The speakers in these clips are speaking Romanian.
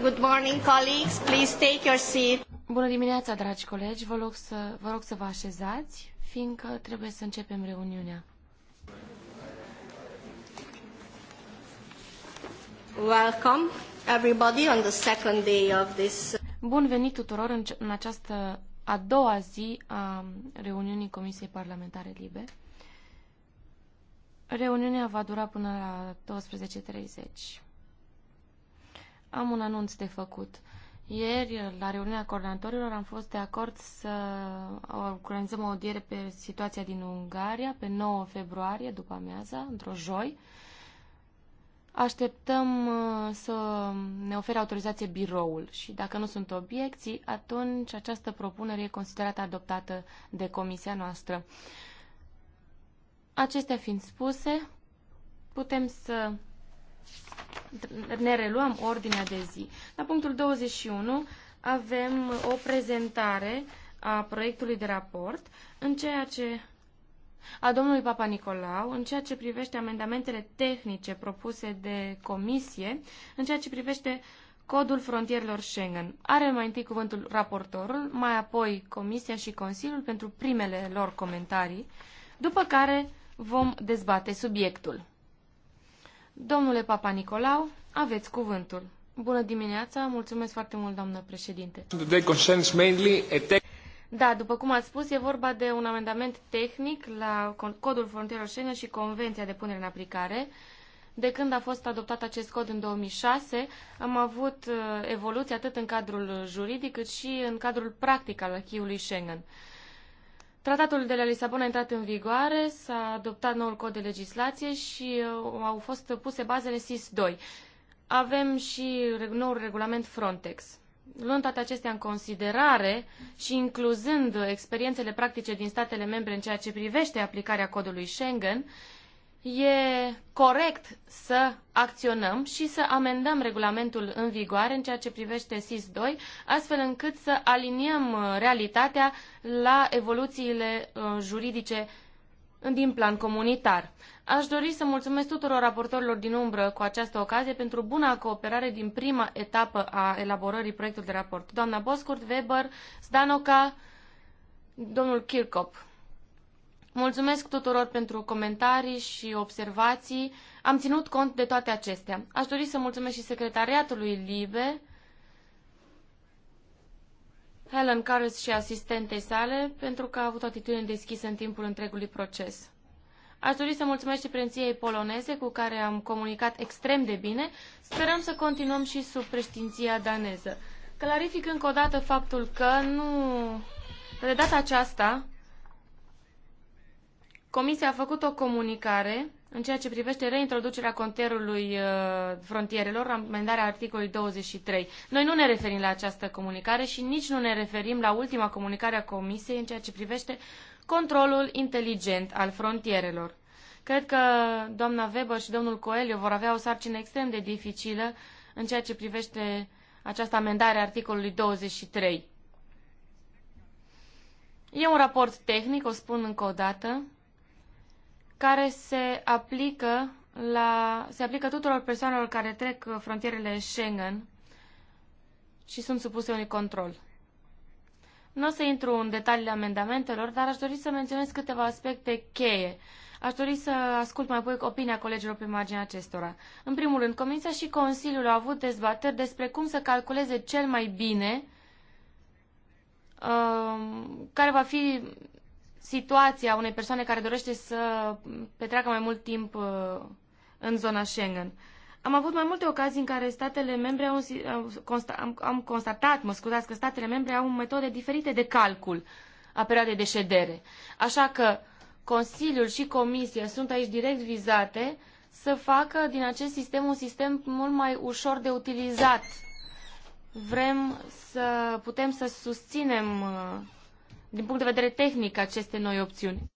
Good morning, colleagues. Please take your seat. Bună dimineața, dragi colegi. Vă rog să vă, rog să vă așezați, fiindcă trebuie să începem reuniunea. Welcome everybody on the second day of this. Bun venit tuturor în, în această a doua zi a reuniunii Comisiei Parlamentare Libe. Reuniunea va dura până la 12.30. Am un anunț de făcut. Ieri, la reuniunea coordonatorilor, am fost de acord să organizăm o audiere pe situația din Ungaria pe 9 februarie, după amiaza, într-o joi. Așteptăm uh, să ne ofere autorizație biroul și dacă nu sunt obiecții, atunci această propunere e considerată adoptată de comisia noastră. Acestea fiind spuse, putem să ne reluăm ordinea de zi. La punctul 21 avem o prezentare a proiectului de raport în ceea ce a domnului Papa Nicolau în ceea ce privește amendamentele tehnice propuse de comisie, în ceea ce privește codul frontierelor Schengen. Are mai întâi cuvântul raportorul, mai apoi comisia și Consiliul pentru primele lor comentarii, după care vom dezbate subiectul. Domnule Papa Nicolau, aveți cuvântul. Bună dimineața, mulțumesc foarte mult, doamnă președinte. Da, după cum ați spus, e vorba de un amendament tehnic la Codul Frontierelor Schengen și Convenția de punere în aplicare. De când a fost adoptat acest cod în 2006, am avut uh, evoluții atât în cadrul juridic cât și în cadrul practic al acquis Schengen. Tratatul de la Lisabona a intrat în vigoare, s-a adoptat noul cod de legislație și uh, au fost puse bazele SIS-2. Avem și noul regulament Frontex. Luând toate acestea în considerare și incluzând experiențele practice din statele membre în ceea ce privește aplicarea codului Schengen, uh, e corect să acționăm și să amendăm regulamentul în vigoare în ceea ce privește SIS-2, astfel încât să aliniem uh, realitatea la evoluțiile uh, juridice din plan comunitar. Aș dori să mulțumesc tuturor raportorilor din umbră cu această ocazie pentru buna cooperare din prima etapă a elaborării proiectului de raport. Doamna Boscurt, Weber, Zdanoca, domnul Kirkop. Mulțumesc tuturor pentru comentarii și observații. Am ținut cont de toate acestea. Aș dori să mulțumesc și secretariatului LIBE, Helen Carles și asistentei sale, pentru că a avut o atitudine deschisă în timpul întregului proces. Aș dori să mulțumesc și Prinției poloneze, cu care am comunicat extrem de bine. Sperăm să continuăm și sub preștinția daneză. Clarific încă o dată faptul că nu... De data aceasta, Comisia a făcut o comunicare în ceea ce privește reintroducerea conterului uh, frontierelor, amendarea articolului 23. Noi nu ne referim la această comunicare și nici nu ne referim la ultima comunicare a Comisiei în ceea ce privește controlul inteligent al frontierelor. Cred că doamna Weber și domnul Coelho vor avea o sarcină extrem de dificilă în ceea ce privește această amendare a articolului 23. E un raport tehnic, o spun încă o dată, care se aplică, la, se aplică tuturor persoanelor care trec uh, frontierele Schengen și sunt supuse unui control. Nu o să intru în detaliile amendamentelor, dar aș dori să menționez câteva aspecte cheie. Aș dori să ascult mai apoi opinia colegilor pe marginea acestora. În primul rând, Comisia și Consiliul au avut dezbateri despre cum să calculeze cel mai bine uh, care va fi situația unei persoane care dorește să petreacă mai mult timp uh, în zona Schengen. Am avut mai multe ocazii în care statele membre au, am, am constatat, mă scuzați, că statele membre au metode diferite de calcul a perioadei de ședere. Așa că Consiliul și Comisia sunt aici direct vizate să facă din acest sistem un sistem mult mai ușor de utilizat. Vrem să putem să susținem uh, din punct de vedere tehnic aceste noi opțiuni.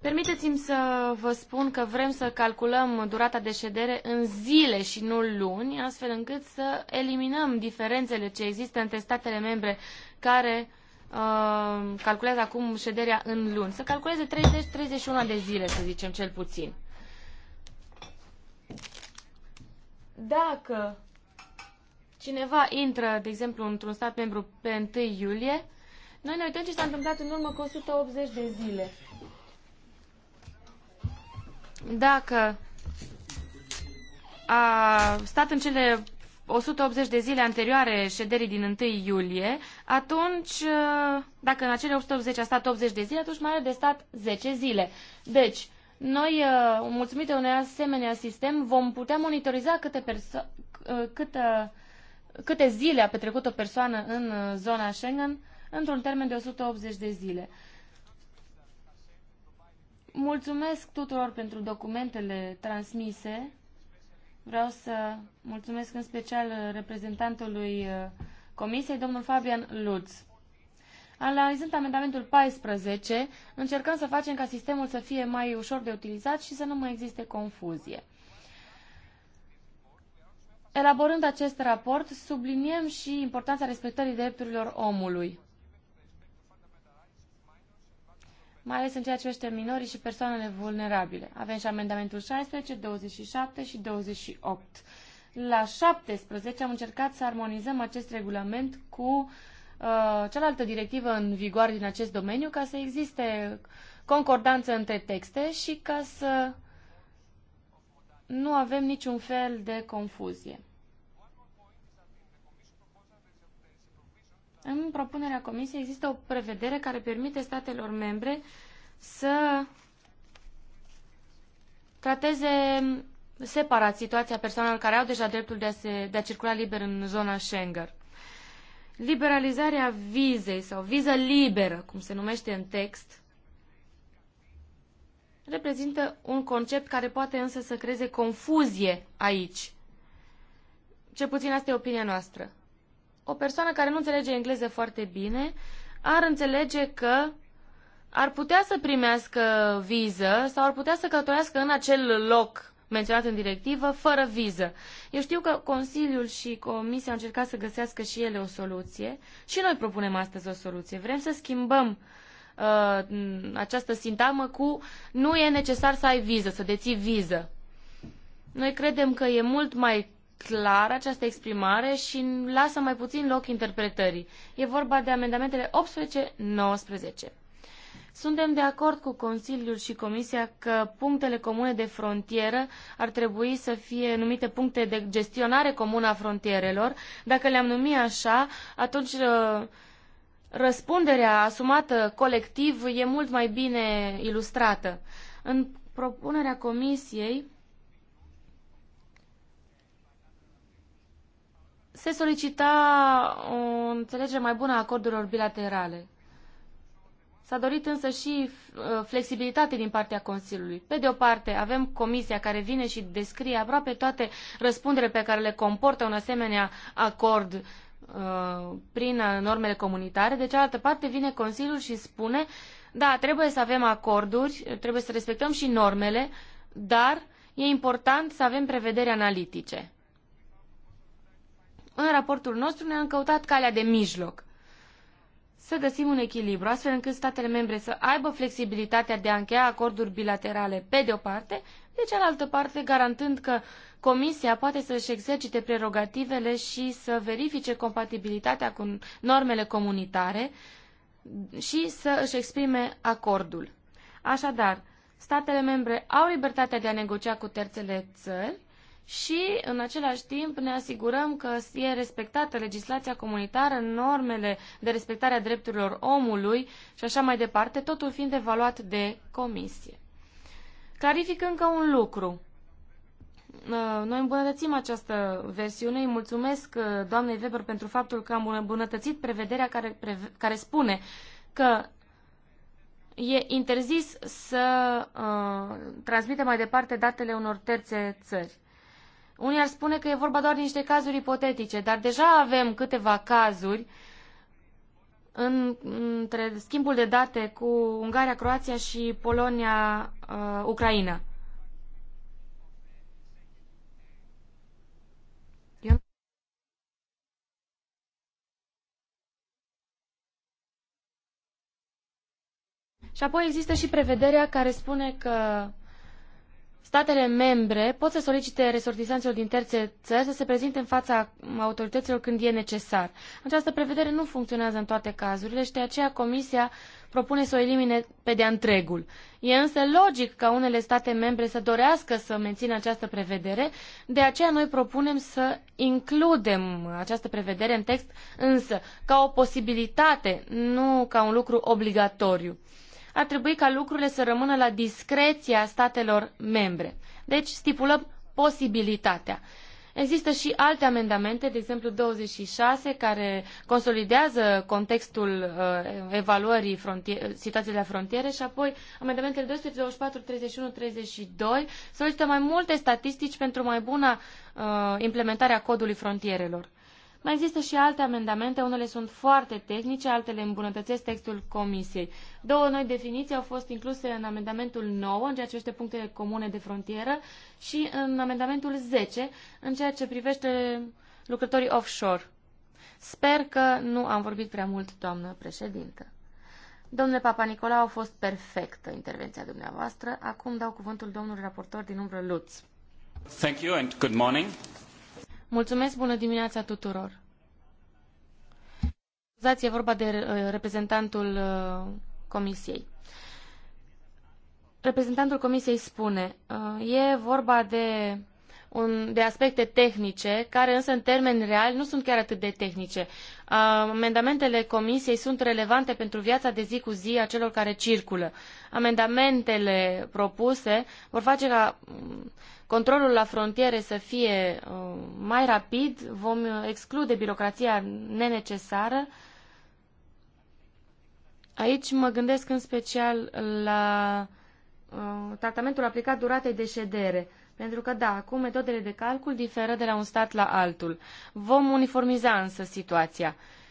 Permiteți-mi să vă spun că vrem să calculăm durata de ședere în zile și nu luni, astfel încât să eliminăm diferențele ce există între statele membre care uh, calculează acum șederea în luni. Să calculeze 30-31 de zile, să zicem, cel puțin. Dacă cineva intră, de exemplu, într-un stat membru pe 1 iulie, noi ne uităm ce s-a întâmplat în urmă cu 180 de zile. Dacă a stat în cele 180 de zile anterioare șederii din 1 iulie, atunci, ă, dacă în acele 180 a stat 80 de zile, atunci mai are de stat 10 zile. Deci, noi, ă, mulțumită unei asemenea sistem, vom putea monitoriza câte, perso- ă, câtă câte zile a petrecut o persoană în uh, zona Schengen într-un termen de 180 de zile. Mulțumesc tuturor pentru documentele transmise. Vreau să mulțumesc în special uh, reprezentantului uh, Comisiei, domnul Fabian Lutz. Analizând amendamentul 14, încercăm să facem ca sistemul să fie mai ușor de utilizat și să nu mai existe confuzie. Elaborând acest raport, subliniem și importanța respectării drepturilor omului, mai ales în ceea ce privește minorii și persoanele vulnerabile. Avem și amendamentul 16, 27 și 28. La 17 am încercat să armonizăm acest regulament cu uh, cealaltă directivă în vigoare din acest domeniu ca să existe concordanță între texte și ca să nu avem niciun fel de confuzie. În propunerea Comisiei există o prevedere care permite statelor membre să trateze separat situația persoanelor care au deja dreptul de a, se, de a circula liber în zona Schengen. Liberalizarea vizei sau viză liberă, cum se numește în text, reprezintă un concept care poate însă să creeze confuzie aici. Ce puțin asta e opinia noastră. O persoană care nu înțelege engleză foarte bine ar înțelege că ar putea să primească viză sau ar putea să călătorească în acel loc menționat în directivă, fără viză. Eu știu că Consiliul și Comisia au încercat să găsească și ele o soluție și noi propunem astăzi o soluție. Vrem să schimbăm uh, Uh, această sintamă cu nu e necesar să ai viză, să deții viză. Noi credem că e mult mai clar această exprimare și lasă mai puțin loc interpretării. E vorba de amendamentele 18-19. Suntem de acord cu Consiliul și Comisia că punctele comune de frontieră ar trebui să fie numite puncte de gestionare comună a frontierelor. Dacă le-am numit așa, atunci uh, răspunderea asumată colectiv e mult mai bine ilustrată. În propunerea comisiei se solicita o înțelegere mai bună a acordurilor bilaterale. S-a dorit însă și uh, flexibilitate din partea Consiliului. Pe de o parte, avem comisia care vine și descrie aproape toate răspunderile pe care le comportă un asemenea acord Uh, prin uh, normele comunitare, de cealaltă parte vine Consiliul și spune, da, trebuie să avem acorduri, trebuie să respectăm și normele, dar e important să avem prevederi analitice. În raportul nostru ne-am căutat calea de mijloc să găsim un echilibru, astfel încât statele membre să aibă flexibilitatea de a încheia acorduri bilaterale pe de o parte de cealaltă parte garantând că Comisia poate să-și exercite prerogativele și să verifice compatibilitatea cu normele comunitare și să își exprime acordul. Așadar, statele membre au libertatea de a negocia cu terțele țări și, în același timp, ne asigurăm că e respectată legislația comunitară, normele de respectare a drepturilor omului și așa mai departe, totul fiind evaluat de comisie. Clarific încă un lucru. Uh, noi îmbunătățim această versiune. Îi mulțumesc uh, doamnei Weber pentru faptul că am îmbunătățit prevederea care, preve, care spune că e interzis să uh, transmite mai departe datele unor terțe țări. Unii ar spune că e vorba doar de niște cazuri ipotetice, dar deja avem câteva cazuri uh, în, între schimbul de date cu Ungaria, Croația și Polonia, uh, Ucraina. Și apoi există și prevederea care spune că statele membre pot să solicite resortisanților din terțe țări să se prezinte în fața autorităților când e necesar. Această prevedere nu funcționează în toate cazurile și de aceea Comisia propune să o elimine pe de-a întregul. E însă logic ca unele state membre să dorească să mențină această prevedere, de aceea noi propunem să includem această prevedere în text, însă ca o posibilitate, nu ca un lucru obligatoriu ar trebui ca lucrurile să rămână la discreția statelor membre. Deci stipulăm posibilitatea. Există și alte amendamente, de exemplu 26, care consolidează contextul uh, evaluării frontier, situației la frontiere și apoi amendamentele 224, 31, 32 solicită mai multe statistici pentru mai bună uh, implementare a codului frontierelor. Mai există și alte amendamente, unele sunt foarte tehnice, altele îmbunătățesc textul comisiei. Două noi definiții au fost incluse în amendamentul 9, în ceea ce este punctele comune de frontieră, și în amendamentul 10, în ceea ce privește lucrătorii offshore. Sper că nu am vorbit prea mult, doamnă președintă. Domnule Papa Nicola, a fost perfectă intervenția dumneavoastră. Acum dau cuvântul domnului raportor din umbră Luț. Thank you and good morning. Mulțumesc, bună dimineața tuturor! E vorba de uh, reprezentantul uh, Comisiei. Reprezentantul Comisiei spune, uh, e vorba de, un, de aspecte tehnice, care însă în termeni reali nu sunt chiar atât de tehnice. Amendamentele Comisiei sunt relevante pentru viața de zi cu zi a celor care circulă. Amendamentele propuse vor face ca controlul la frontiere să fie uh, mai rapid, vom exclude birocrația nenecesară. Aici mă gândesc în special la uh, tratamentul aplicat duratei de ședere. Pentru că, da, acum metodele de calcul diferă de la un stat la altul. Vom uniformiza însă situația. Uh,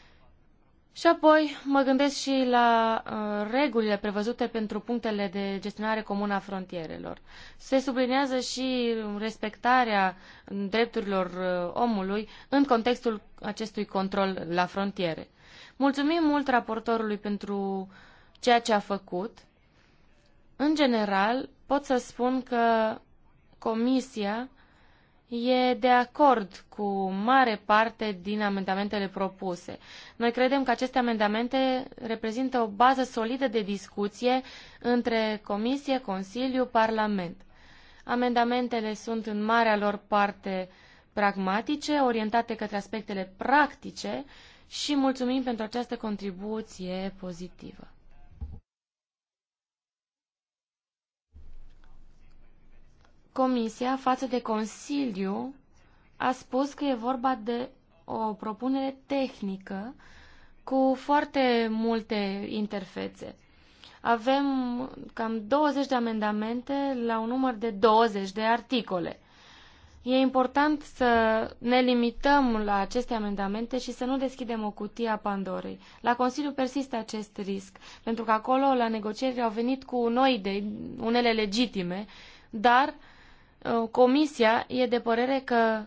și apoi mă gândesc și la uh, regulile prevăzute pentru punctele de gestionare comună a frontierelor. Se sublinează și respectarea drepturilor uh, omului în contextul acestui control la frontiere. Mulțumim mult raportorului pentru ceea ce a făcut. În general, pot să spun că Comisia e de acord cu mare parte din amendamentele propuse. Noi credem că aceste amendamente reprezintă o bază solidă de discuție între Comisie, Consiliu, Parlament. Amendamentele sunt în marea lor parte pragmatice, orientate către aspectele practice și mulțumim pentru această contribuție pozitivă. Comisia față de Consiliu a spus că e vorba de o propunere tehnică cu foarte multe interfețe. Avem cam 20 de amendamente la un număr de 20 de articole. E important să ne limităm la aceste amendamente și să nu deschidem o cutie a Pandorei. La Consiliu persistă acest risc, pentru că acolo la negocieri au venit cu noi idei, unele legitime, dar uh, Uh, comisia e de părere că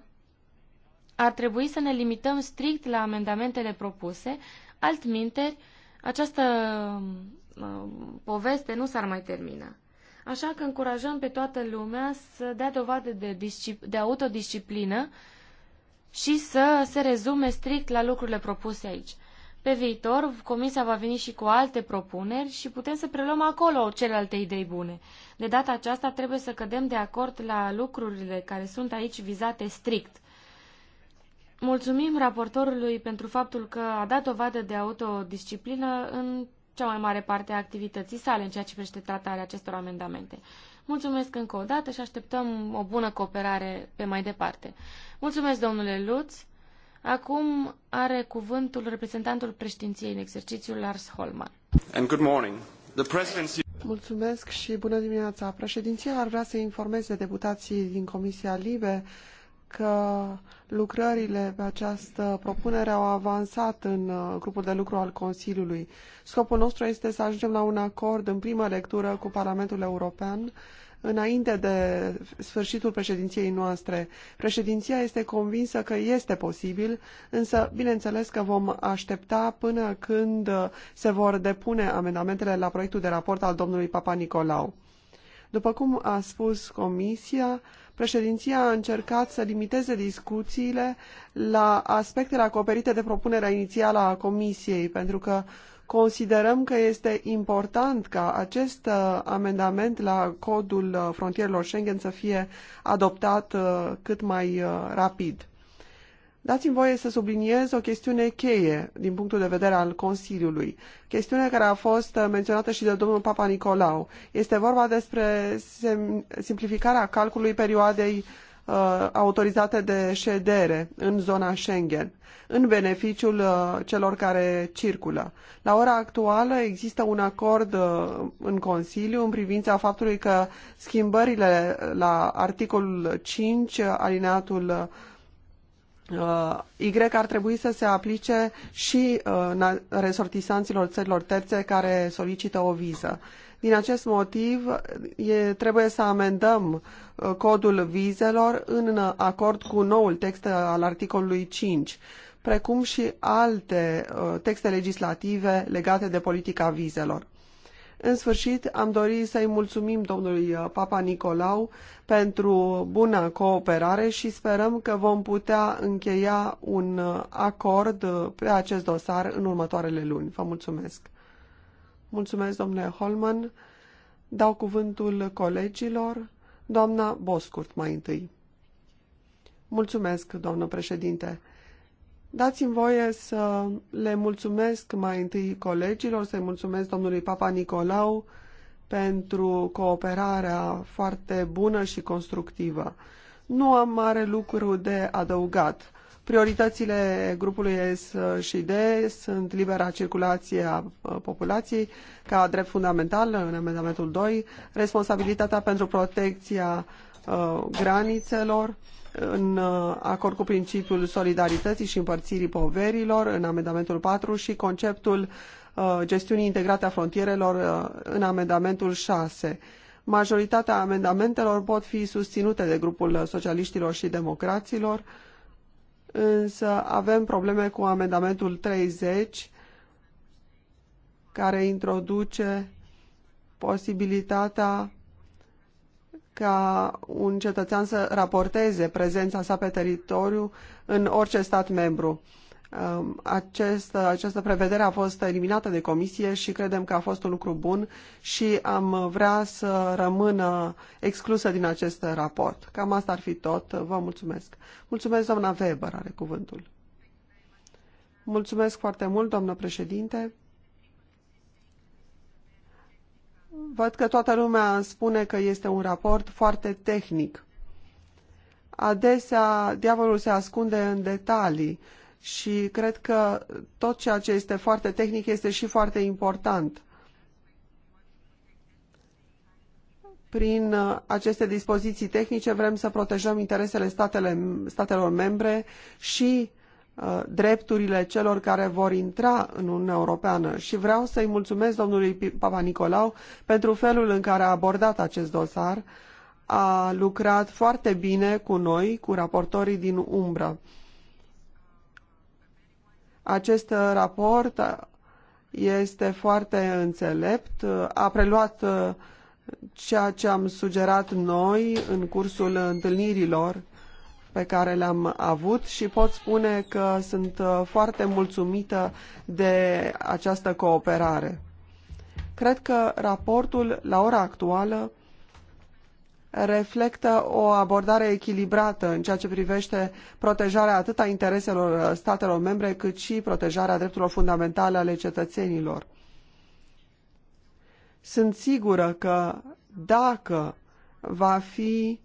ar trebui să ne limităm strict la amendamentele propuse, altminteri această uh, poveste nu s-ar mai termina. Așa că încurajăm pe toată lumea să dea dovadă de, de autodisciplină și să se rezume strict la lucrurile propuse aici. Pe viitor, Comisia va veni și cu alte propuneri și putem să preluăm acolo celelalte idei bune. De data aceasta trebuie să cădem de acord la lucrurile care sunt aici vizate strict. Mulțumim raportorului pentru faptul că a dat dovadă de autodisciplină în cea mai mare parte a activității sale în ceea ce privește tratarea acestor amendamente. Mulțumesc încă o dată și așteptăm o bună cooperare pe mai departe. Mulțumesc, domnule Luț. Acum are cuvântul reprezentantul președinției în exercițiu, Lars Holman. And good morning. The presidency... Mulțumesc și bună dimineața. Președinția ar vrea să informeze deputații din Comisia Libe că lucrările pe această propunere au avansat în uh, grupul de lucru al Consiliului. Scopul nostru este să ajungem la un acord în primă lectură cu Parlamentul European înainte de sfârșitul președinției noastre. Președinția este convinsă că este posibil, însă bineînțeles că vom aștepta până când se vor depune amendamentele la proiectul de raport al domnului Papa Nicolau. După cum a spus Comisia, președinția a încercat să limiteze discuțiile la aspectele acoperite de propunerea inițială a Comisiei, pentru că Considerăm că este important ca acest uh, amendament la codul uh, frontierelor Schengen să fie adoptat uh, cât mai rapid. Dați-mi voie să subliniez o chestiune cheie din punctul de vedere al Consiliului, chestiune care a fost menționată și de domnul Papa Nicolau. Este vorba despre simplificarea calculului perioadei uh, autorizate de ședere în zona Schengen, în beneficiul uh, celor care circulă. La ora actuală există un acord uh, în Consiliu în privința faptului că schimbările la articolul 5, alineatul uh, Y ar trebui să se aplice și uh, resortisanților țărilor terțe care solicită o viză. Din acest motiv, e, trebuie să amendăm uh, codul vizelor în acord cu noul text al articolului 5, precum și alte uh, texte legislative legate de politica vizelor. În sfârșit, am dorit să-i mulțumim domnului uh, Papa Nicolau pentru buna cooperare și sperăm că vom putea încheia un acord pe acest dosar în următoarele luni. Vă mulțumesc! Mulțumesc, domnule Holman. Dau cuvântul colegilor. Doamna Boscurt, mai întâi. Mulțumesc, doamnă președinte. Dați-mi voie să le mulțumesc mai întâi colegilor, să-i mulțumesc domnului Papa Nicolau pentru cooperarea foarte bună și constructivă. Nu am mare lucru de adăugat. Prioritățile grupului S și D sunt libera circulație a populației ca drept fundamental în amendamentul 2, responsabilitatea pentru protecția granițelor, în acord cu principiul solidarității și împărțirii poverilor în amendamentul 4 și conceptul gestiunii integrate a frontierelor în amendamentul 6. Majoritatea amendamentelor pot fi susținute de grupul socialiștilor și democraților, însă avem probleme cu amendamentul 30 care introduce posibilitatea ca un cetățean să raporteze prezența sa pe teritoriu în orice stat membru. Um, acest, această prevedere a fost eliminată de comisie și credem că a fost un lucru bun și am vrea să rămână exclusă din acest raport. Cam asta ar fi tot. Vă mulțumesc. Mulțumesc, doamna Weber, are cuvântul. Mulțumesc foarte mult, doamnă președinte. Văd că toată lumea spune că este un raport foarte tehnic. Adesea, diavolul se ascunde în detalii și cred că tot ceea ce este foarte tehnic este și foarte important. Prin uh, aceste dispoziții tehnice vrem să protejăm interesele statele, statelor membre și uh, drepturile celor care vor intra în Uniunea Europeană și vreau să-i mulțumesc domnului Papa Nicolau pentru felul în care a abordat acest dosar. A lucrat foarte bine cu noi, cu raportorii din umbră. Acest raport este foarte înțelept, a preluat uh, ceea ce am sugerat noi în cursul întâlnirilor pe care le-am avut și pot spune că sunt uh, foarte mulțumită de această cooperare. Cred că raportul, la ora actuală, reflectă o abordare echilibrată în ceea ce privește protejarea atât a intereselor uh, statelor membre, cât și protejarea drepturilor fundamentale ale cetățenilor. Sunt sigură că dacă va fi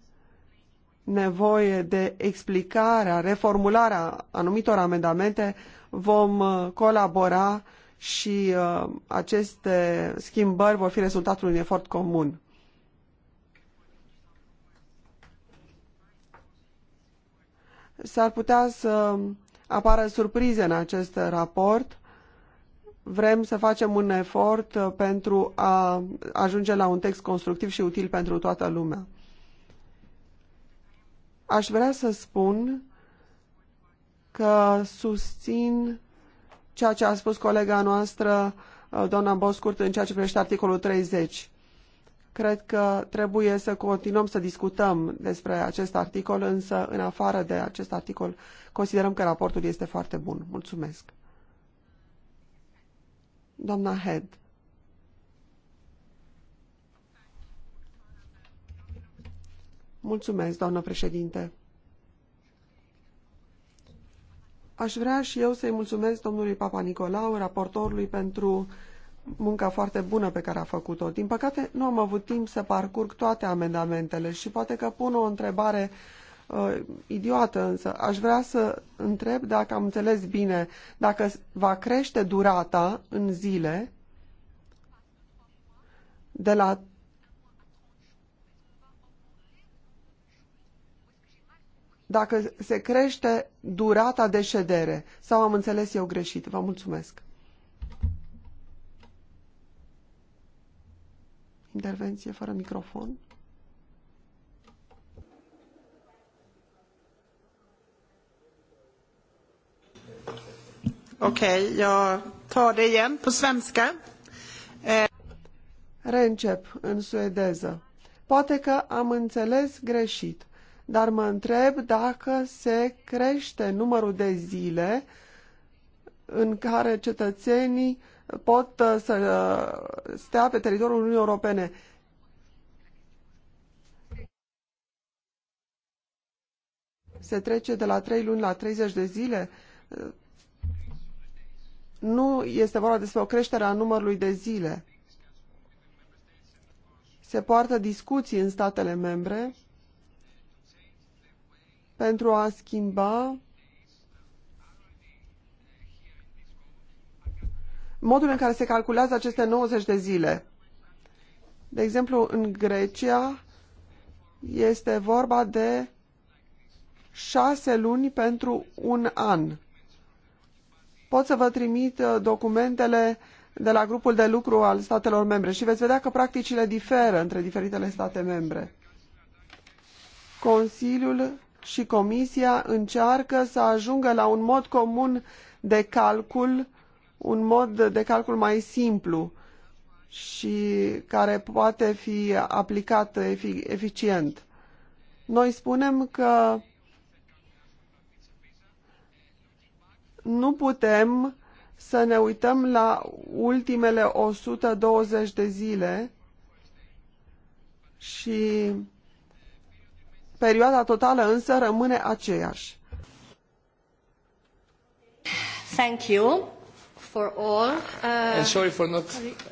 nevoie de explicarea, reformularea anumitor amendamente, vom uh, colabora și uh, aceste schimbări vor fi rezultatul unui efort comun. S-ar putea să apară surprize în acest raport. Vrem să facem un efort uh, pentru a ajunge la un text constructiv și util pentru toată lumea. Aș vrea să spun că susțin ceea ce a spus colega noastră, uh, doamna Boscurt, în ceea ce privește articolul 30. Cred că trebuie să continuăm să discutăm despre acest articol, însă în afară de acest articol considerăm că raportul este foarte bun. Mulțumesc. Doamna Head. Mulțumesc, doamnă președinte. Aș vrea și eu să-i mulțumesc domnului Papa Nicolau, raportorului, pentru uh, munca foarte bună pe care a făcut-o. Din păcate, nu am avut timp să parcurg toate amendamentele și poate că pun o întrebare uh, idiotă, însă aș vrea să întreb dacă am înțeles bine, dacă va crește durata în zile de la dacă se crește durata de ședere sau am înțeles eu greșit. Vă mulțumesc. Intervenție fără microfon. Ok, eu tar det igen på svenska. Eh. Reîncep în suedeză. Poate că am înțeles greșit, dar mă întreb dacă se crește numărul de zile în care cetățenii pot uh, să uh, stea pe teritoriul Uniunii Europene. Se trece de la 3 luni la 30 de zile. Uh, nu este vorba despre o creștere a numărului de zile. Se poartă discuții în statele membre pentru a schimba modul în care se calculează aceste 90 de zile. De exemplu, în Grecia este vorba de șase luni pentru un an. Pot să vă trimit uh, documentele de la grupul de lucru al statelor membre și veți vedea că practicile diferă între diferitele state membre. Consiliul și Comisia încearcă să ajungă la un mod comun de calcul uh, un mod de calcul mai simplu și care poate fi aplicat eficient. Noi spunem că nu putem să ne uităm la ultimele 120 de zile și perioada totală însă rămâne aceeași. Thank you for all. Uh, And sorry for not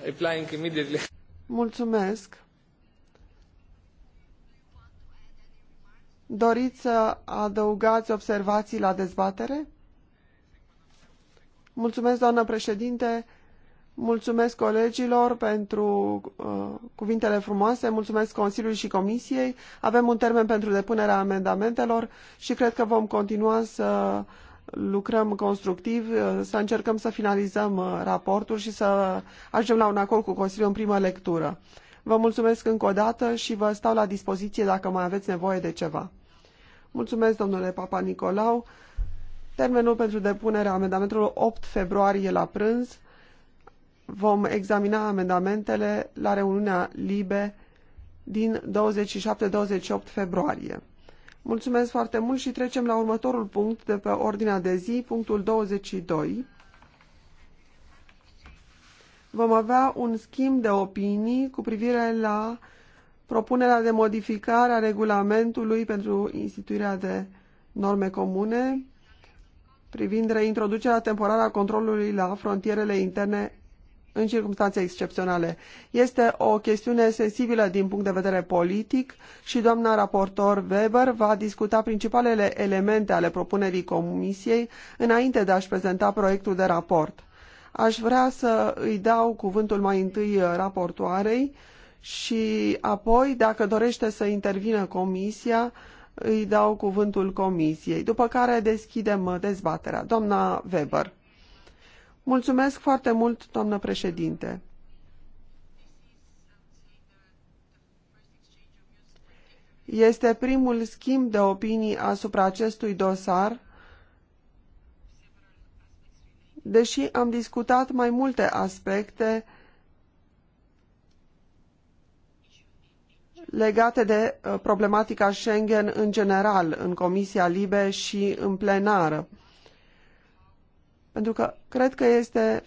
replying immediately. Mulțumesc. Doriți să adăugați observații la dezbatere? Mulțumesc, doamnă președinte. Mulțumesc colegilor pentru uh, cuvintele frumoase, mulțumesc Consiliului și Comisiei. Avem un termen pentru depunerea amendamentelor și cred că vom continua să lucrăm constructiv, să încercăm să finalizăm uh, raportul și să ajungem la un acord cu Consiliul în primă lectură. Vă mulțumesc încă o dată și vă stau la dispoziție dacă mai aveți nevoie de ceva. Mulțumesc, domnule Papa Nicolau. Termenul pentru depunerea amendamentelor 8 februarie la prânz. Vom examina amendamentele la reuniunea LIBE din 27-28 februarie. Mulțumesc foarte mult și trecem la următorul punct de pe ordinea de zi, punctul 22. Vom avea un schimb de opinii cu privire la propunerea de modificare a regulamentului pentru instituirea de norme comune privind reintroducerea temporară a controlului la frontierele interne în circunstanțe excepționale. Este o chestiune sensibilă din punct de vedere politic și doamna raportor Weber va discuta principalele elemente ale propunerii Comisiei înainte de a-și prezenta proiectul de raport. Aș vrea să îi dau cuvântul mai întâi raportoarei și apoi, dacă dorește să intervină Comisia, îi dau cuvântul Comisiei, după care deschidem dezbaterea. Doamna Weber. Mulțumesc foarte mult, doamnă președinte. Este primul schimb de opinii asupra acestui dosar, deși am discutat mai multe aspecte legate de uh, problematica Schengen în general, în Comisia Libe și în plenară. Pentru că cred că este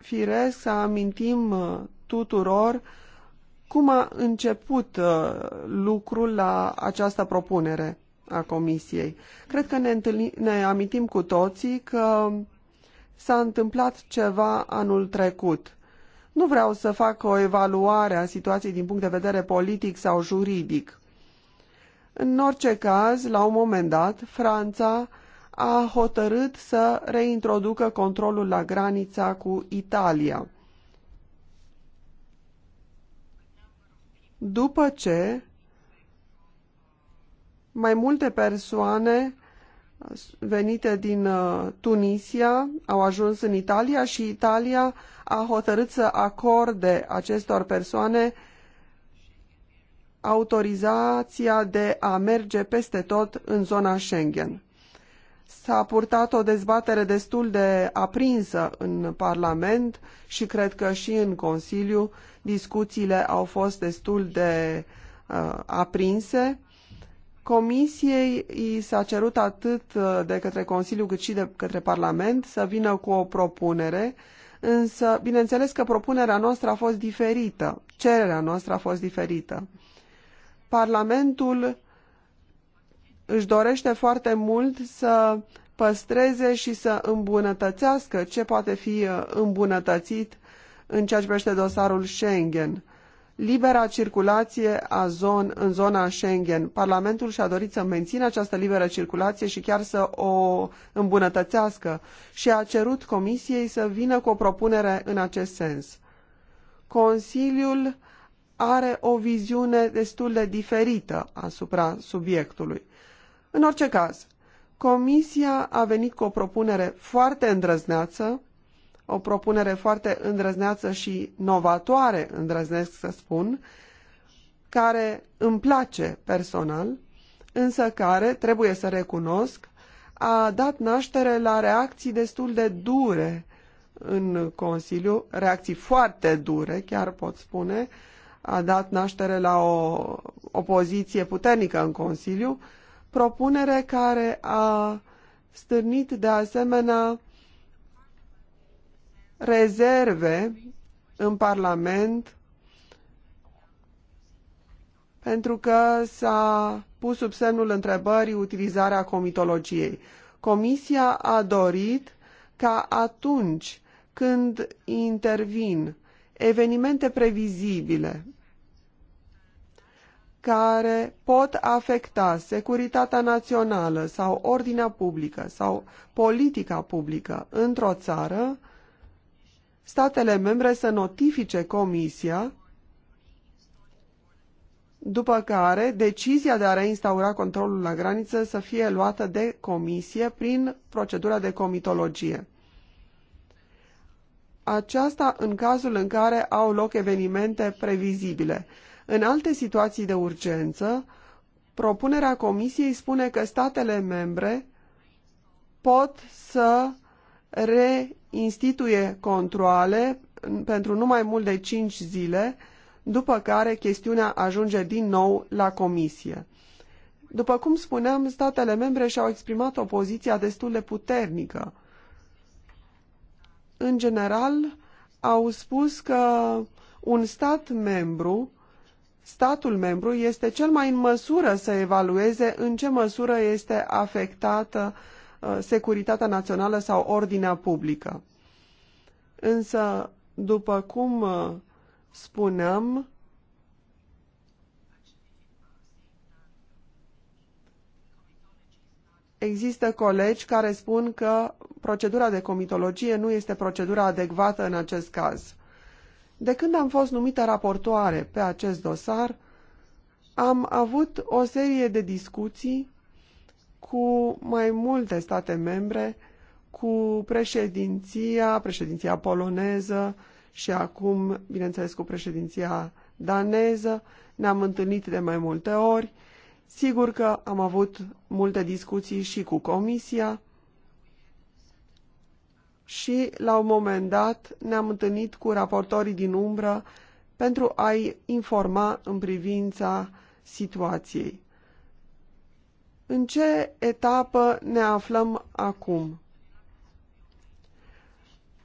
firesc să amintim uh, tuturor cum a început uh, lucrul la această propunere a Comisiei. Cred că ne, întâlni, ne amintim cu toții că s-a întâmplat ceva anul trecut. Nu vreau să fac o evaluare a situației din punct de vedere politic sau juridic. În orice caz, la un moment dat, Franța a hotărât să reintroducă controlul la granița cu Italia. După ce mai multe persoane venite din uh, Tunisia au ajuns în Italia și Italia a hotărât să acorde acestor persoane autorizația de a merge peste tot în zona Schengen. S-a purtat o dezbatere destul de aprinsă în Parlament și cred că și în Consiliu discuțiile au fost destul de uh, aprinse. Comisiei i s-a cerut atât uh, de către Consiliu cât și de către Parlament să vină cu o propunere, însă bineînțeles că propunerea noastră a fost diferită, cererea noastră a fost diferită. Parlamentul își dorește foarte mult să păstreze și să îmbunătățească ce poate fi uh, îmbunătățit în ceea ce privește dosarul Schengen. Libera circulație a zon, în zona Schengen. Parlamentul și-a dorit să mențină această liberă circulație și chiar să o îmbunătățească și a cerut Comisiei să vină cu o propunere în acest sens. Consiliul are o viziune destul de diferită asupra subiectului. În orice caz, Comisia a venit cu o propunere foarte îndrăzneață, o propunere foarte îndrăzneață și novatoare, îndrăznesc să spun, care îmi place personal, însă care, trebuie să recunosc, a dat naștere la reacții destul de dure în Consiliu, reacții foarte dure, chiar pot spune, a dat naștere la o opoziție puternică în Consiliu, propunere care a stârnit de asemenea rezerve în Parlament pentru că s-a pus sub semnul întrebării utilizarea comitologiei. Comisia a dorit ca atunci când intervin evenimente previzibile, care pot afecta securitatea națională sau ordinea publică sau politica publică într-o țară, statele membre să notifice Comisia, după care decizia de a reinstaura controlul la graniță să fie luată de Comisie prin procedura de comitologie. Aceasta în cazul în care au loc evenimente previzibile. În alte situații de urgență, propunerea Comisiei spune că statele membre pot să reinstituie controle pentru nu mai mult de 5 zile, după care chestiunea ajunge din nou la Comisie. După cum spuneam, statele membre și-au exprimat o poziție destul de puternică. În general, au spus că un stat membru statul membru este cel mai în măsură să evalueze în ce măsură este afectată uh, securitatea națională sau ordinea publică. Însă, după cum uh, spuneam, există colegi care spun că procedura de comitologie nu este procedura adecvată în acest caz. De când am fost numită raportoare pe acest dosar, am avut o serie de discuții cu mai multe state membre, cu președinția, președinția poloneză și acum, bineînțeles, cu președinția daneză. Ne-am întâlnit de mai multe ori. Sigur că am avut multe discuții și cu Comisia și la un moment dat ne-am întâlnit cu raportorii din umbră pentru a-i informa în privința situației. În ce etapă ne aflăm acum?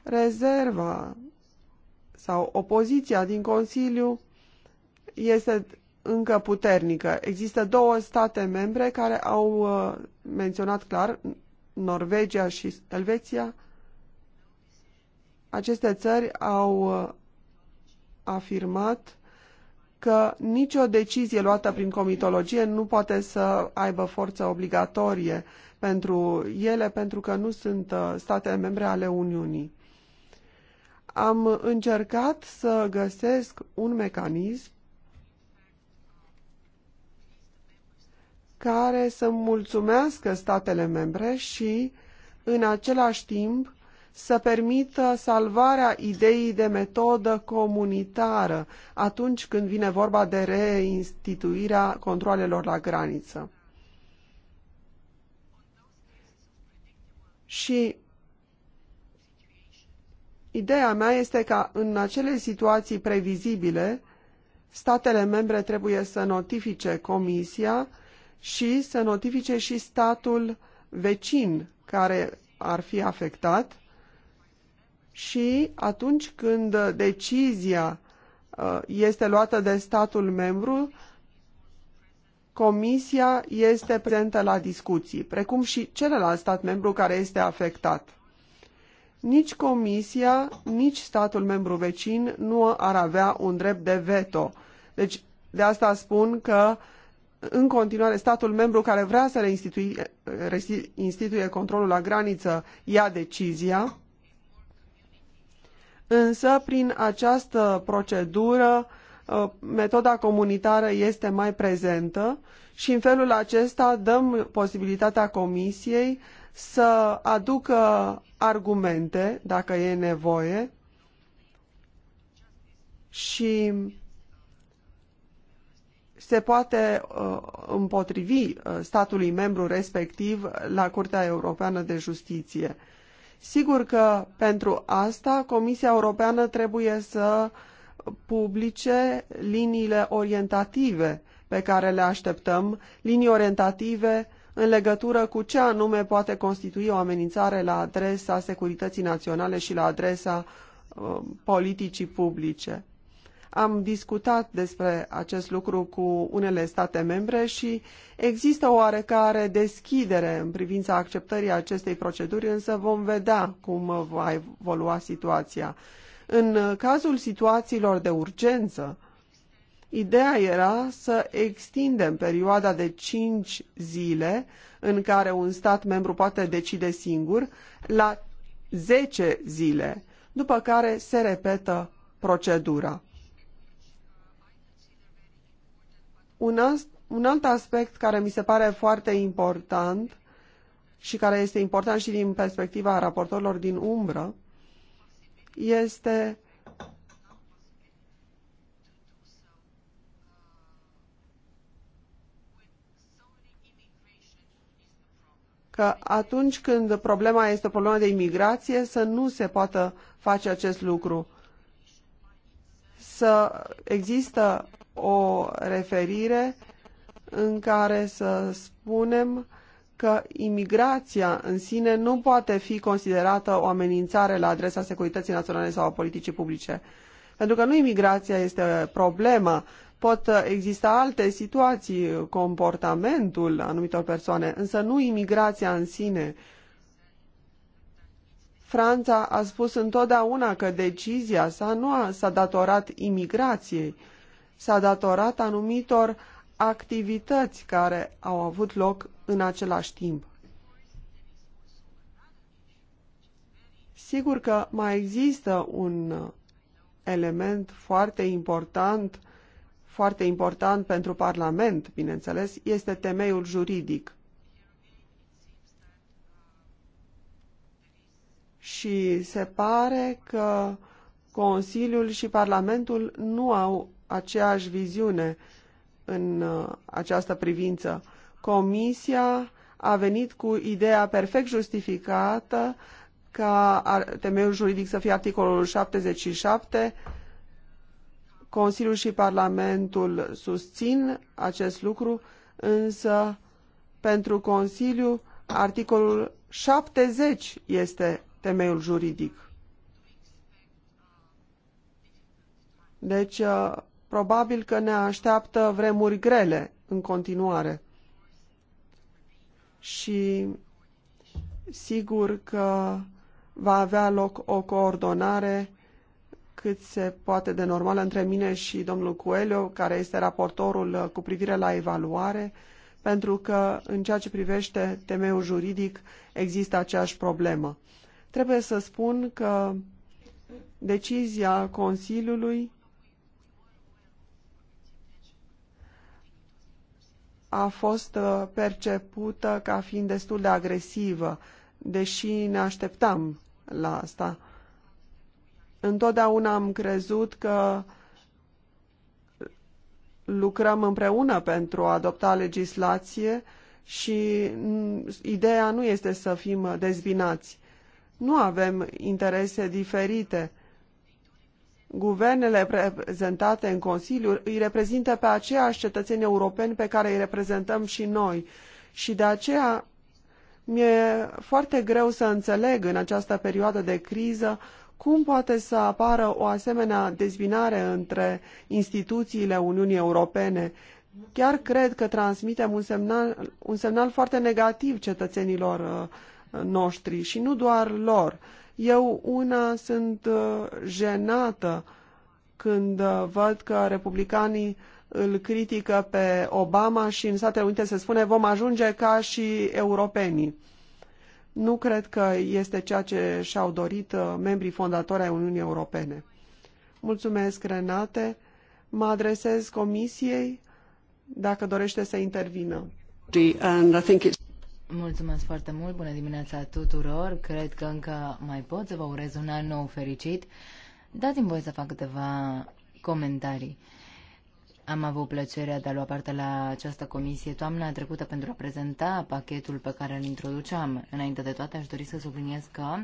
Rezerva sau opoziția din Consiliu este încă puternică. Există două state membre care au uh, menționat clar, Norvegia și Elveția, aceste țări au uh, afirmat că nicio decizie luată prin comitologie nu poate să aibă forță obligatorie pentru ele, pentru că nu sunt uh, state membre ale Uniunii. Am încercat să găsesc un mecanism care să mulțumească statele membre și, în același timp, să permită salvarea ideii de metodă comunitară atunci când vine vorba de reinstituirea controlelor la graniță. Și ideea mea este că în acele situații previzibile, statele membre trebuie să notifice Comisia și să notifice și statul vecin care ar fi afectat și atunci când decizia uh, este luată de statul membru, Comisia este prezentă la discuții, precum și celălalt stat membru care este afectat. Nici Comisia, nici statul membru vecin nu ar avea un drept de veto. Deci, de asta spun că, în continuare, statul membru care vrea să reinstituie, reinstituie controlul la graniță ia decizia, însă prin această procedură uh, metoda comunitară este mai prezentă și în felul acesta dăm posibilitatea comisiei să aducă argumente dacă e nevoie și se poate uh, împotrivi uh, statului membru respectiv la Curtea Europeană de Justiție. Sigur că pentru asta Comisia Europeană trebuie să publice liniile orientative pe care le așteptăm, linii orientative în legătură cu ce anume poate constitui o amenințare la adresa securității naționale și la adresa uh, politicii publice. Am discutat despre acest lucru cu unele state membre și există o oarecare deschidere în privința acceptării acestei proceduri, însă vom vedea cum va evolua situația. În cazul situațiilor de urgență, Ideea era să extindem perioada de 5 zile în care un stat membru poate decide singur la 10 zile, după care se repetă procedura. Un alt, un alt aspect care mi se pare foarte important și care este important și din perspectiva raportorilor din umbră este că atunci când problema este o problemă de imigrație, să nu se poată face acest lucru. Să există o referire în care să spunem că imigrația în sine nu poate fi considerată o amenințare la adresa securității naționale sau a politicii publice. Pentru că nu imigrația este problema, pot exista alte situații, comportamentul anumitor persoane, însă nu imigrația în sine. Franța a spus întotdeauna că decizia sa nu s-a datorat imigrației, s-a datorat anumitor activități care au avut loc în același timp. Sigur că mai există un element foarte important, foarte important pentru Parlament, bineînțeles, este temeiul juridic. Și se pare că Consiliul și Parlamentul nu au aceeași viziune în uh, această privință. Comisia a venit cu ideea perfect justificată ca temeiul juridic să fie articolul 77. Consiliul și Parlamentul susțin acest lucru, însă pentru Consiliu articolul 70 este temeiul juridic. Deci uh, Probabil că ne așteaptă vremuri grele în continuare. Și sigur că va avea loc o coordonare cât se poate de normal între mine și domnul Coelho, care este raportorul uh, cu privire la evaluare, pentru că în ceea ce privește temeiul juridic există aceeași problemă. Trebuie să spun că decizia Consiliului a fost uh, percepută ca fiind destul de agresivă, deși ne așteptam la asta. Întotdeauna am crezut că lucrăm împreună pentru a adopta legislație și ideea nu este să fim dezbinați. Nu avem interese diferite guvernele reprezentate în Consiliu îi reprezintă pe aceiași cetățeni europeni pe care îi reprezentăm și noi. Și de aceea mi-e foarte greu să înțeleg în această perioadă de criză cum poate să apară o asemenea dezbinare între instituțiile Uniunii Europene. Chiar cred că transmitem un semnal, un semnal foarte negativ cetățenilor uh, noștri și nu doar lor. Eu una sunt uh, jenată când uh, văd că republicanii îl critică pe Obama și în Statele Unite se spune vom ajunge ca și europenii. Nu cred că este ceea ce și-au dorit uh, membrii fondatori ai Uniunii Europene. Mulțumesc, Renate. Mă adresez Comisiei dacă dorește să intervină. Mulțumesc foarte mult, bună dimineața tuturor. Cred că încă mai pot să vă urez un an nou fericit. Dați-mi voi să fac câteva comentarii. Am avut plăcerea de a lua parte la această comisie toamna trecută pentru a prezenta pachetul pe care îl introduceam. Înainte de toate, aș dori să subliniez că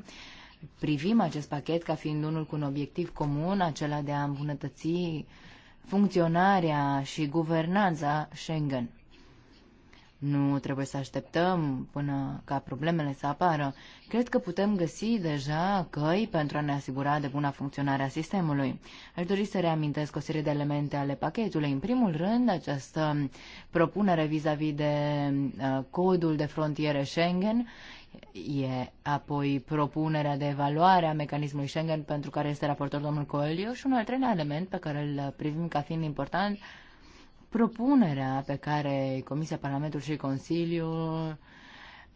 privim acest pachet ca fiind unul cu un obiectiv comun, acela de a îmbunătăți funcționarea și guvernanța Schengen. Nu trebuie să așteptăm până ca problemele să apară. Cred că putem găsi deja căi pentru a ne asigura de buna funcționare a sistemului. Aș dori să reamintesc o serie de elemente ale pachetului. În primul rând, această propunere vis-a-vis -vis de uh, codul de frontiere Schengen e apoi propunerea de evaluare a mecanismului Schengen pentru care este raportor domnul Coelho și un al treilea element pe care îl privim ca fiind important propunerea pe care Comisia, Parlamentului și Consiliul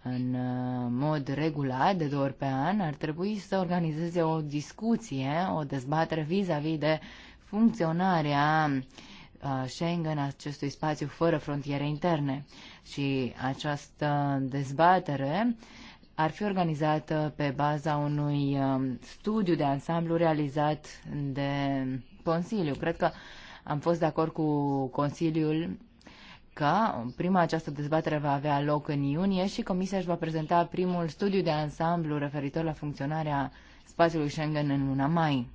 în uh, mod regulat, de două ori pe an, ar trebui să organizeze o discuție, o dezbatere vis-a-vis -vis de funcționarea uh, Schengen, acestui spațiu fără frontiere interne. Și această dezbatere ar fi organizată pe baza unui um, studiu de ansamblu realizat de Consiliu. Cred că am fost de acord cu Consiliul că prima această dezbatere va avea loc în iunie și Comisia își va prezenta primul studiu de ansamblu referitor la funcționarea spațiului Schengen în luna mai.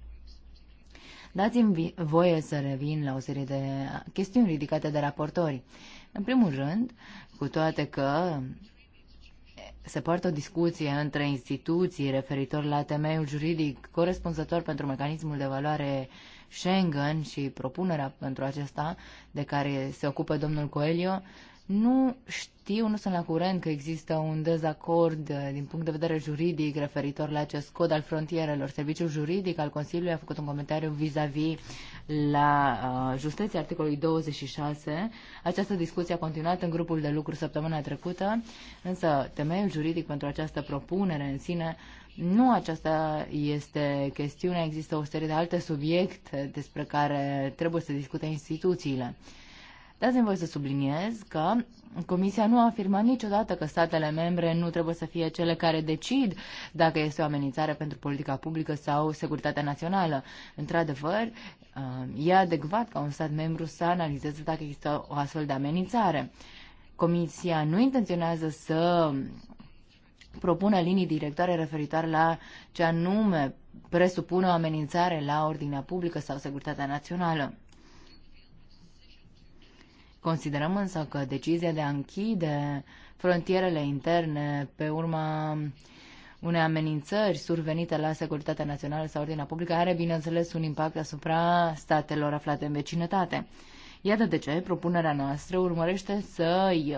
Dați-mi voie să revin la o serie de chestiuni ridicate de raportori. În primul rând, cu toate că se poartă o discuție între instituții referitor la temeiul juridic corespunzător pentru mecanismul de valoare Schengen și propunerea pentru acesta de care se ocupă domnul Coelio, nu știu, nu sunt la curent că există un dezacord din punct de vedere juridic referitor la acest cod al frontierelor. Serviciul juridic al Consiliului a făcut un comentariu vis-a-vis -vis la uh, justeția articolului 26. Această discuție a continuat în grupul de lucru săptămâna trecută, însă temeiul juridic pentru această propunere în sine uh, nu aceasta este chestiunea, există o serie de alte subiecte despre care trebuie să discute instituțiile. Dați-mi voi să subliniez că Comisia nu a afirmat niciodată că statele membre nu trebuie să fie cele care decid dacă este o amenințare pentru politica publică sau securitatea națională. Într-adevăr, uh, e adecvat ca un stat membru să analizeze dacă există o astfel de amenințare. Comisia nu intenționează să propună linii directoare referitoare la ce anume presupune o amenințare la ordinea publică sau securitatea națională. Considerăm însă că decizia de a închide frontierele interne pe urma unei amenințări survenite la securitatea națională sau ordinea publică are, bineînțeles, un impact asupra statelor aflate în vecinătate. Iată de ce propunerea noastră urmărește să i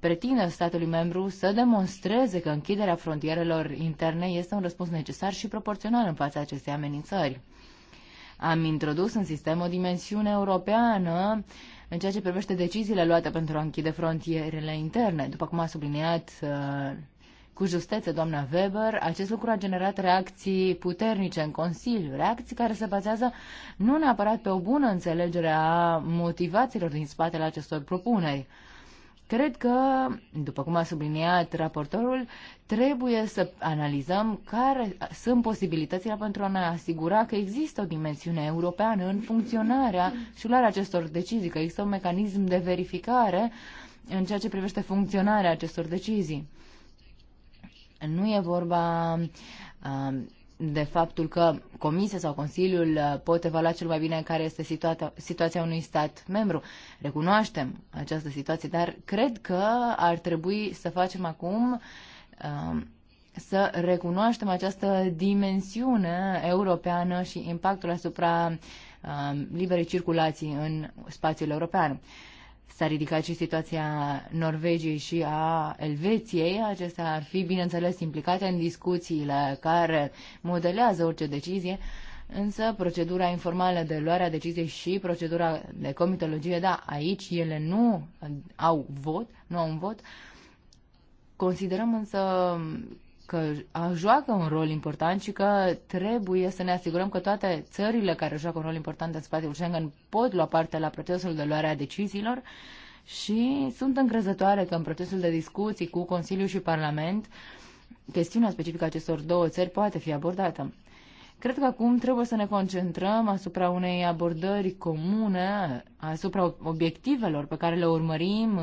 pretină statului membru să demonstreze că închiderea frontierelor interne este un răspuns necesar și proporțional în fața acestei amenințări. Am introdus în sistem o dimensiune europeană în ceea ce privește deciziile luate pentru a închide frontierele interne. După cum a subliniat uh, cu justețe doamna Weber, acest lucru a generat reacții puternice în Consiliu, reacții care se bazează nu neapărat pe o bună înțelegere a motivațiilor din spatele acestor propuneri. Cred că, după cum a subliniat raportorul, trebuie să analizăm care sunt posibilitățile pentru a ne asigura că există o dimensiune europeană în funcționarea și luarea acestor decizii, că există un mecanism de verificare în ceea ce privește funcționarea acestor decizii. Nu e vorba uh, de faptul că Comisia sau Consiliul uh, pot evalua cel mai bine care este situata, situația unui stat membru. Recunoaștem această situație, dar cred că ar trebui să facem acum um, să recunoaștem această dimensiune europeană și impactul asupra um, liberei circulații în spațiul european s-a ridicat și situația Norvegiei și a Elveției, acestea ar fi, bineînțeles, implicate în discuțiile care modelează orice decizie, însă procedura informală de luare a deciziei și procedura de comitologie, da, aici ele nu au vot, nu au un vot. Considerăm însă că joacă un rol important și că trebuie să ne asigurăm că toate țările care joacă un rol important în spațiul Schengen pot lua parte la procesul de luare a deciziilor și sunt încrezătoare că în procesul de discuții cu Consiliu și Parlament chestiunea specifică acestor două țări poate fi abordată. Cred că acum trebuie să ne concentrăm asupra unei abordări comune, asupra obiectivelor pe care le urmărim uh,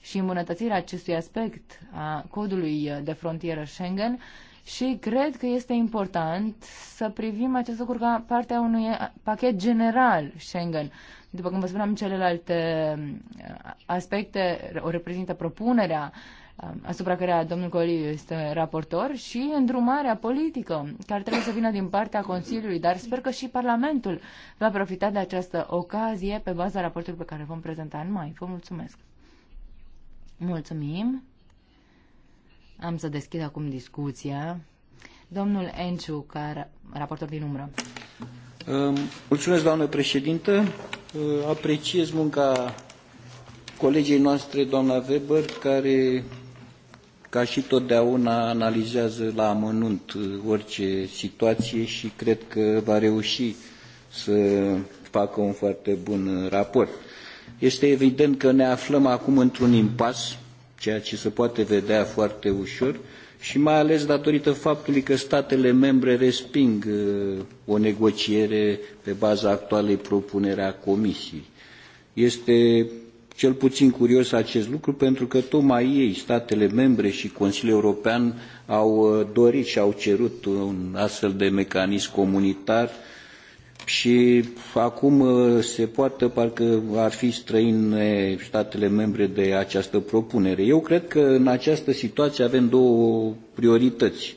și îmbunătățirea acestui aspect a codului de frontieră Schengen și cred că este important să privim acest lucru ca partea unui pachet general Schengen. După cum vă spuneam, celelalte uh, aspecte o reprezintă propunerea uh, Um, asupra căreia domnul Coli este raportor, și îndrumarea politică, care trebuie să vină din partea Consiliului, dar sper că și Parlamentul va profita de această ocazie pe baza raportului pe care vom prezenta în mai. Vă mulțumesc! Mulțumim! Am să deschid acum discuția. Domnul Enciu, ca raportor din umbră. Um, mulțumesc, doamnă președintă. Uh, apreciez munca colegei noastre, doamna Weber, care ca și totdeauna analizează la amănunt uh, orice situație și cred că va reuși să facă un foarte bun uh, raport. Este evident că ne aflăm acum într-un impas, ceea ce se poate vedea foarte ușor, și mai ales datorită faptului că statele membre resping uh, o negociere pe baza actualei propunere a Comisiei. Este cel puțin curios acest lucru pentru că tocmai ei, statele membre și Consiliul European au uh, dorit și au cerut un astfel de mecanism comunitar și acum uh, se poate, parcă ar fi străine statele membre de această propunere. Eu cred că în această situație avem două priorități.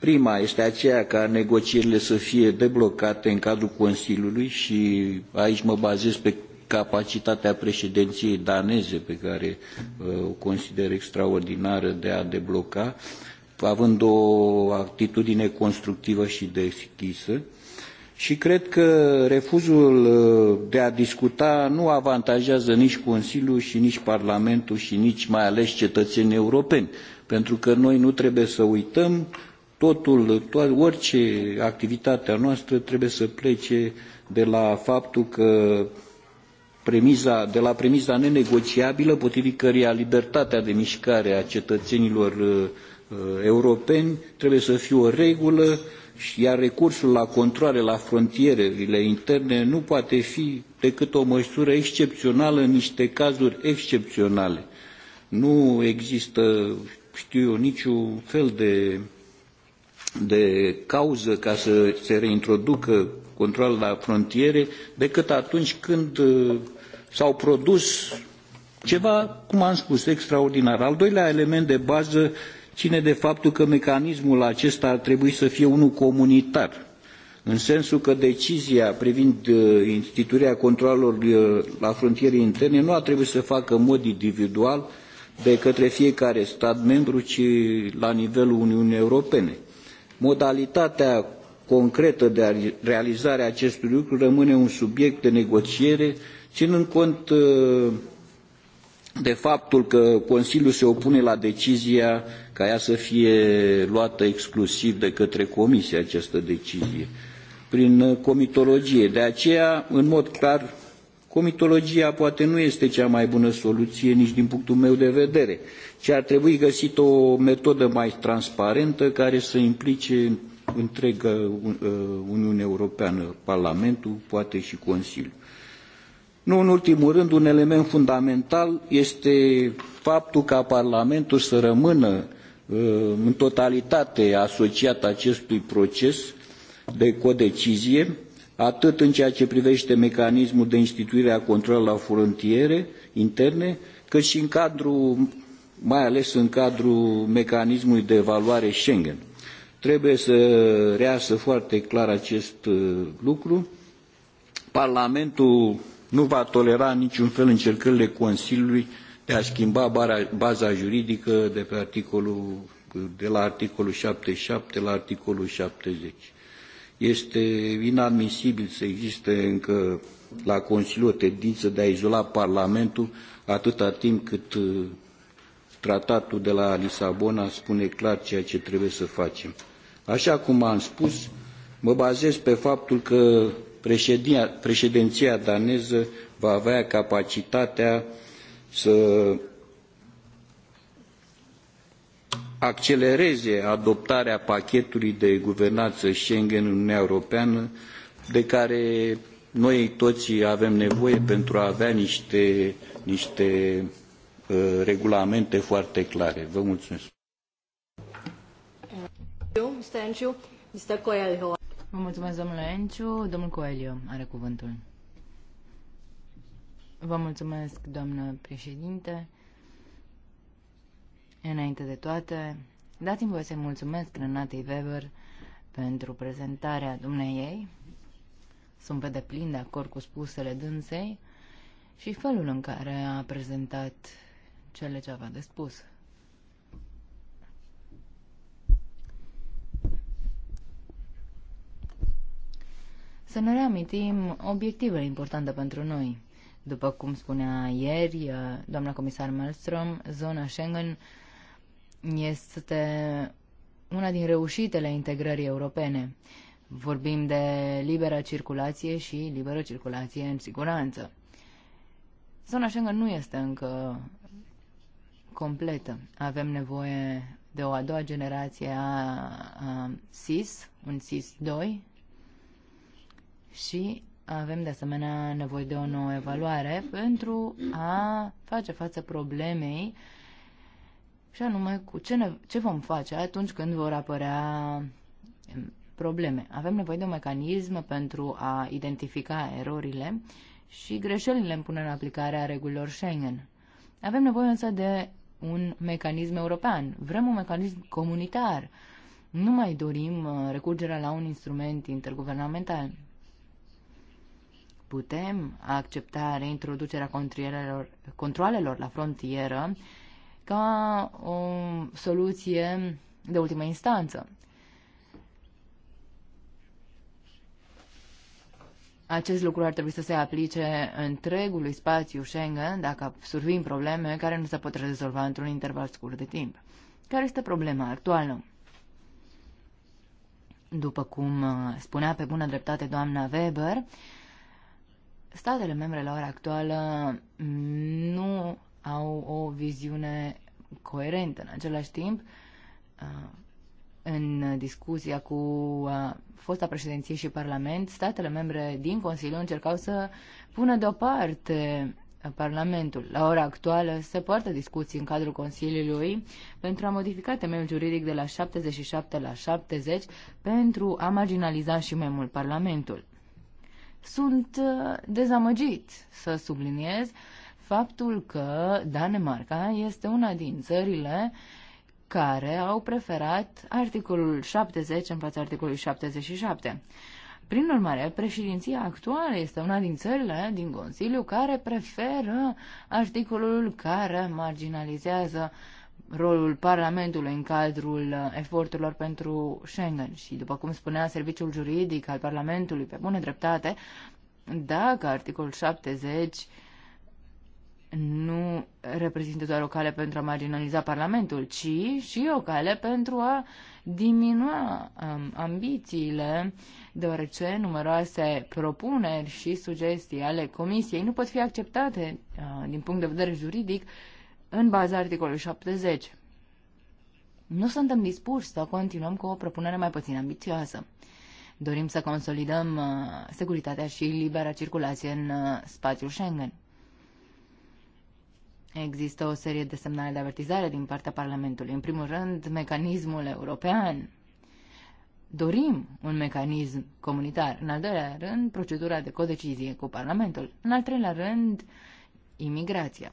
Prima este aceea ca negocierile să fie deblocate în cadrul Consiliului și aici mă bazez pe capacitatea președinției daneze, pe care uh, o consider extraordinară de a debloca, având o atitudine constructivă și deschisă. Și cred că refuzul uh, de a discuta nu avantajează nici Consiliul și nici Parlamentul și nici mai ales cetățenii europeni, pentru că noi nu trebuie să uităm totul, to- orice activitate a noastră trebuie să plece de la faptul că premiza, de la premiza nenegociabilă, potrivit căreia libertatea de mișcare a cetățenilor uh, uh, europeni trebuie să fie o regulă, iar recursul la controle la frontierele interne nu poate fi decât o măsură excepțională în niște cazuri excepționale. Nu există, știu eu, niciun fel de, de cauză ca să se reintroducă control la frontiere decât atunci când uh, s-au produs ceva, cum am spus, extraordinar. Al doilea element de bază ține de faptul că mecanismul acesta ar trebui să fie unul comunitar, în sensul că decizia privind uh, instituirea controlelor uh, la frontiere interne nu ar trebui să facă în mod individual de către fiecare stat membru, ci la nivelul Uniunii Europene. Modalitatea concretă de realizare a acestui lucru rămâne un subiect de negociere Ținând cont ă, de faptul că Consiliul se opune la decizia ca ea să fie luată exclusiv de către Comisie această decizie, prin ă, comitologie. De aceea, în mod clar, comitologia poate nu este cea mai bună soluție nici din punctul meu de vedere, ci ar trebui găsită o metodă mai transparentă care să implice întreaga ă, Uniune Europeană, Parlamentul, poate și Consiliul. Nu în ultimul rând, un element fundamental este faptul ca Parlamentul să rămână uh, în totalitate asociat acestui proces de codecizie, atât în ceea ce privește mecanismul de instituire a controlului la frontiere interne, cât și în cadrul, mai ales în cadrul mecanismului de evaluare Schengen. Trebuie să reasă foarte clar acest uh, lucru. Parlamentul nu va tolera în niciun fel încercările Consiliului de a schimba baza juridică de, pe articolul, de la articolul 77 la articolul 70. Este inadmisibil să existe încă la Consiliu o tendință de a izola Parlamentul atâta timp cât uh, tratatul de la Lisabona spune clar ceea ce trebuie să facem. Așa cum am spus, mă bazez pe faptul că președinția daneză va avea capacitatea să accelereze adoptarea pachetului de guvernanță Schengen în Uniunea Europeană, de care noi toți avem nevoie pentru a avea niște, niște uh, regulamente foarte clare. Vă mulțumesc. Mr. Coelho, Vă mulțumesc, domnule Enciu. Domnul Coelio are cuvântul. Vă mulțumesc, doamnă președinte. Înainte de toate, dați-mi voie să-i mulțumesc Renatei Weber pentru prezentarea dumneiei. Sunt pe deplin de acord cu spusele dânsei și felul în care a prezentat cele ce avea de spus. să ne reamintim obiectivele importante pentru noi. După cum spunea ieri uh, doamna comisar Malmström, zona Schengen este una din reușitele integrării europene. Vorbim de liberă circulație și liberă circulație în siguranță. Zona Schengen nu este încă completă. Avem nevoie de o a doua generație a, a SIS, un SIS 2, și avem de asemenea nevoie de o nouă evaluare pentru a face față problemei și anume cu ce, ne, ce vom face atunci când vor apărea probleme. Avem nevoie de un mecanism pentru a identifica erorile și greșelile în punerea în aplicare a regulilor Schengen. Avem nevoie însă de un mecanism european. Vrem un mecanism comunitar. Nu mai dorim uh, recurgerea la un instrument interguvernamental. Putem accepta reintroducerea controalelor la frontieră ca o soluție de ultimă instanță. Acest lucru ar trebui să se aplice întregului spațiu Schengen dacă survin probleme care nu se pot rezolva într-un interval scurt de timp. Care este problema actuală? După cum uh, spunea pe bună dreptate doamna Weber, Statele membre la ora actuală nu au o viziune coerentă. În același timp, uh, în discuția cu uh, fosta președinție și Parlament, statele membre din Consiliu încercau să pună deoparte Parlamentul. La ora actuală se poartă discuții în cadrul Consiliului pentru a modifica temeiul juridic de la 77 la 70 pentru a marginaliza și mai mult Parlamentul. Sunt uh, dezamăgit să subliniez faptul că Danemarca este una din țările care au preferat articolul 70 în fața articolului 77. Prin urmare, președinția actuală este una din țările din Consiliu care preferă articolul care marginalizează uh, rolul Parlamentului în cadrul uh, eforturilor pentru Schengen. Și, după cum spunea Serviciul Juridic al Parlamentului, pe bună dreptate, dacă articolul 70 nu reprezintă doar o cale pentru a marginaliza Parlamentul, ci și o cale pentru a diminua um, ambițiile, deoarece numeroase propuneri și sugestii ale Comisiei nu pot fi acceptate uh, din punct de vedere juridic uh, în baza articolului 70. Nu suntem dispuși să continuăm cu o propunere mai puțin ambițioasă. Dorim să consolidăm uh, securitatea și libera circulație în uh, spațiul Schengen. Există o serie de semnale de avertizare din partea Parlamentului. În primul rând, mecanismul european. Dorim un mecanism comunitar. În al doilea rând, procedura de codecizie cu Parlamentul. În al treilea rând, imigrația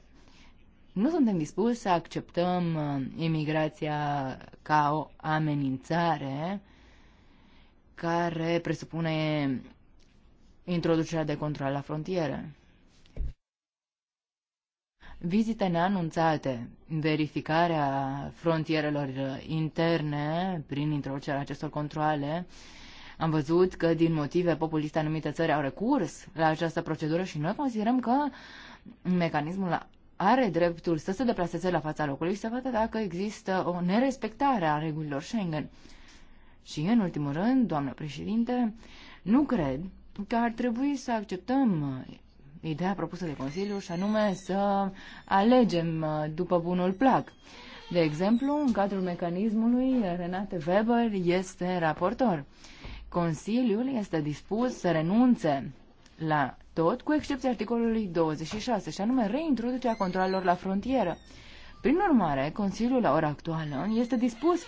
nu suntem dispuși să acceptăm uh, imigrația ca o amenințare care presupune introducerea de control la frontieră. Vizite neanunțate, verificarea frontierelor uh, interne prin introducerea acestor controle, am văzut că din motive populiste anumite țări au recurs la această procedură și noi considerăm că mecanismul are dreptul să se deplaseze la fața locului și să vadă dacă există o nerespectare a regulilor Schengen. Și, în ultimul rând, doamnă președinte, nu cred că ar trebui să acceptăm uh, ideea propusă de Consiliu și anume să alegem uh, după bunul plac. De exemplu, în cadrul mecanismului, Renate Weber este raportor. Consiliul este dispus să renunțe la tot cu excepția articolului 26, și anume reintroducerea controlelor la frontieră. Prin urmare, Consiliul la ora actuală este dispus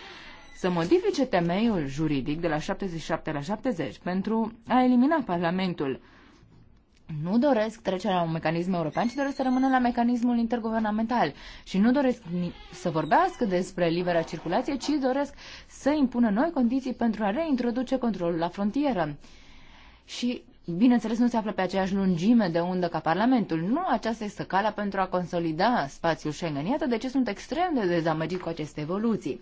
să modifice temeiul juridic de la 77 la 70 pentru a elimina Parlamentul. Nu doresc trecerea la un mecanism european, ci doresc să rămână la mecanismul interguvernamental. Și nu doresc să vorbească despre libera circulație, ci doresc să impună noi condiții pentru a reintroduce controlul la frontieră. Și bineînțeles, nu se află pe aceeași lungime de undă ca Parlamentul. Nu aceasta este calea pentru a consolida spațiul Schengen. Iată de ce sunt extrem de dezamăgit cu aceste evoluții.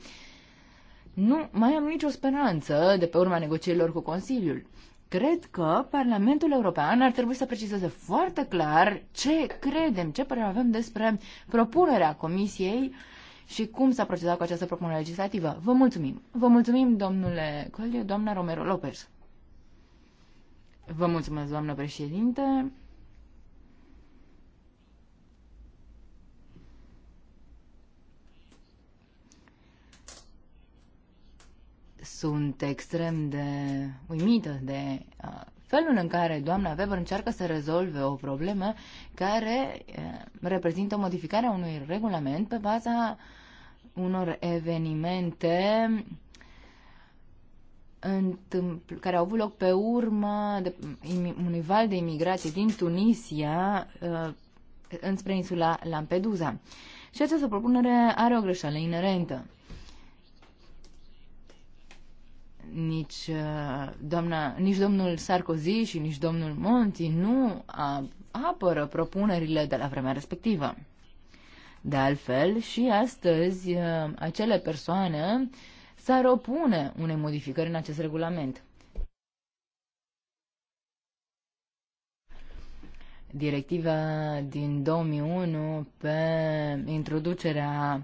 Nu mai am nicio speranță de pe urma negocierilor cu Consiliul. Cred că Parlamentul European ar trebui să precizeze foarte clar ce credem, ce părere avem despre propunerea Comisiei și cum s-a procedat cu această propunere legislativă. Vă mulțumim. Vă mulțumim, domnule Coliu, doamna Romero Lopez. Vă mulțumesc, doamnă președinte. Sunt extrem de uimită de uh, felul în care doamna Weber încearcă să rezolve o problemă care uh, reprezintă modificarea unui regulament pe baza unor evenimente care au avut loc pe urma de, unui val de imigrație din Tunisia uh, înspre insula Lampedusa. Și această propunere are o greșeală inerentă. Nici, uh, doamna, nici domnul Sarkozy și nici domnul Monti nu apără propunerile de la vremea respectivă. De altfel, și astăzi, uh, acele persoane uh, s-ar opune unei modificări în acest regulament. Directiva din 2001 pe introducerea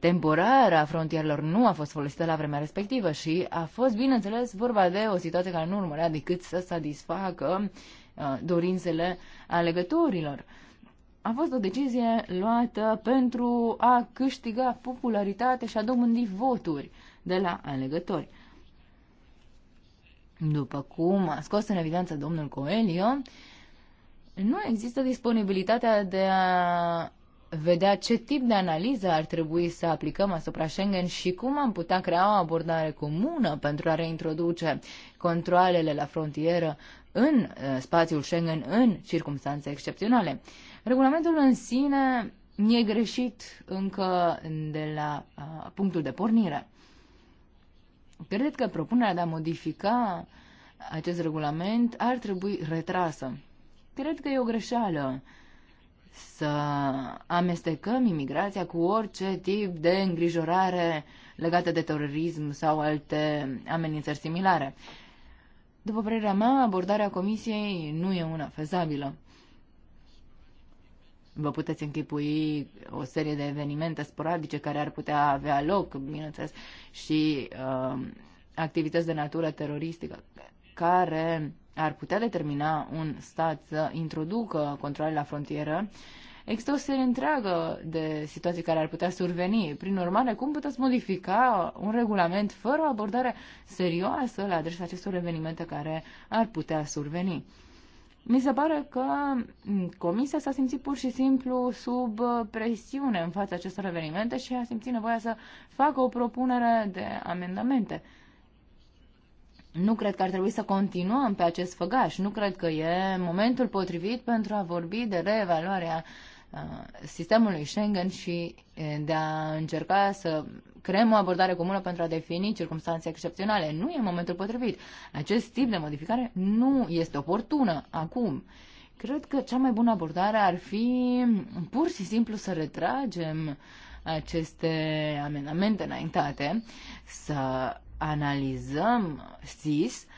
temporară a frontierelor nu a fost folosită la vremea respectivă și a fost, bineînțeles, vorba de o situație care nu urmărea decât să satisfacă uh, dorințele alegătorilor. A fost o decizie luată pentru a câștiga popularitate și a dobândi voturi de la alegători. După cum a scos în evidență domnul Coelio, nu există disponibilitatea de a vedea ce tip de analiză ar trebui să aplicăm asupra Schengen și cum am putea crea o abordare comună pentru a reintroduce controlele la frontieră în uh, spațiul Schengen în circunstanțe excepționale. Regulamentul în sine e greșit încă de la uh, punctul de pornire. Cred că propunerea de a modifica acest regulament ar trebui retrasă. Cred că e o greșeală să amestecăm imigrația cu orice tip de îngrijorare legată de terorism sau alte amenințări similare. După părerea mea, abordarea comisiei nu e una fezabilă. Vă puteți închipui o serie de evenimente sporadice care ar putea avea loc, bineînțeles, și uh, activități de natură teroristică care ar putea determina un stat să introducă controle la frontieră, există o serie întreagă de situații care ar putea surveni. Prin urmare, cum puteți modifica un regulament fără o abordare serioasă la adresa acestor evenimente care ar putea surveni? Mi se pare că mm, comisia s-a simțit pur și simplu sub uh, presiune în fața acestor evenimente și a simțit nevoia să facă o propunere de amendamente. Nu cred că ar trebui să continuăm pe acest făgaș. Nu cred că e momentul potrivit pentru a vorbi de reevaluarea uh, Uh, sistemului Schengen și uh, de a încerca să creăm o abordare comună pentru a defini circunstanțe excepționale. Nu e momentul potrivit. Acest tip de modificare nu este oportună acum. Cred că cea mai bună abordare ar fi pur și simplu să retragem aceste amendamente înaintate, să analizăm SIS, uh,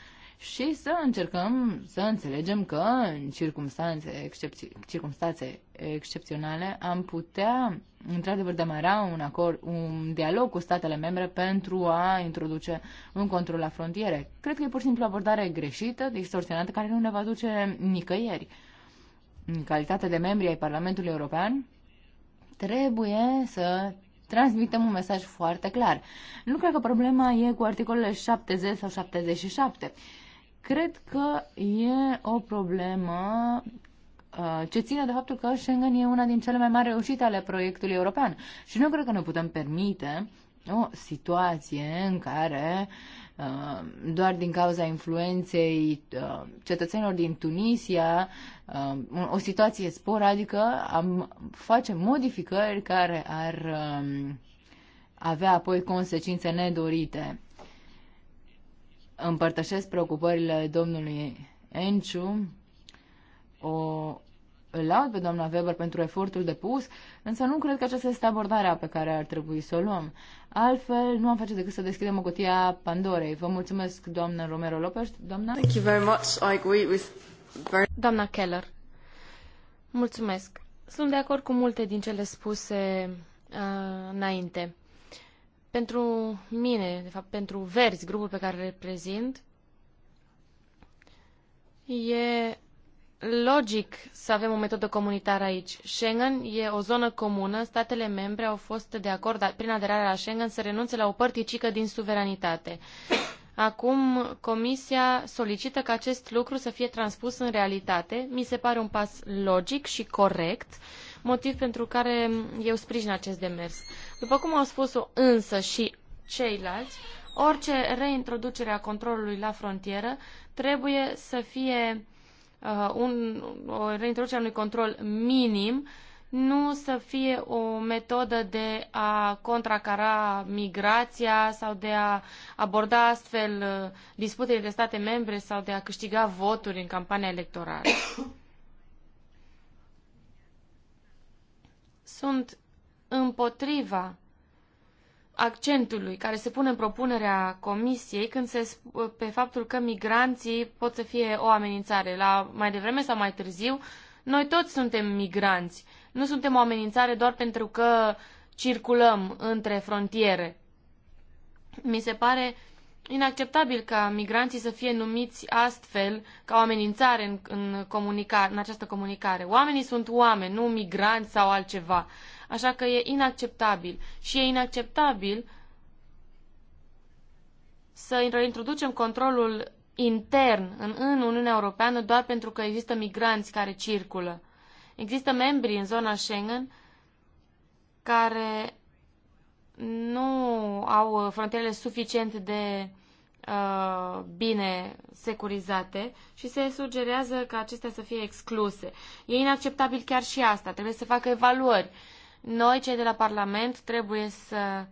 și să încercăm să înțelegem că în circumstanțe, excepții, circumstanțe excepționale am putea într-adevăr demara un acord, un dialog cu statele membre pentru a introduce un control la frontiere. Cred că e pur și simplu o abordare greșită, distorsionată, care nu ne va duce nicăieri. În calitate de membri ai Parlamentului European, trebuie să transmitem un mesaj foarte clar. Nu cred că problema e cu articolele 70 sau 77. Cred că e o problemă uh, ce ține de faptul că Schengen e una din cele mai mari reușite ale proiectului european. Și nu cred că ne putem permite o situație în care uh, doar din cauza influenței uh, cetățenilor din Tunisia, o situație sporadică, am face modificări care ar um, avea apoi consecințe nedorite împărtășesc preocupările domnului Enciu, o laud pe doamna Weber pentru efortul depus, însă nu cred că aceasta este abordarea pe care ar trebui să o luăm. Altfel, nu am face decât să deschidem o cutie a Pandorei. Vă mulțumesc, doamna Romero Lopez. Doamna? Thank you very much. I agree with... Doamna Keller. Mulțumesc. Sunt de acord cu multe din cele spuse uh, înainte. Pentru mine, de fapt pentru Verzi, grupul pe care îl reprezint, e logic să avem o metodă comunitară aici. Schengen e o zonă comună, statele membre au fost de acord prin aderarea la Schengen să renunțe la o părticică din suveranitate. Acum Comisia solicită ca acest lucru să fie transpus în realitate. Mi se pare un pas logic și corect. Uh, motiv pentru care eu sprijin acest demers. După cum au spus-o însă și ceilalți, orice reintroducere a controlului la frontieră trebuie să fie uh, un, o reintroducere a unui control minim, nu să fie o metodă de a contracara migrația sau de a aborda astfel uh, disputele de state membre sau de a câștiga voturi în campania electorală. Sunt împotriva accentului care se pune în propunerea comisiei când se pe faptul că migranții pot să fie o amenințare. La mai devreme sau mai târziu, noi toți suntem migranți. Nu suntem o amenințare doar pentru că circulăm între frontiere. Mi se pare inacceptabil ca migranții să fie numiți astfel ca o amenințare în, în, comunica, în această comunicare. Oamenii sunt oameni, nu migranți sau altceva. Așa că e inacceptabil. Și e inacceptabil să reintroducem controlul intern în, în Uniunea Europeană doar pentru că există migranți care circulă. Există membri în zona Schengen care nu au frontierele suficient de uh, bine securizate și se sugerează ca acestea să fie excluse. E inacceptabil chiar și asta. Trebuie să facă evaluări. Noi, cei de la Parlament, trebuie să uh,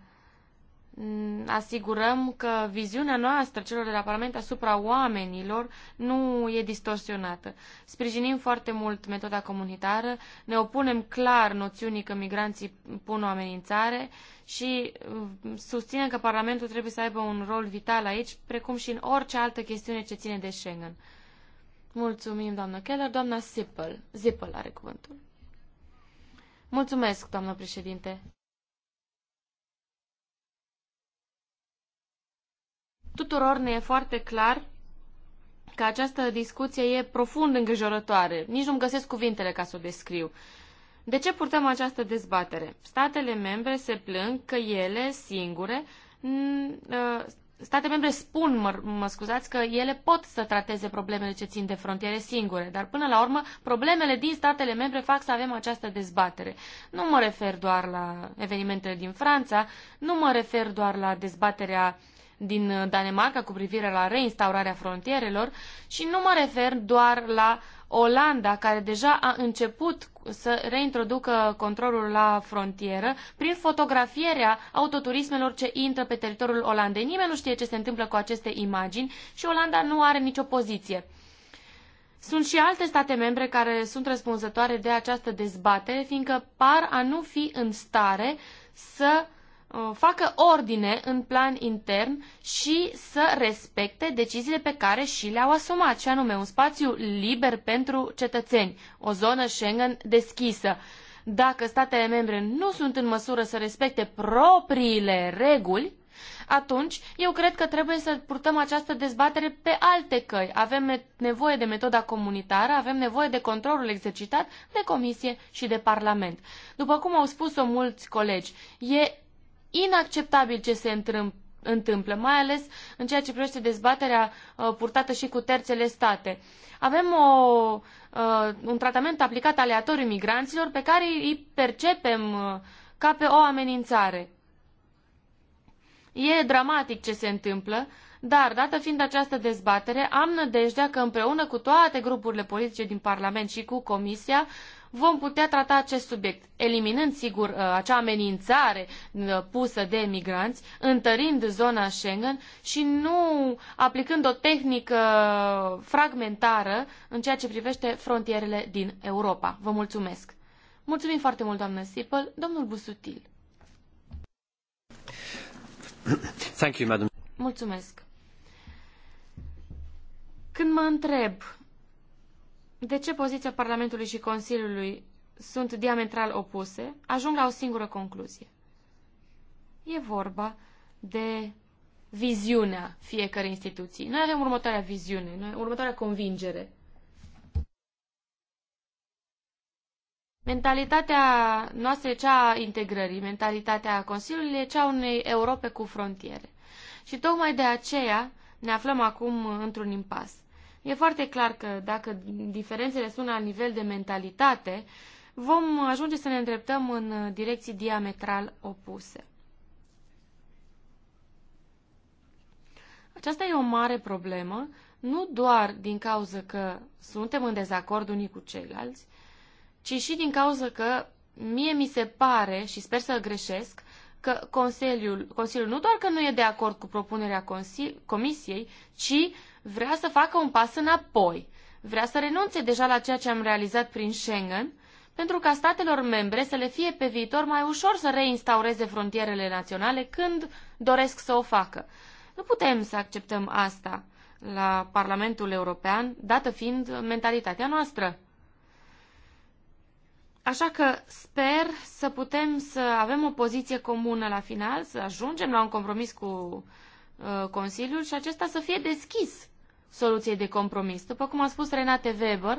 asigurăm că viziunea noastră, celor de la Parlament, asupra oamenilor nu e distorsionată. Sprijinim foarte mult metoda comunitară, ne opunem clar noțiunii că migranții pun o amenințare și mm, susținem că Parlamentul trebuie să aibă un rol vital aici, precum și în orice altă chestiune ce ține de Schengen. Mulțumim, doamnă Keller. Doamna Zippel. Zippel are cuvântul. Mulțumesc, doamnă președinte. Tuturor ne e foarte clar că această discuție e profund îngrijorătoare. Nici nu-mi găsesc cuvintele ca să o descriu. De ce purtăm această dezbatere? Statele membre se plâng că ele singure, ă, state membre spun, mă, mă scuzați, că ele pot să trateze problemele ce țin de frontiere singure, dar până la urmă problemele din statele membre fac să avem această dezbatere. Nu mă refer doar la evenimentele din Franța, nu mă refer doar la dezbaterea uh, din uh, Danemarca cu privire la reinstaurarea frontierelor și nu mă refer doar la Olanda, care deja a început să reintroducă controlul la frontieră prin fotografierea autoturismelor ce intră pe teritoriul Olandei. Nimeni nu știe ce se întâmplă cu aceste imagini și Olanda nu are nicio poziție. Sunt și alte state membre care sunt răspunzătoare de această dezbatere, fiindcă par a nu fi în stare să uh, Uh, facă ordine în plan intern și să respecte deciziile pe care și le-au asumat, și anume un spațiu liber pentru cetățeni, o zonă Schengen deschisă. Dacă statele membre nu sunt în măsură să respecte propriile reguli, atunci eu cred că trebuie să purtăm această dezbatere pe alte căi. Avem nevoie de metoda comunitară, avem nevoie de controlul exercitat de Comisie și de Parlament. După cum au spus-o mulți colegi, e inacceptabil ce se întâmplă, mai ales în ceea ce privește dezbaterea uh, purtată și cu terțele state. Avem o, uh, un tratament aplicat aleatoriu migranților pe care îi percepem uh, ca pe o amenințare. E dramatic ce se întâmplă, dar, dată fiind această dezbatere, am nădejdea că împreună cu toate grupurile politice din Parlament și cu Comisia vom putea trata acest subiect, eliminând, sigur, uh, acea amenințare uh, pusă de migranți, întărind zona Schengen și nu aplicând o tehnică fragmentară în ceea ce privește frontierele din Europa. Vă mulțumesc! Mulțumim foarte mult, doamnă Sipel. Domnul Busutil. Thank you, madam. Mulțumesc. Când mă întreb de ce poziția Parlamentului și Consiliului sunt diametral opuse, ajung la o singură concluzie. E vorba de viziunea fiecărei instituții. Noi avem următoarea viziune, noi, următoarea convingere. Mentalitatea noastră e cea a integrării, mentalitatea Consiliului e cea a unei Europe cu frontiere. Și tocmai de aceea ne aflăm acum într-un impas. E foarte clar că dacă diferențele sunt la nivel de mentalitate, vom ajunge să ne îndreptăm în direcții diametral opuse. Aceasta e o mare problemă, nu doar din cauza că suntem în dezacord unii cu ceilalți, ci și din cauza că mie mi se pare, și sper să greșesc, că Consiliul, Consiliul nu doar că nu e de acord cu propunerea Comisiei, ci vrea să facă un pas înapoi, vrea să renunțe deja la ceea ce am realizat prin Schengen, pentru ca statelor membre să le fie pe viitor mai ușor să reinstaureze frontierele naționale când doresc să o facă. Nu putem să acceptăm asta la Parlamentul European, dată fiind mentalitatea noastră. Așa că sper să putem să avem o poziție comună la final, să ajungem la un compromis cu uh, Consiliul și acesta să fie deschis Soluție de compromis. După cum a spus Renate Weber,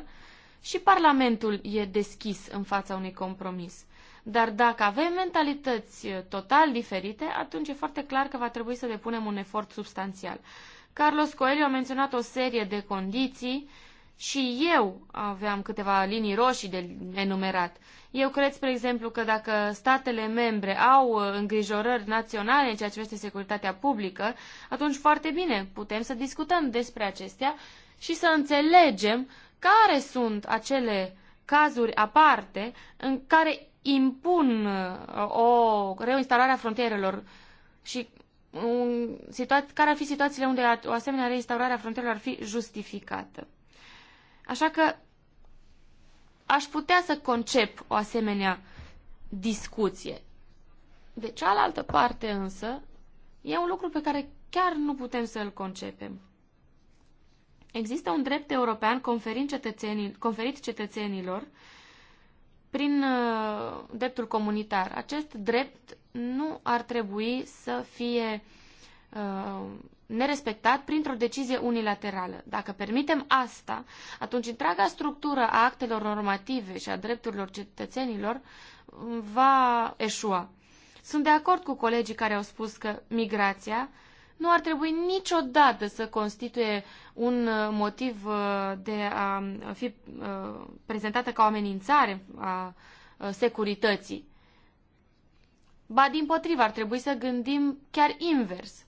și Parlamentul e deschis în fața unui compromis. Dar dacă avem mentalități total diferite, atunci e foarte clar că va trebui să depunem un efort substanțial. Carlos Coelho a menționat o serie de condiții și eu aveam câteva linii roșii de enumerat. Eu cred, spre exemplu, că dacă statele membre au uh, îngrijorări naționale în ceea ce privește securitatea publică, atunci foarte bine, putem să discutăm despre acestea și să înțelegem care sunt acele cazuri aparte în care impun uh, o reinstalare a frontierelor și un, situa- care ar fi situațiile unde o asemenea reinstaurare a frontierelor ar fi justificată. Așa că aș putea să concep o asemenea discuție. De cealaltă parte însă, e un lucru pe care chiar nu putem să îl concepem. Există un drept european conferit, cetățenii, conferit cetățenilor prin uh, dreptul comunitar. Acest drept nu ar trebui să fie uh, nerespectat printr-o decizie unilaterală. Dacă permitem asta, atunci întreaga structură a actelor normative și a drepturilor cetățenilor va eșua. Sunt de acord cu colegii care au spus că migrația nu ar trebui niciodată să constituie un motiv uh, de a fi uh, prezentată ca o amenințare a uh, securității. Ba din potrivă, ar trebui să gândim chiar invers.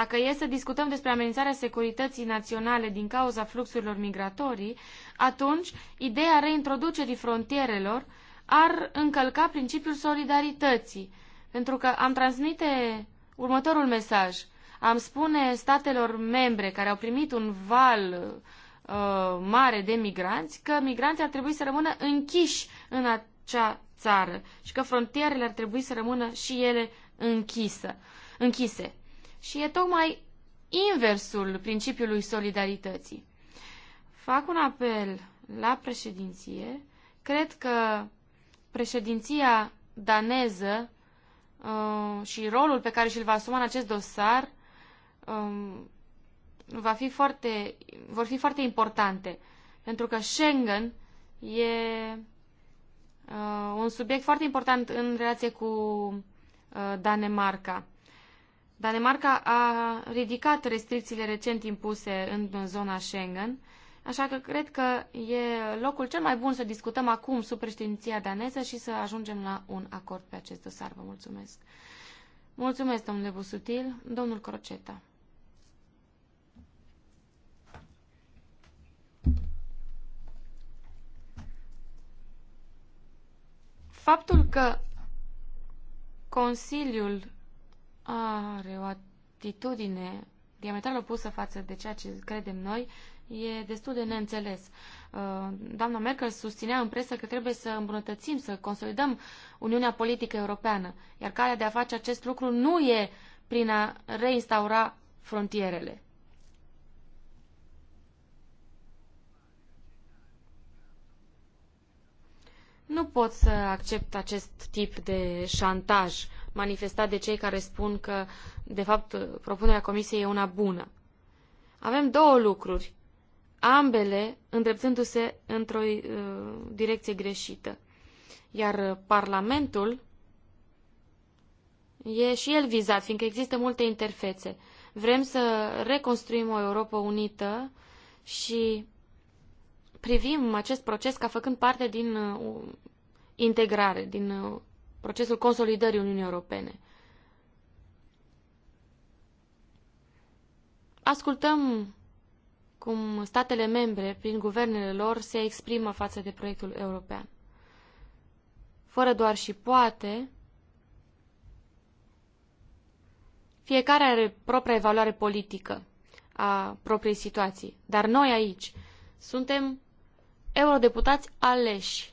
Dacă e să discutăm despre amenințarea securității naționale din cauza fluxurilor migratorii, atunci ideea reintroducerii frontierelor ar încălca principiul solidarității, pentru că am transmite următorul mesaj. Am spune statelor membre care au primit un val uh, mare de migranți că migranții ar trebui să rămână închiși în acea țară și că frontierele ar trebui să rămână și ele închisă, închise. Și e tocmai inversul principiului solidarității. Fac un apel la președinție. Cred că președinția daneză uh, și rolul pe care și-l va asuma în acest dosar um, va fi foarte, vor fi foarte importante. Pentru că Schengen e uh, un subiect foarte important în relație cu uh, Danemarca. Danemarca a ridicat restricțiile recent impuse în zona Schengen, așa că cred că e locul cel mai bun să discutăm acum sub daneză și să ajungem la un acord pe acest dosar. Vă mulțumesc. Mulțumesc, domnule Busutil. Domnul Croceta. Faptul că Consiliul are o atitudine diametral opusă față de ceea ce credem noi, e destul de neînțeles. Uh, doamna Merkel susținea în presă că trebuie să îmbunătățim, să consolidăm Uniunea Politică Europeană, iar calea de a face acest lucru nu e prin a reinstaura frontierele. Nu pot să accept acest tip de șantaj manifestat de cei care spun că, de fapt, propunerea Comisiei e una bună. Avem două lucruri, ambele îndreptându-se într-o uh, direcție greșită. Iar Parlamentul e și el vizat, fiindcă există multe interfețe. Vrem să reconstruim o Europa unită și privim acest proces ca făcând parte din uh, integrare, din uh, procesul consolidării Uniunii Europene. Ascultăm cum statele membre, prin guvernele lor, se exprimă față de proiectul european. Fără doar și poate, fiecare are propria evaluare politică a propriei situații. Dar noi aici suntem eurodeputați aleși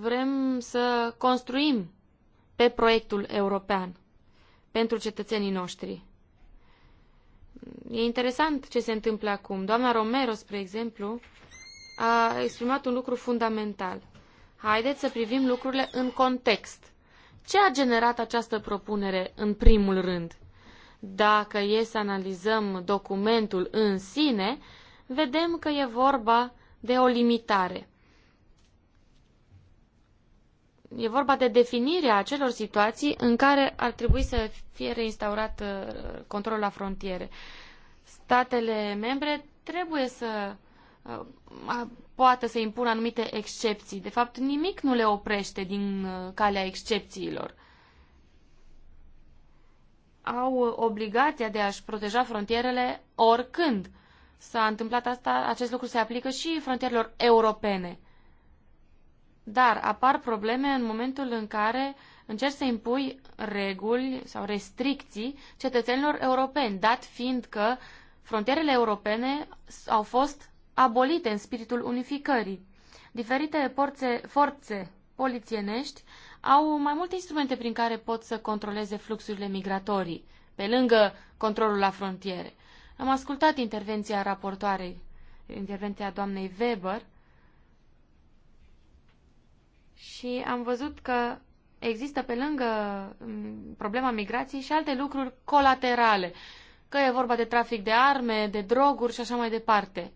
Vrem să construim pe proiectul european pentru cetățenii noștri. E interesant ce se întâmplă acum. Doamna Romero, spre exemplu, a exprimat un lucru fundamental. Haideți să privim lucrurile în context. Ce a generat această propunere în primul rând? Dacă e să analizăm documentul în sine, vedem că e vorba de o limitare e vorba de definirea acelor situații în care ar trebui să fie reinstaurat uh, controlul la frontiere. Statele membre trebuie să uh, poată să impună anumite excepții. De fapt, nimic nu le oprește din uh, calea excepțiilor. Au obligația de a-și proteja frontierele oricând. S-a întâmplat asta, acest lucru se aplică și frontierelor europene. Dar apar probleme în momentul în care încerci să impui reguli sau restricții cetățenilor europeni, dat fiind că frontierele europene au fost abolite în spiritul unificării. Diferite porțe, forțe polițienești au mai multe instrumente prin care pot să controleze fluxurile migratorii, pe lângă controlul la frontiere. Am ascultat intervenția raportoarei, intervenția doamnei Weber, și am văzut că există pe lângă mm, problema migrației și alte lucruri colaterale, că e vorba de trafic de arme, de droguri și așa mai departe.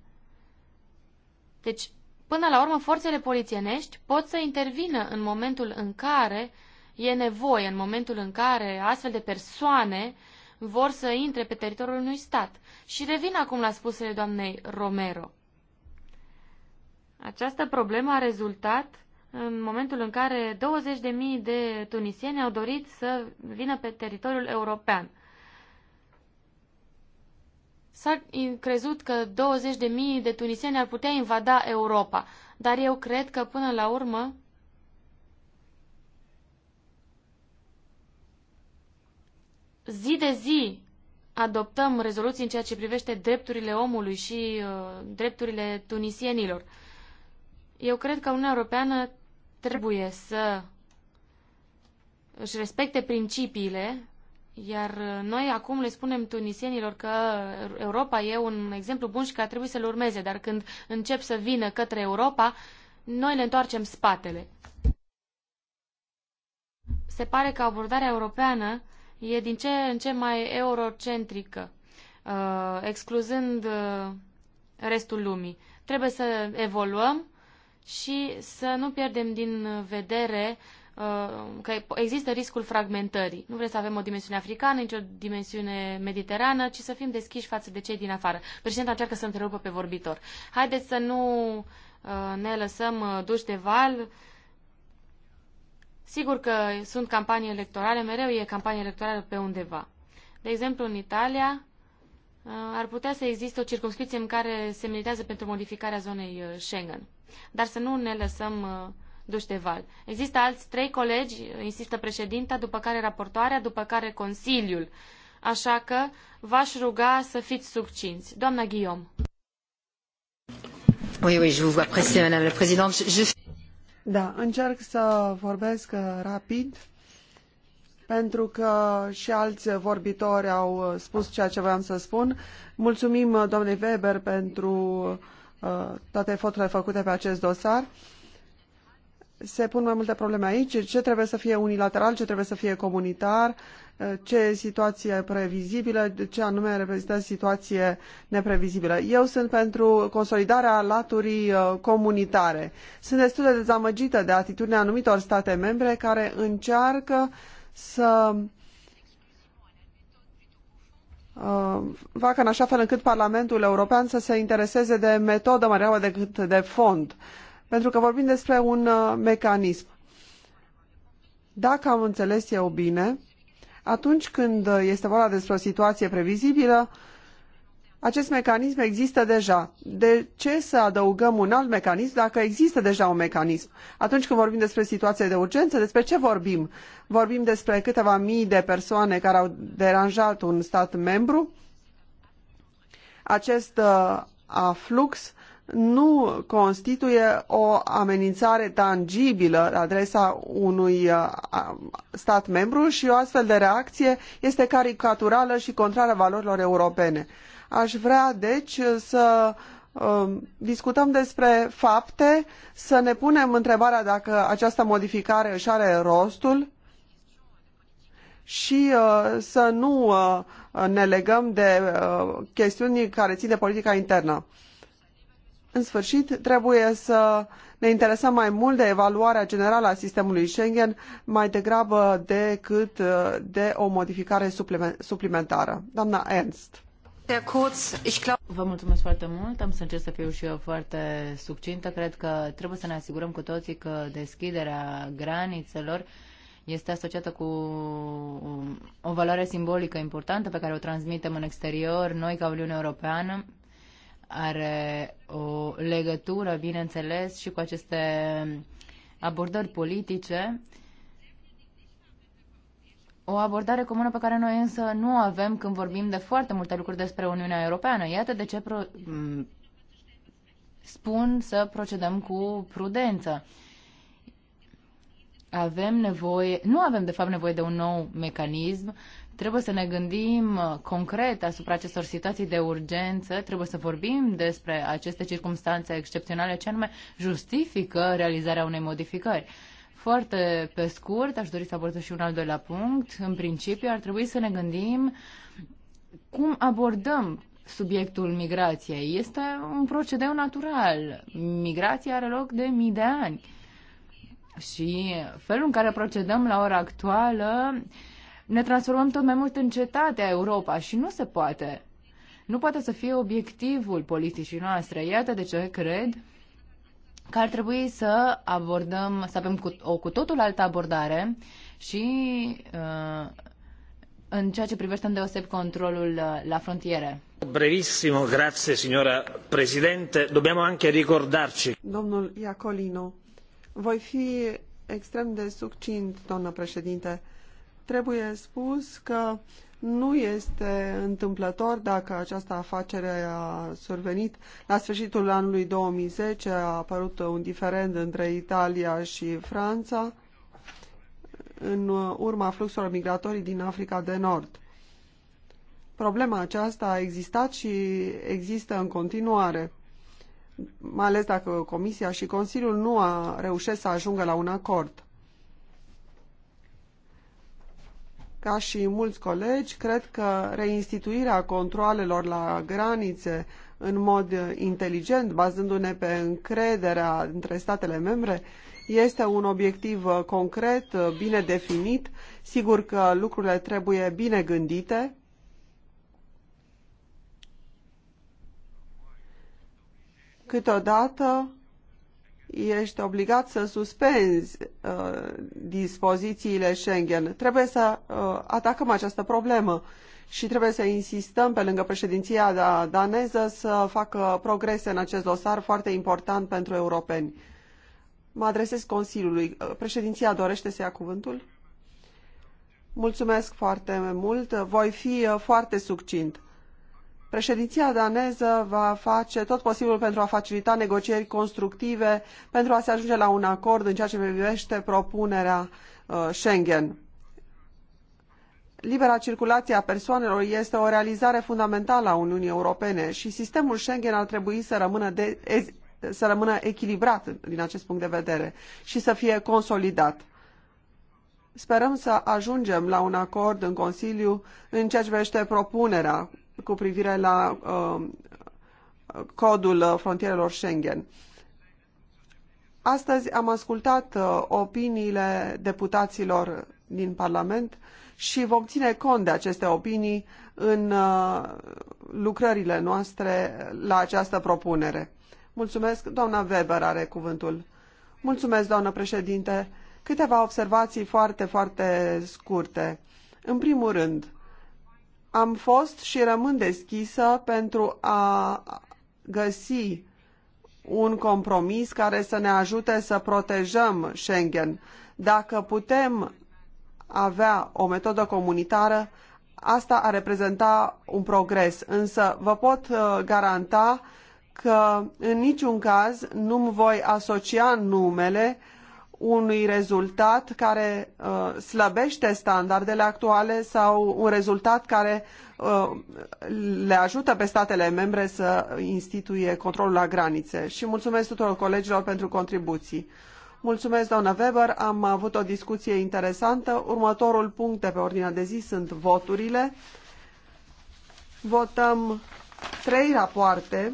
Deci, până la urmă, forțele polițienești pot să intervină în momentul în care e nevoie, în momentul în care astfel de persoane vor să intre pe teritoriul unui stat. Și revin acum la spusele doamnei Romero. Această problemă a rezultat în momentul în care 20.000 de tunisieni au dorit să vină pe teritoriul european. S-a crezut că 20.000 de tunisieni ar putea invada Europa, dar eu cred că până la urmă zi de zi adoptăm rezoluții în ceea ce privește drepturile omului și uh, drepturile tunisienilor. Eu cred că Uniunea Europeană trebuie să își respecte principiile, iar noi acum le spunem tunisienilor că Europa e un exemplu bun și că trebuie să-l urmeze, dar când încep să vină către Europa, noi le întoarcem spatele. Se pare că abordarea europeană e din ce în ce mai eurocentrică, uh, excluzând uh, restul lumii. Trebuie să evoluăm și să nu pierdem din vedere uh, că există riscul fragmentării. Nu vrem să avem o dimensiune africană, nici o dimensiune mediterană, ci să fim deschiși față de cei din afară. Președinta încearcă să întrerupă pe vorbitor. Haideți să nu uh, ne lăsăm uh, duși de val. Sigur că sunt campanii electorale, mereu e campanie electorală pe undeva. De exemplu, în Italia ar putea să existe o circunscripție în care se militează pentru modificarea zonei Schengen dar să nu ne lăsăm uh, duși de val. Există alți trei colegi, insistă președinta, după care raportoarea, după care Consiliul. Așa că v-aș ruga să fiți succinți. Doamna Guillaume. Oui, oui, je vous apprécie, Madame la Présidente. Je... Da, încerc să vorbesc uh, rapid pentru că și alți vorbitori au uh, spus ceea ce voiam să spun. Mulțumim domnule Weber pentru uh, Uh, toate eforturile făcute pe acest dosar. Se pun mai multe probleme aici. Ce trebuie să fie unilateral, ce trebuie să fie comunitar, uh, ce situație previzibilă, ce anume reprezintă situație neprevizibilă. Eu sunt pentru consolidarea laturii uh, comunitare. Sunt destul de dezamăgită de atitudinea anumitor state membre care încearcă să Uh, facă în așa fel încât Parlamentul European să se intereseze de metodă mai rău decât de fond. Pentru că vorbim despre un uh, mecanism. Dacă am înțeles eu bine, atunci când este vorba despre o situație previzibilă, acest mecanism există deja. De ce să adăugăm un alt mecanism dacă există deja un mecanism? Atunci când vorbim despre situație de urgență, despre ce vorbim? Vorbim despre câteva mii de persoane care au deranjat un stat membru? Acest uh, aflux nu constituie o amenințare tangibilă la adresa unui uh, stat membru și o astfel de reacție este caricaturală și contrară valorilor europene. Aș vrea, deci, să um, discutăm despre fapte, să ne punem întrebarea dacă această modificare își are rostul și uh, să nu uh, ne legăm de uh, chestiuni care țin de politica internă. În sfârșit, trebuie să ne interesăm mai mult de evaluarea generală a sistemului Schengen mai degrabă decât de o modificare suplimentară. Doamna Ernst. Vă mulțumesc foarte mult. Am să încerc să fiu și eu foarte succintă. Cred că trebuie să ne asigurăm cu toții că deschiderea granițelor este asociată cu um, o valoare simbolică importantă pe care o transmitem în exterior. Noi, ca Uniune Europeană, are o legătură, bineînțeles, și cu aceste abordări politice o abordare comună pe care noi însă nu o avem când vorbim de foarte multe lucruri despre Uniunea Europeană. Iată de ce pro- spun să procedăm cu prudență. Avem nevoie, nu avem de fapt nevoie de un nou mecanism, trebuie să ne gândim uh, concret asupra acestor situații de urgență, trebuie să vorbim despre aceste circunstanțe excepționale, ce anume justifică realizarea unei modificări. Foarte pe scurt, aș dori să abordez și un al doilea punct. În principiu, ar trebui să ne gândim cum abordăm subiectul migrației. Este un procedeu natural. Migrația are loc de mii de ani. Și felul în care procedăm la ora actuală, ne transformăm tot mai mult în cetatea Europa și nu se poate. Nu poate să fie obiectivul politicii noastre. Iată de ce cred că ar trebui să abordăm, să avem cu, o cu totul altă abordare și uh, în ceea ce privește îndeoseb controlul uh, la frontiere. Brevissimo, grazie signora Presidente. Dobbiamo anche ricordarci. Domnul Iacolino, voi fi extrem de succint, doamnă președinte. Trebuie spus că uh, nu este întâmplător dacă această afacere a survenit la sfârșitul anului 2010, a apărut un diferend între Italia și Franța în urma fluxurilor migratorii din Africa de Nord. Problema aceasta a existat și există în continuare, mai ales dacă Comisia și Consiliul nu a reușit să ajungă la un acord. Ca și mulți colegi, cred că reinstituirea controalelor la granițe în mod inteligent, bazându-ne pe încrederea între statele membre, este un obiectiv concret, bine definit. Sigur că lucrurile trebuie bine gândite. Câteodată ești obligat să suspenzi uh, dispozițiile Schengen. Trebuie să uh, atacăm această problemă și trebuie să insistăm pe lângă președinția da, daneză să facă progrese în acest dosar foarte important pentru europeni. Mă adresez Consiliului. Uh, președinția dorește să ia cuvântul? Mulțumesc foarte mult. Voi fi uh, foarte succint. Președinția daneză va face tot posibilul pentru a facilita negocieri constructive pentru a se ajunge la un acord în ceea ce privește propunerea uh, Schengen. Libera circulație a persoanelor este o realizare fundamentală a Uniunii Europene și sistemul Schengen ar trebui să rămână, de, să rămână echilibrat din acest punct de vedere și să fie consolidat. Sperăm să ajungem la un acord în Consiliu în ceea ce privește propunerea cu privire la uh, codul uh, frontierelor Schengen. Astăzi am ascultat uh, opiniile deputaților din Parlament și vom ține cont de aceste opinii în uh, lucrările noastre la această propunere. Mulțumesc. Doamna Weber are cuvântul. Mulțumesc, doamnă președinte. Câteva observații foarte, foarte scurte. În primul rând, am fost și rămân deschisă pentru a găsi un compromis care să ne ajute să protejăm Schengen. Dacă putem avea o metodă comunitară, asta ar reprezenta un progres, însă vă pot uh, garanta că în niciun caz nu-mi voi asocia numele unui rezultat care uh, slăbește standardele actuale sau un rezultat care uh, le ajută pe statele membre să instituie controlul la granițe. Și mulțumesc tuturor colegilor pentru contribuții. Mulțumesc, doamnă Weber, am avut o discuție interesantă. Următorul punct de pe ordinea de zi sunt voturile. Votăm trei rapoarte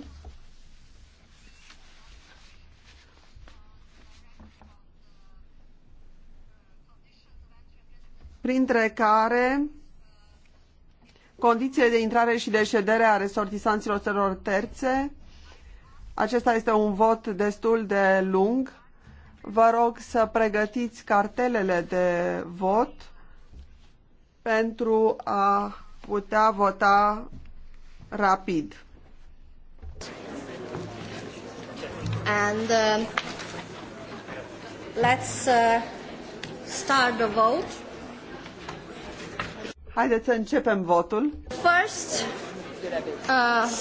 printre care condițiile de intrare și de ședere a resortisanților țărilor terțe. Acesta este un vot destul de lung. Vă rog să pregătiți cartelele de vot pentru a putea vota rapid. And uh, let's uh, start the vote. Haideți să începem votul. First, uh,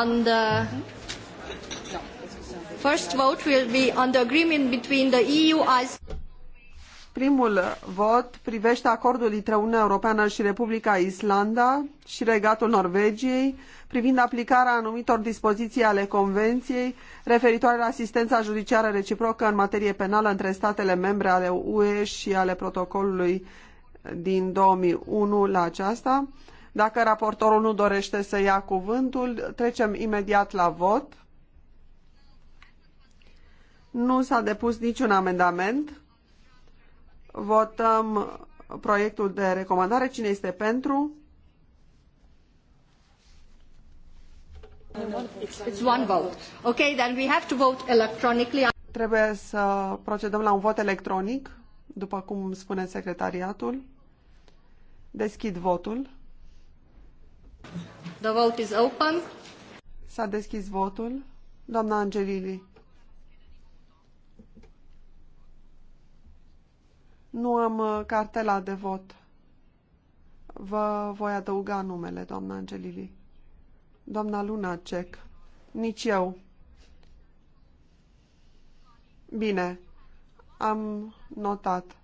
on the first vote will be on the agreement between the EU and Primul vot privește acordul dintre Uniunea Europeană și Republica Islanda și Regatul Norvegiei privind aplicarea anumitor dispoziții ale Convenției referitoare la asistența judiciară reciprocă în materie penală între statele membre ale UE și ale protocolului din 2001 la aceasta. Dacă raportorul nu dorește să ia cuvântul, trecem imediat la vot. Nu s-a depus niciun amendament. Votăm proiectul de recomandare. Cine este pentru? It's one vote. Okay, then we have to vote electronically. Trebuie să procedăm la un vot electronic, după cum spune secretariatul. Deschid votul. The vote is open. S-a deschis votul. Doamna Angelili. Nu am uh, cartela de vot. Vă voi adăuga numele, doamna Angelili. Doamna Luna Cec. Nici eu. Bine. Am notat.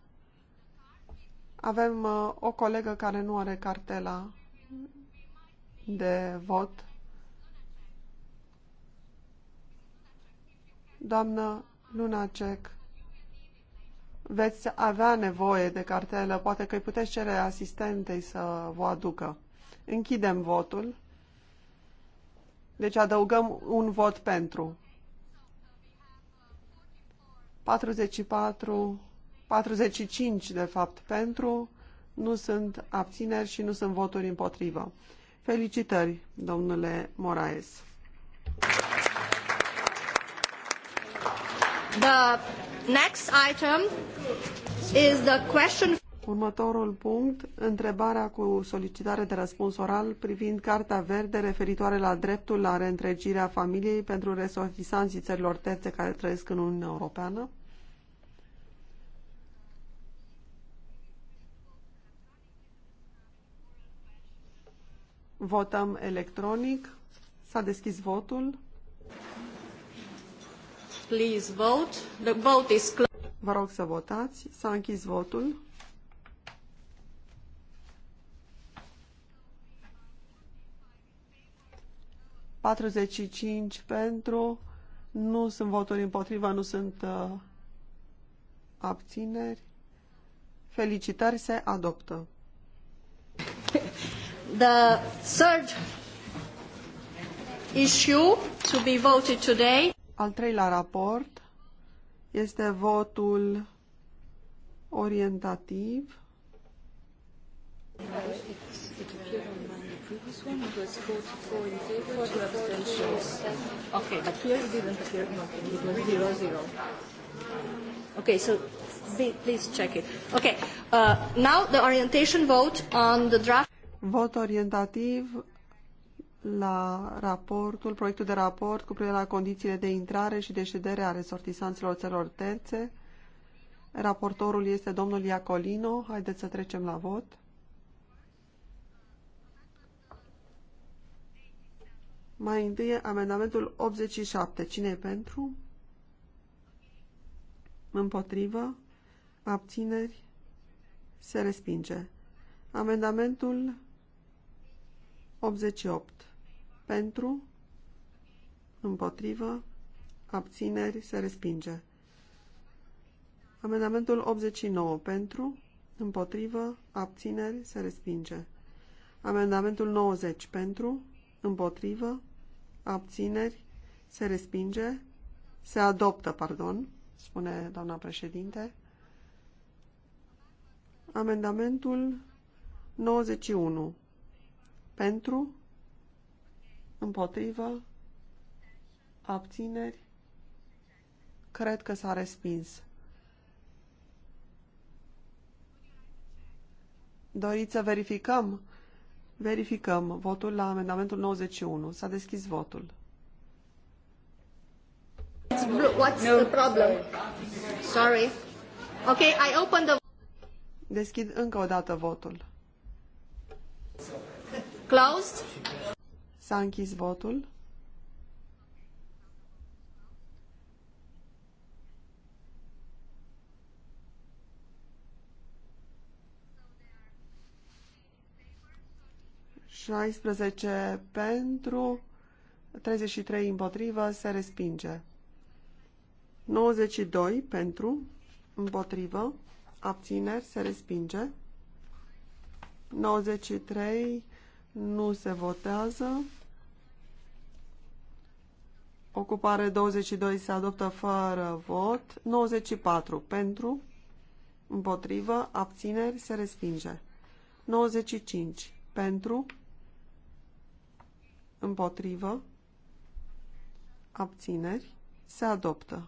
Avem uh, o colegă care nu are cartela de vot. Doamnă Lunacek, veți avea nevoie de cartelă, poate că îi puteți cere asistentei să vă aducă. Închidem votul. Deci adăugăm un vot pentru. 44, 45 de fapt pentru, nu sunt abțineri și nu sunt voturi împotrivă. Felicitări, domnule Moraes. Da, Next item is the question... Următorul punct, întrebarea cu solicitare de răspuns oral privind Carta Verde referitoare la dreptul la reîntregirea familiei pentru resortisanții țărilor terțe care trăiesc în Uniunea Europeană. Votăm electronic. S-a deschis votul please vote. The vote is Vă rog să votați. S-a închis votul. Patruzeci cinci pentru, nu sunt voturi împotriva, nu sunt uh, abțineri. Felicitări, se adoptă. The third issue to be voted today. Al treilea raport este votul orientativ. Okay, but here it didn't appear Okay, so please check it. Okay, uh, now the orientation vote on the draft. Vot orientativ la raportul, proiectul de raport cu privire la condițiile de intrare și de ședere a resortisanților țărilor terțe. Raportorul este domnul Iacolino. Haideți să trecem la vot. Mai întâi, amendamentul 87. Cine e pentru? Împotrivă? Abțineri? Se respinge. Amendamentul 88 pentru, împotrivă, abțineri, se respinge. Amendamentul 89 pentru, împotrivă, abțineri, se respinge. Amendamentul 90 pentru, împotrivă, abțineri, se respinge, se adoptă, pardon, spune doamna președinte. Amendamentul 91 pentru, împotrivă, abțineri, cred că s-a respins. Doriți să verificăm? Verificăm votul la amendamentul 91. S-a deschis votul. What's no. the problem? Sorry. Okay, I open the... Deschid încă o dată votul. Closed. S-a închis votul. șaisprezece pentru, 33 împotrivă, se respinge. 92 pentru, împotrivă, abțineri, se respinge. 93 nu se votează. Ocupare 22 se adoptă fără vot. 94 pentru, împotrivă, abțineri, se respinge. 95 pentru, împotrivă, abțineri, se adoptă.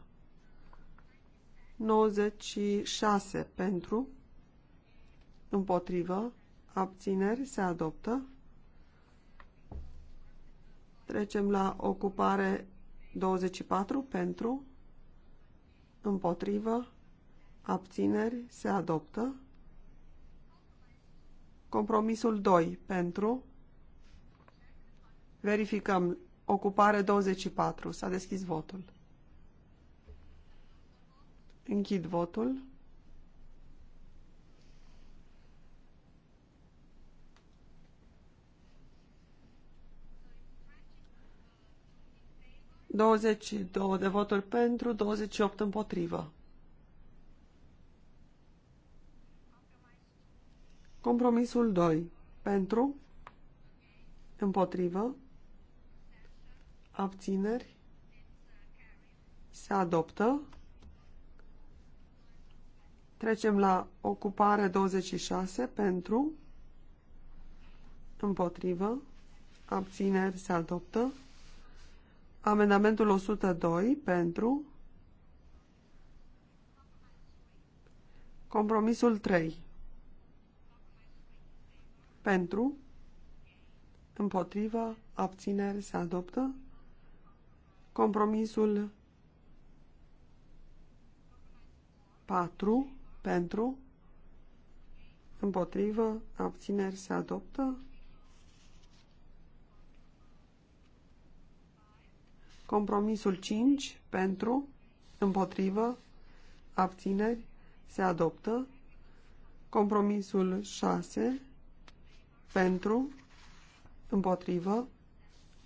96 pentru, împotrivă, abțineri, se adoptă. Trecem la ocupare 24 pentru, împotrivă, abțineri, se adoptă. Compromisul 2 pentru, verificăm, ocupare 24, s-a deschis votul. Închid votul. 22 de voturi pentru, 28 împotrivă. Compromisul 2. Pentru, împotrivă, abțineri, se adoptă. Trecem la ocupare 26 pentru, împotrivă, abțineri se adoptă. Amendamentul 102 pentru. Compromisul 3 pentru. Împotrivă. Abțineri se adoptă. Compromisul 4 pentru. Împotrivă. Abțineri se adoptă. Compromisul 5 pentru, împotrivă, abțineri, se adoptă. Compromisul 6 pentru, împotrivă,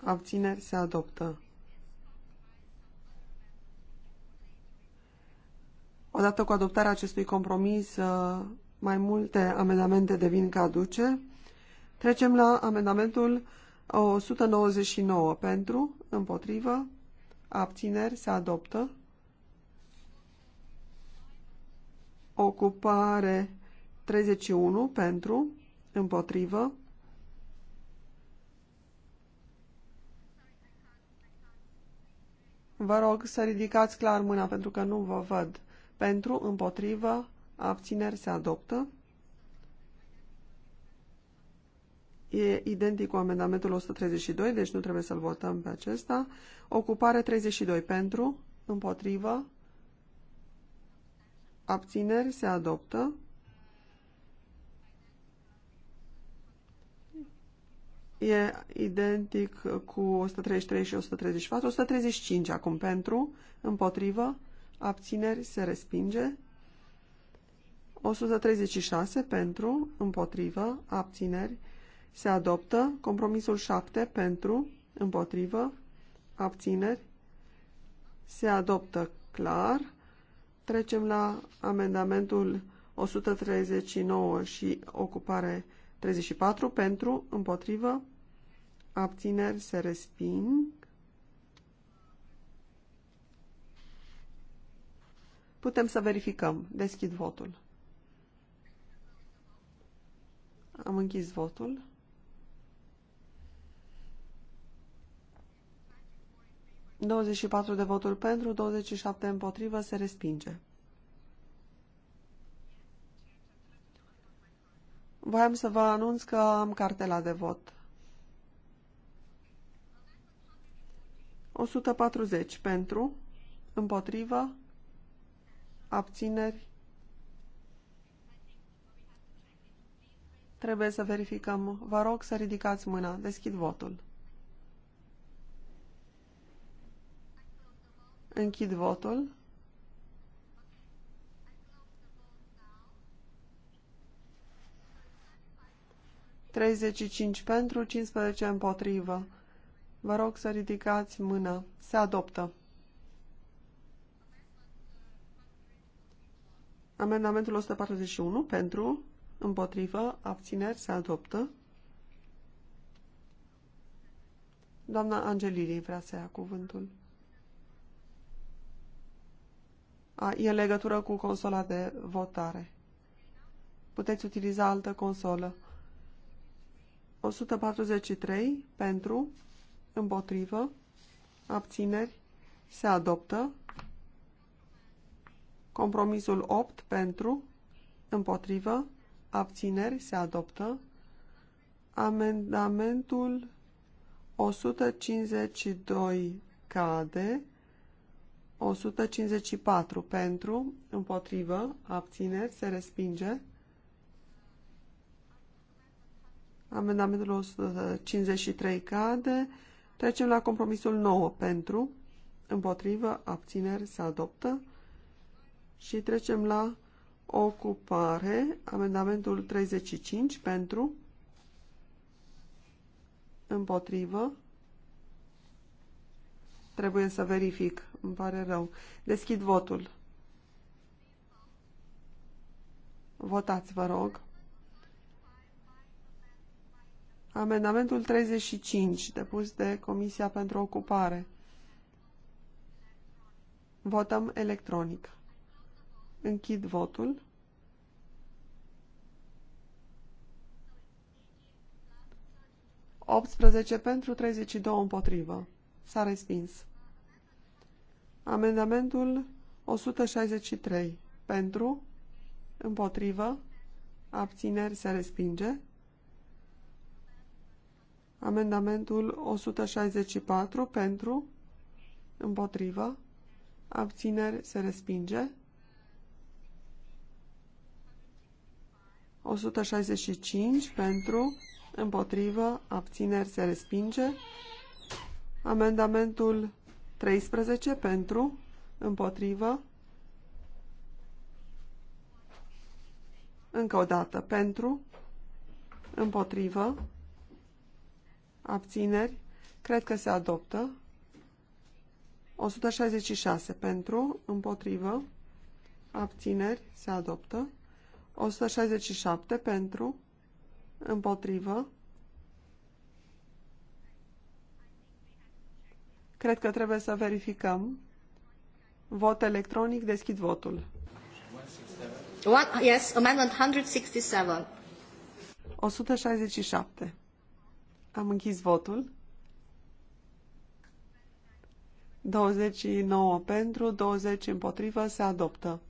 abțineri, se adoptă. Odată cu adoptarea acestui compromis, uh, mai multe amendamente devin caduce. Trecem la amendamentul 199 pentru, împotrivă, abțineri se adoptă. Ocupare 31 pentru, împotrivă. Vă rog să ridicați clar mâna pentru că nu vă văd. Pentru, împotrivă, abțineri se adoptă. e identic cu amendamentul 132, deci nu trebuie să-l votăm pe acesta. Ocupare 32 pentru, împotrivă, abțineri se adoptă. E identic cu 133 și 134. 135 acum pentru, împotrivă, abțineri se respinge. 136 pentru, împotrivă, abțineri se adoptă compromisul 7 pentru, împotrivă, abțineri. Se adoptă clar. Trecem la amendamentul 139 și ocupare 34 pentru, împotrivă, abțineri se resping. Putem să verificăm. Deschid votul. Am închis votul. 24 de voturi pentru, 27 împotrivă, se respinge. Voiam să vă anunț că am cartela de vot. 140 pentru, împotrivă, abțineri. Trebuie să verificăm. Vă rog să ridicați mâna. Deschid votul. Închid votul. Treizeci cinci pentru, 15 împotrivă. Vă rog să ridicați mână. Se adoptă. Amendamentul 141 pentru, împotrivă, abțineri, se adoptă. Doamna Angelini vrea să ia cuvântul. A, e în legătură cu consola de votare. Puteți utiliza altă consolă. 143 pentru, împotrivă, abțineri, se adoptă. Compromisul 8 pentru, împotrivă, abțineri, se adoptă. Amendamentul 152 cade. 154 pentru, împotrivă, abțineri, se respinge. Amendamentul 153 cade. Trecem la compromisul 9 pentru, împotrivă, abțineri, se adoptă. Și trecem la ocupare, amendamentul 35 pentru, împotrivă, Trebuie să verific. Îmi pare rău. Deschid votul. Votați, vă rog. Amendamentul 35, depus de Comisia pentru Ocupare. Votăm electronic. Închid votul. Optsprezece pentru, 32 împotrivă. S-a respins. Amendamentul 163. Pentru, împotrivă, abțineri se respinge. Amendamentul 164. Pentru, împotrivă, abțineri se respinge. 165 pentru, împotrivă, abțineri se respinge. Amendamentul 13 pentru, împotrivă. Încă o dată, pentru, împotrivă, abțineri, cred că se adoptă. 166 pentru, împotrivă, abțineri, se adoptă. 167 pentru, împotrivă, Cred că trebuie să verificăm. Vot electronic, deschid votul. One, yes, amendment 167. 167. Am închis votul. 29 pentru, 20 împotrivă, se adoptă.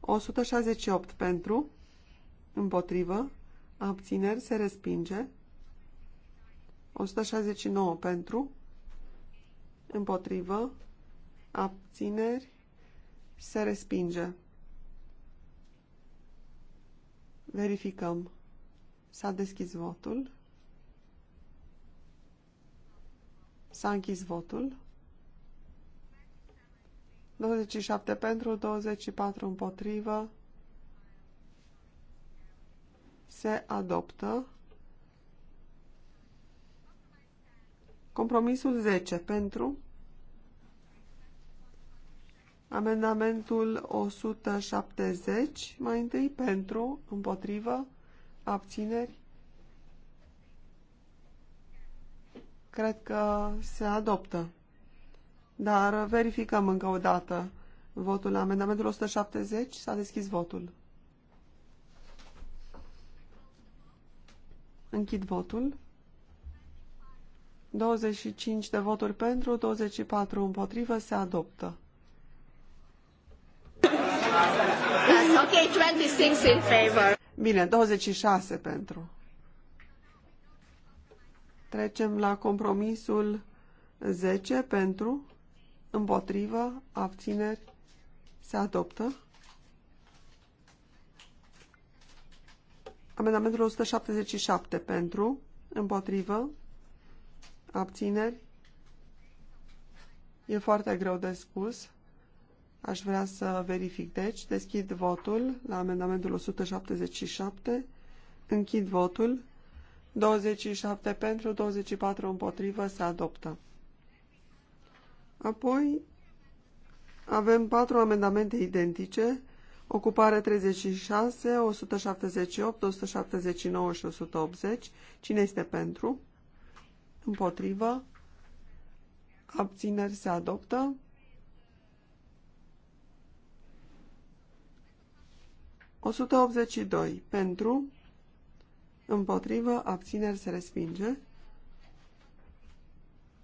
168 pentru, împotrivă, abțineri, se respinge. 169 pentru, împotrivă, abțineri, se respinge. Verificăm. S-a deschis votul. S-a închis votul. 27 pentru, 24 împotrivă. Se adoptă. Compromisul 10 pentru amendamentul 170, mai întâi pentru, împotrivă, abțineri. Cred că se adoptă. Dar verificăm încă o dată votul amendamentul 170. S-a deschis votul. Închid votul. 25 de voturi pentru, 24 împotrivă, se adoptă. Ok, 26 in favor. Bine, 26 pentru. Trecem la compromisul 10 pentru, împotrivă, abțineri, se adoptă. Amendamentul 177 pentru, împotrivă, Abțineri? E foarte greu de spus. Aș vrea să verific, deci, deschid votul la amendamentul 177, închid votul, 27 pentru, 24 împotrivă, se adoptă. Apoi avem patru amendamente identice, ocupare 36, 178, 179 și 180. Cine este pentru? Împotrivă. Abțineri se adoptă. O 182 pentru, împotrivă, abțineri se respinge.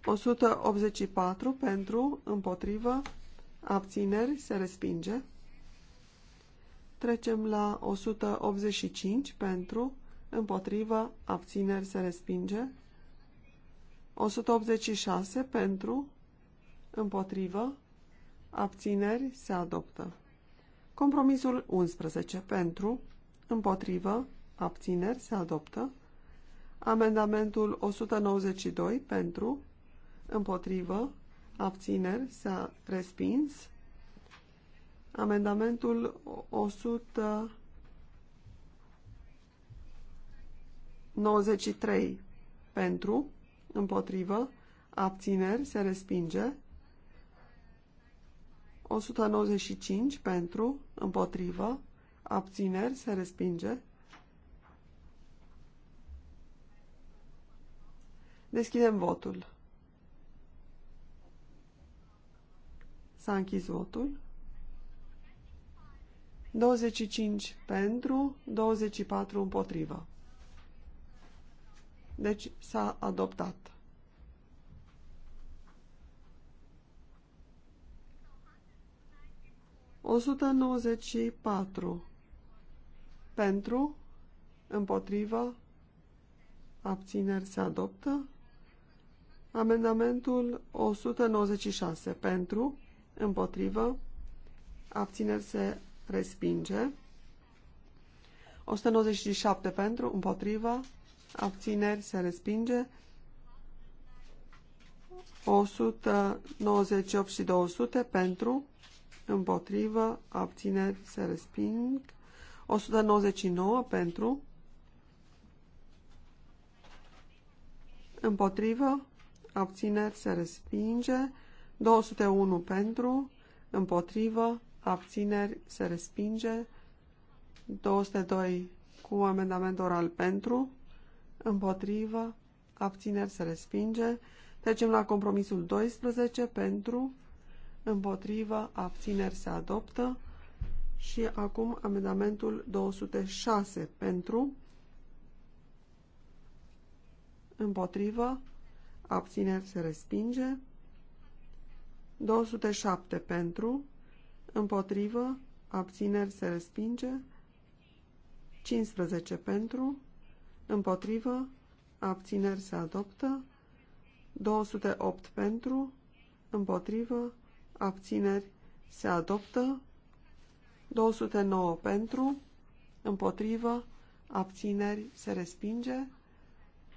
184 pentru, împotrivă, abțineri se respinge. Trecem la 185 pentru, împotrivă, abțineri se respinge. 186 pentru, împotrivă, abțineri, se adoptă. Compromisul 11 pentru, împotrivă, abțineri, se adoptă. Amendamentul 192 pentru, împotrivă, abțineri, s-a respins. Amendamentul 193 pentru, împotrivă, abțineri, se respinge. 195 pentru, împotrivă, abțineri, se respinge. Deschidem votul. S-a închis votul. 25 pentru, 24 împotrivă. Deci s-a adoptat. O pentru, împotrivă, abțineri se adoptă. Amendamentul 196 pentru, împotrivă, abțineri se respinge. 197 pentru, împotriva, abțineri se respinge. 198 și 200 pentru, împotrivă, abțineri se resping. 199 pentru, împotrivă, abțineri se respinge. 201 pentru, împotrivă, abțineri se respinge. 202 cu amendament oral pentru, împotrivă, abțineri se respinge. Trecem la compromisul 12 pentru, împotrivă, abțineri se adoptă. Și acum amendamentul 206 pentru, împotrivă, abțineri se respinge. 207 pentru, împotrivă, abțineri se respinge. 15 pentru, împotrivă, abțineri se adoptă, 208 pentru, împotrivă, abțineri se adoptă, 209 pentru, împotrivă, abțineri se respinge,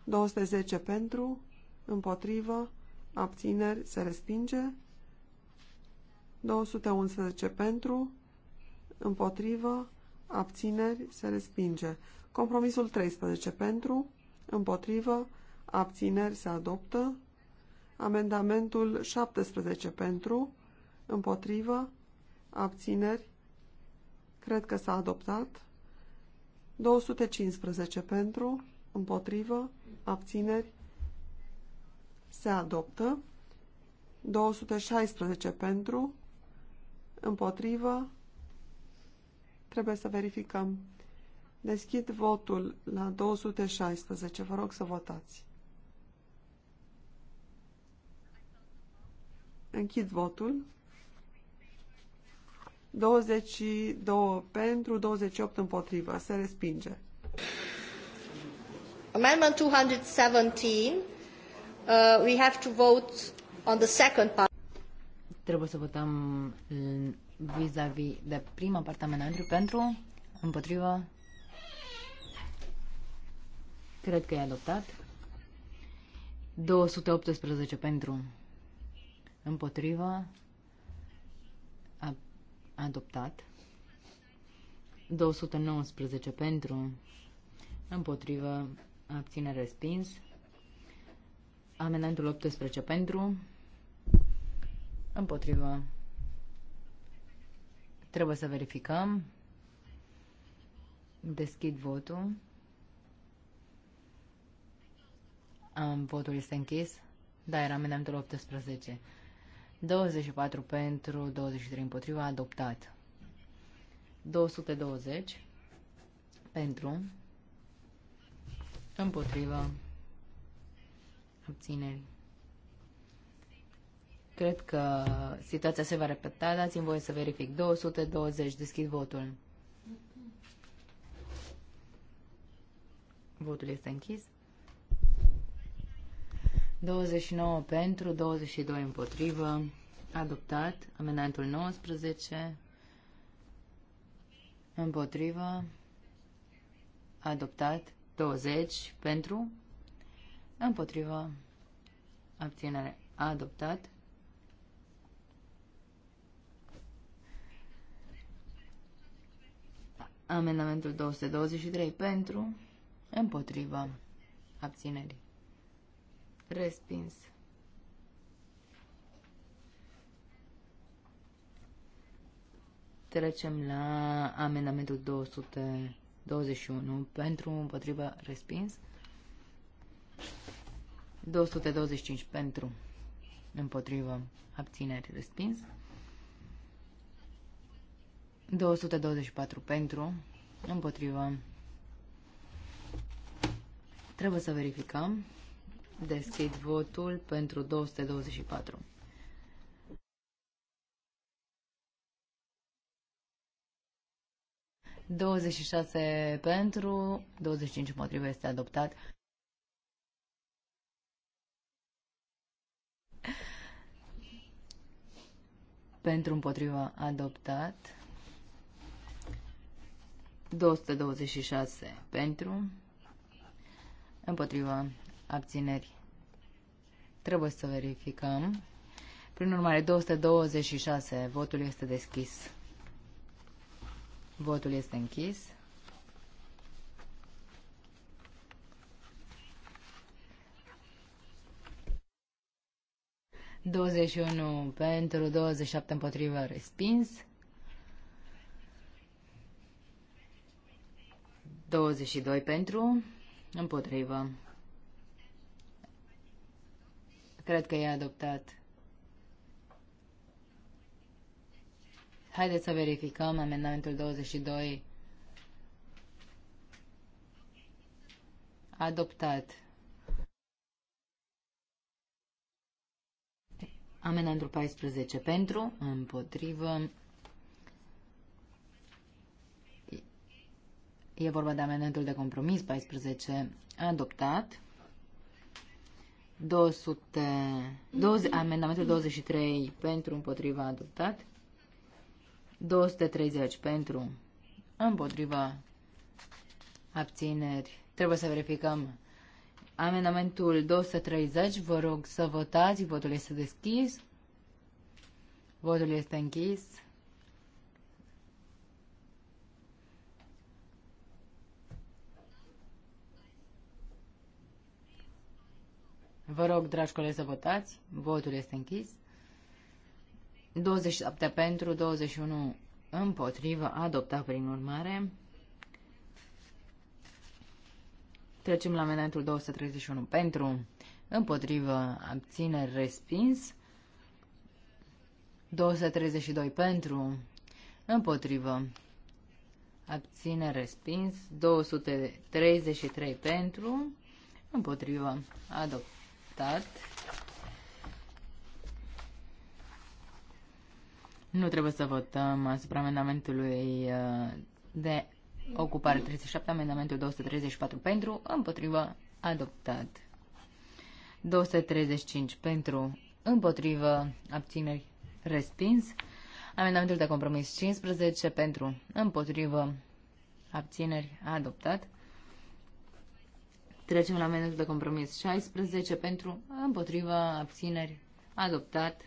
210 pentru, împotrivă, abțineri se respinge, 211 pentru, împotrivă, abțineri se respinge, Compromisul 13 pentru, împotrivă, abțineri se adoptă. Amendamentul 17 pentru, împotrivă, abțineri, cred că s-a adoptat. 215 pentru, împotrivă, abțineri, se adoptă. 216 pentru, împotrivă, trebuie să verificăm. Deschid votul la 216. Vă rog să votați. Închid votul. 22 pentru, 28 împotrivă. Se respinge. Amendment 217. Uh, we have to vote on the second part. Trebuie să votăm vis-a-vis -vis de prima parte a pentru, împotrivă, Cred că e adoptat. 218 pentru. Împotriva. A, adoptat. 219 pentru. Împotrivă. Abține respins. Amendamentul 18 pentru. Împotrivă. Trebuie să verificăm. Deschid votul. Votul este închis. Da, era amendamentul 18. 24 pentru, 23 împotriva, adoptat. 220 pentru, împotriva, abțineri. Cred că situația se va repeta, dați-mi voie să verific. 220, deschid votul. Votul este închis. 29 pentru, 22 împotrivă. Adoptat. Amendamentul 19. Împotrivă. Adoptat. 20 pentru. Împotrivă. Abținere. Adoptat. Amendamentul 223 pentru. împotriva Abținerii. Respins. Trecem la amendamentul 221 pentru împotriva respins. 225 pentru împotriva abțineri respins. 224 pentru împotriva. Trebuie să verificăm. Deschid votul pentru 224. Douăzeci șase pentru, 25 împotriva este adoptat. Pentru împotriva adoptat. 226 pentru, împotriva abțineri. Trebuie să verificăm. Prin urmare, 226, votul este deschis. Votul este închis. Douăzeci pentru, 27 împotriva, respins. 22 pentru, împotrivă. Cred că e adoptat. Haideți să verificăm amendamentul 22. Adoptat. Amendamentul 14 pentru, împotrivă. E vorba de amendamentul de compromis 14 adoptat. 200, 20, amendamentul 23 pentru împotriva adoptat, 230 pentru împotriva abțineri. Trebuie să verificăm amendamentul 230. Vă rog să votați. Votul este deschis. Votul este închis. Vă rog, dragi colegi, să votați. Votul este închis. 27 pentru, 21 împotrivă, adoptat prin urmare. Trecem la amendamentul 231 pentru, împotrivă, abțineri, respins. 232 pentru, împotrivă, abțineri, respins. 233 pentru, împotrivă, adoptat adoptat. Nu trebuie să votăm asupra amendamentului uh, de ocupare 37, amendamentul 234 pentru, împotrivă, adoptat. 235 pentru, împotrivă, abțineri, respins. Amendamentul de compromis 15 pentru, împotrivă, abțineri, adoptat. Trecem la amendamentul de compromis 16 pentru împotriva abțineri adoptat.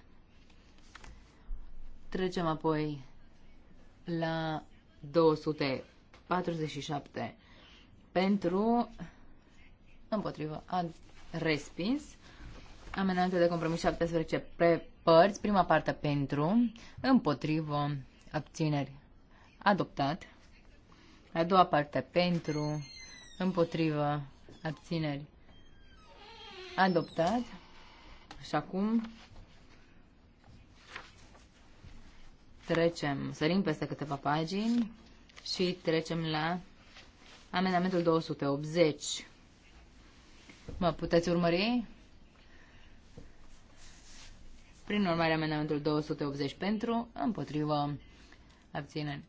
Trecem apoi la 247 pentru împotriva a respins. Amendamentul de compromis 17 pe părți, prima parte pentru împotriva abțineri adoptat. A doua parte pentru împotriva abțineri, adoptat. Și acum trecem, sărim peste câteva pagini și trecem la amendamentul 280. Mă puteți urmări? Prin urmare, amendamentul 280 pentru, împotrivă, abțineri,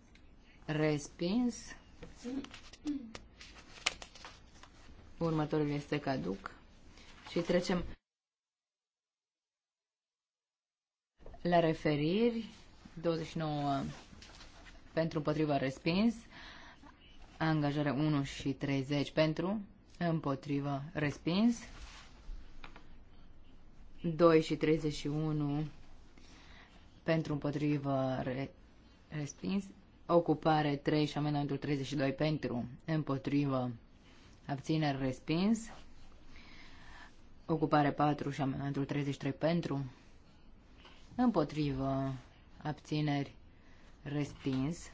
respins. Următorul este caduc. Și trecem la referiri. 29 pentru împotriva respins. Angajare 1 și 30 pentru împotriva respins. 2 și 31 pentru împotriva re, respins, ocupare 3 și amendamentul 32 pentru împotriva abțineri respins. Ocupare 4 și amendamentul 33 pentru, împotrivă, abțineri respins.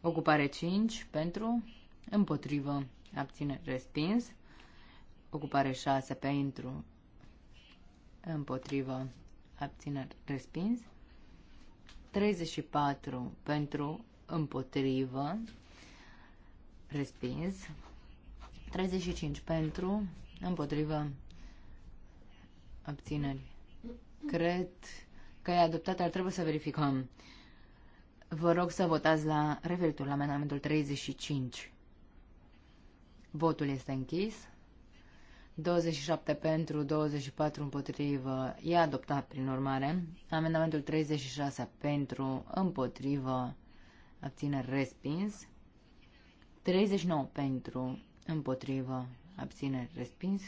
Ocupare 5 pentru, împotrivă, abțineri respins. Ocupare 6 pentru, împotrivă, abțineri respins. 34 pentru, împotrivă, Respins. 35 pentru, împotrivă, abțineri. Cred că e adoptat, dar trebuie să verificăm. Vă rog să votați la referitor la amendamentul 35. Votul este închis. 27 pentru, 24 împotrivă. E adoptat, prin urmare. Amendamentul 36 pentru, împotrivă, abține respins. 39 pentru, împotrivă, abțineri, respins.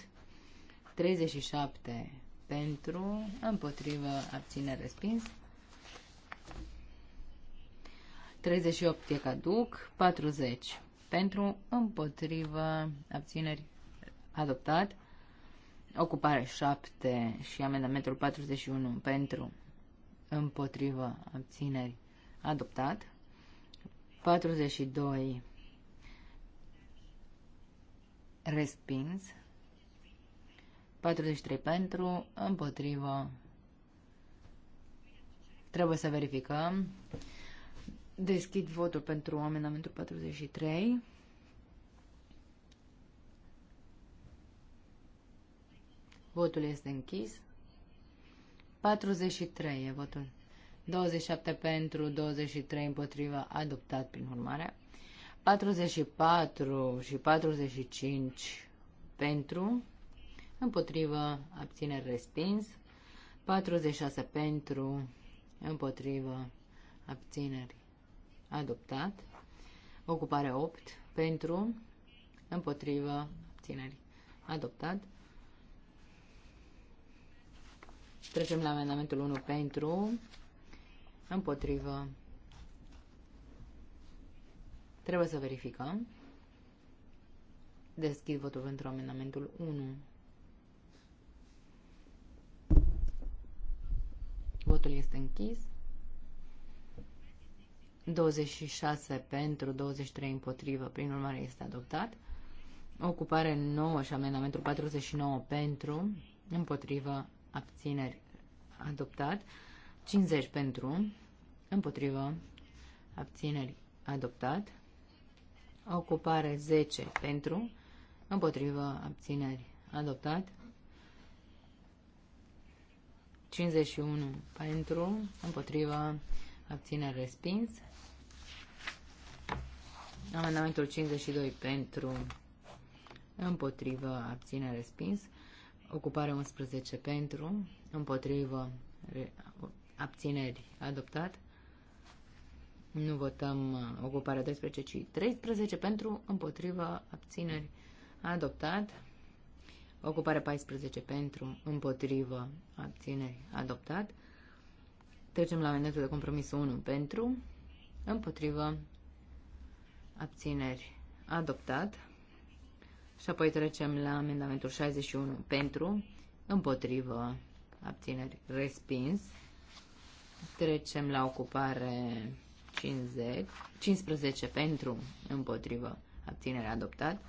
37 pentru, împotrivă, abțineri, respins. 38 e caduc, 40 pentru, împotrivă, abțineri, adoptat. Ocupare 7 și amendamentul 41 pentru, împotrivă, abțineri, adoptat. 42 Respins. 43 pentru, împotrivă. Trebuie să verificăm. Deschid votul pentru amendamentul 43. Votul este închis. 43 e votul. 27 pentru, 23 împotriva, adoptat prin urmare. 44 și 45 pentru, împotrivă, abțineri respins, 46 pentru, împotrivă, abțineri adoptat, ocupare 8 pentru, împotrivă, abțineri adoptat. Trecem la amendamentul 1 pentru, împotrivă, Trebuie să verificăm. Deschid votul pentru amendamentul 1. Votul este închis. 26 pentru, 23 împotrivă, prin urmare este adoptat. Ocupare 9 și amendamentul 49 pentru, împotrivă, abțineri, adoptat. 50 pentru, împotrivă, abțineri, adoptat ocupare 10 pentru, împotrivă abțineri adoptat, 51 pentru, împotrivă abțineri respins, amendamentul 52 pentru, împotrivă abțineri respins, ocupare 11 pentru, împotrivă abțineri adoptat, nu votăm uh, ocuparea 12, ci 13 pentru, împotrivă, abțineri, adoptat. Ocupare 14 pentru, împotrivă, abțineri, adoptat. Trecem la amendamentul de compromis 1 pentru, împotrivă, abțineri, adoptat. Și apoi trecem la amendamentul 61 pentru, împotrivă, abțineri, respins. Trecem la ocupare 50, 15 pentru, împotrivă, abținere adoptat.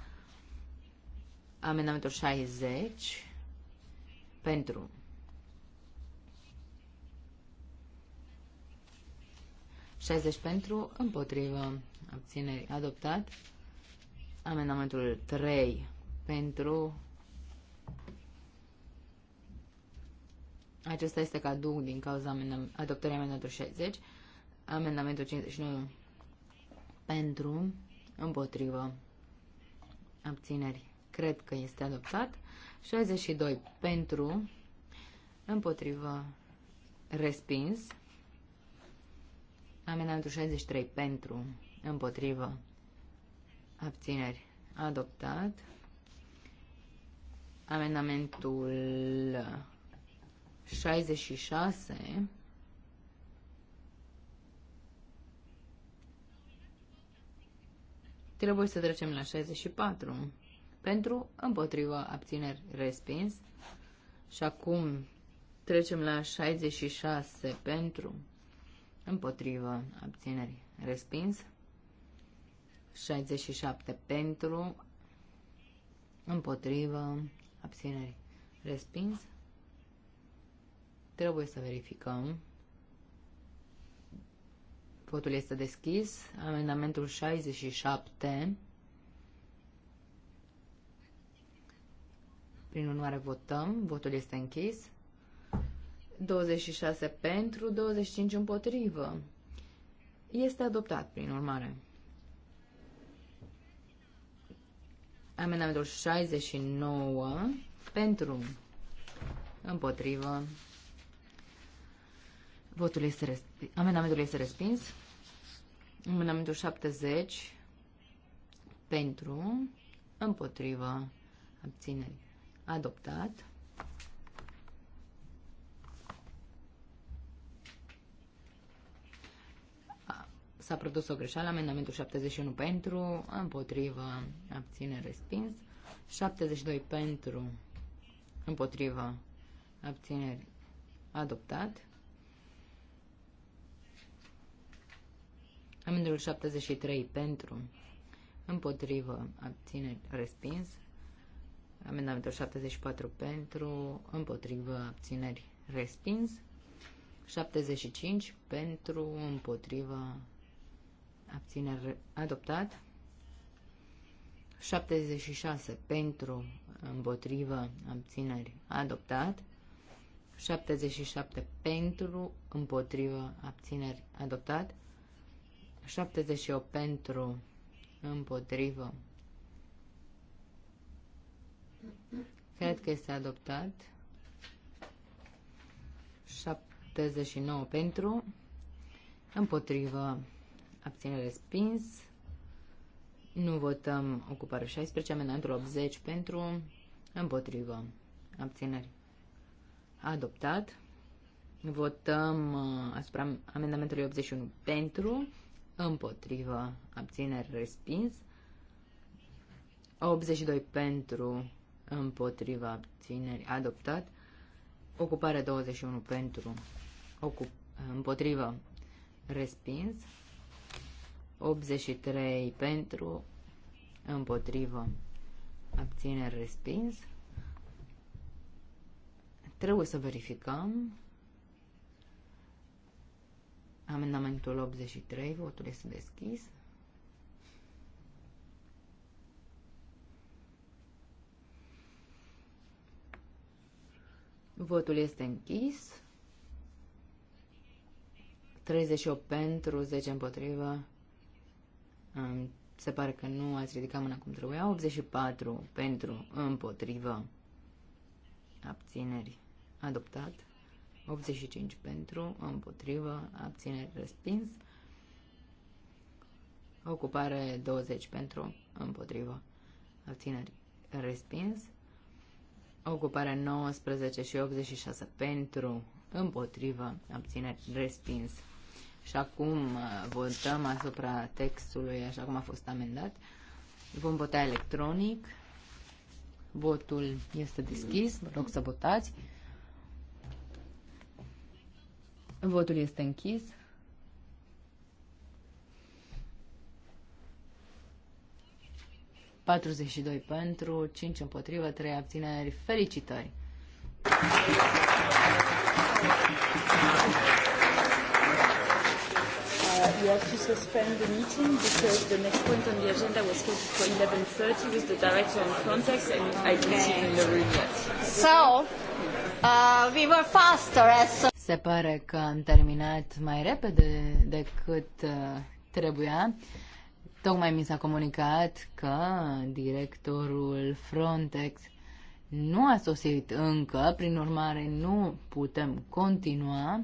Amendamentul 60 pentru. Șaizeci pentru, împotrivă, abțineri, adoptat. Amendamentul 3 pentru. Acesta este cadou din cauza adoptării amendamentului 60. Amendamentul 59 pentru, împotrivă, abțineri. Cred că este adoptat. 62 pentru, împotrivă, respins. Amendamentul 63 pentru, împotrivă, abțineri. Adoptat. Amendamentul 66 Trebuie să trecem la 64. Pentru, împotriva, abțineri, respins. Și acum trecem la 66 pentru, împotriva, abțineri, respins. 67 pentru, împotriva, abțineri, respins. Trebuie să verificăm. Votul este deschis. Amendamentul 67. Prin urmare votăm. Votul este închis. 26 pentru, 25 împotrivă. Este adoptat, prin urmare. Amendamentul 69 pentru, împotrivă, Votul este respins. Amendamentul este respins. Amendamentul 70 pentru, împotrivă, abțineri. Adoptat. S-a produs o greșeală. Amendamentul 71 pentru, împotrivă, abțineri, respins. 72 pentru, împotrivă, abțineri, adoptat. Amendul 73 pentru, împotrivă, abțineri, respins. Amendamentul 74 pentru, împotrivă, abțineri, respins. 75 pentru, împotrivă, abțineri, adoptat. 76 pentru, împotrivă, abțineri, adoptat. 77 pentru, împotrivă, abțineri, adoptat. 78 pentru, împotrivă. Cred că este adoptat. 79 pentru, împotrivă, abține respins. Nu votăm ocupare 16, amendamentul 80 pentru, împotrivă, abțineri. Adoptat. Votăm uh, asupra amendamentului 81 pentru, împotrivă, abțineri, respins. 82 pentru, Împotrivă. abțineri, adoptat. Ocupare 21 pentru, ocup, împotrivă, respins. 83 pentru, împotrivă, abțineri, respins. Trebuie să verificăm. Amendamentul 83, votul este deschis. Votul este închis. 38 pentru, 10 împotrivă. Se pare că nu ați ridicat mâna cum trebuia. 84 pentru, împotrivă. Abțineri. Adoptat. 85 pentru, împotrivă, abțineri respins. Ocupare 20 pentru, împotrivă, abțineri respins. Ocupare 19 și 86 pentru, împotrivă, abțineri respins. Și acum uh, votăm asupra textului așa cum a fost amendat. Vom vota electronic. Votul este deschis. Vă rog să votați. Votul este închis. ...42 pentru, 5 împotrivă, 3 abțineri. Felicitări! we have to suspend the meeting because the next point on the agenda was scheduled for 11.30 with the director on Frontex and I didn't see in the room yet. So, uh, we were faster as... Se pare că am terminat mai repede decât uh, trebuia. Tocmai mi s-a comunicat că directorul Frontex nu a sosit încă, prin urmare nu putem continua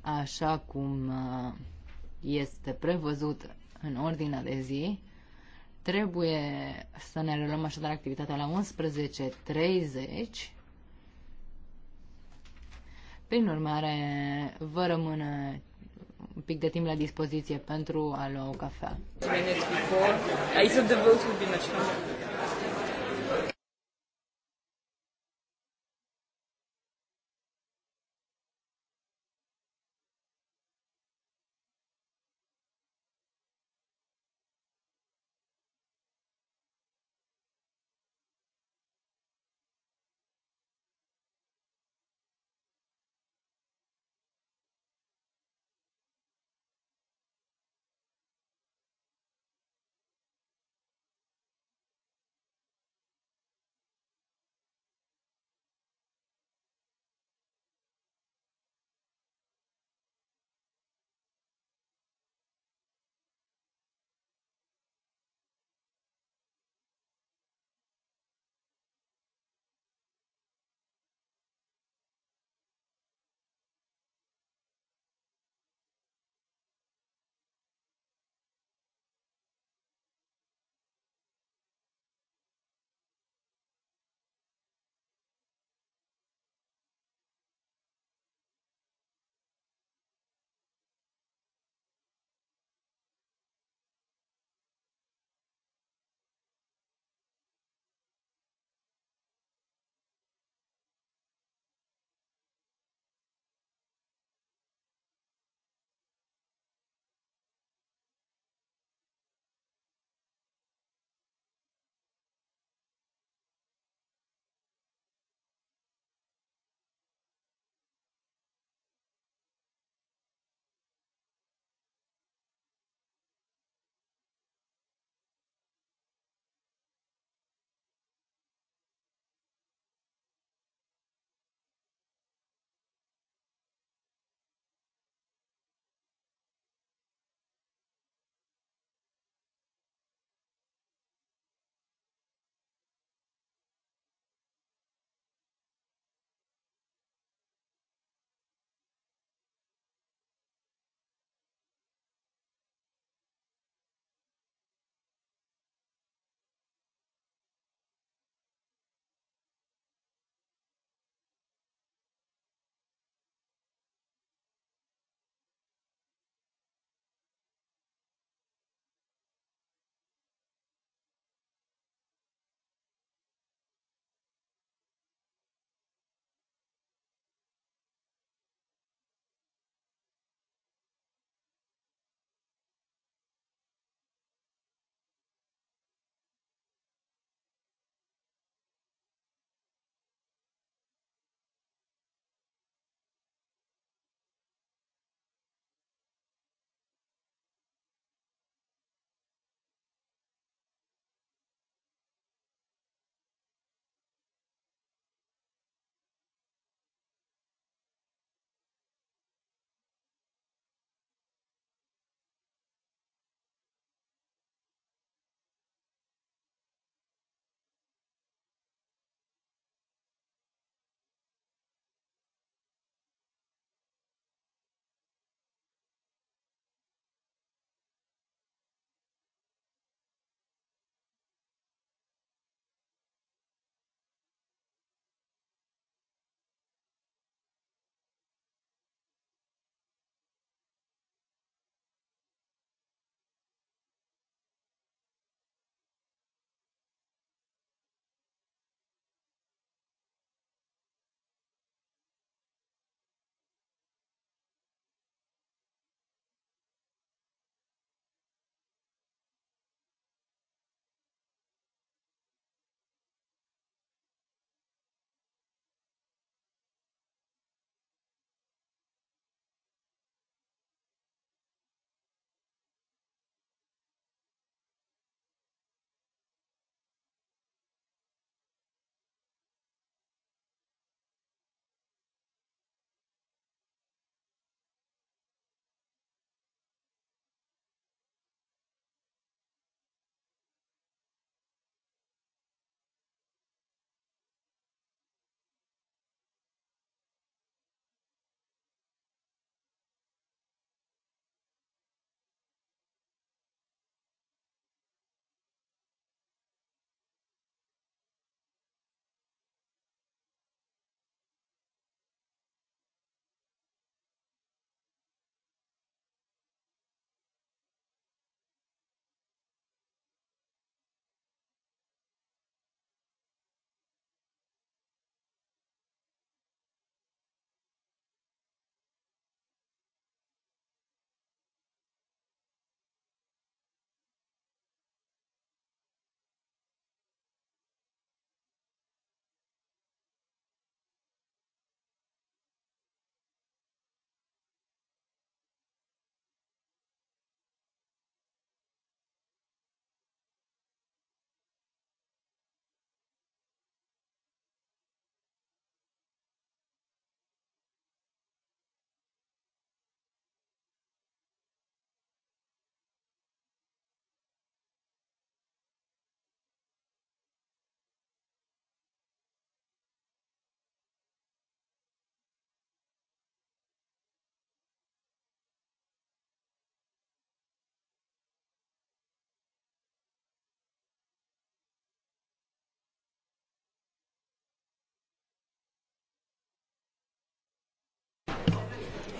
așa cum uh, este prevăzut în ordinea de zi. Trebuie să ne reluăm așadar activitatea la 11.30 prin urmare, vă rămâne un pic de timp la dispoziție pentru a lua o cafea.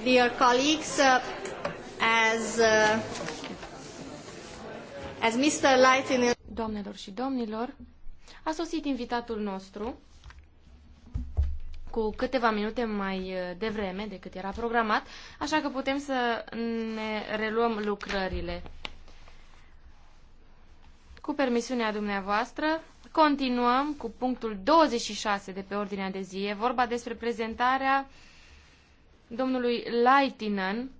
Dear colleagues, uh, as, uh, as Mr. Lightning... Doamnelor și domnilor, a sosit invitatul nostru cu câteva minute mai uh, devreme decât era programat, așa că putem să ne reluăm lucrările. Cu permisiunea dumneavoastră, continuăm cu punctul 26 de pe ordinea de zi. E vorba despre prezentarea uh, domnului Laitinen,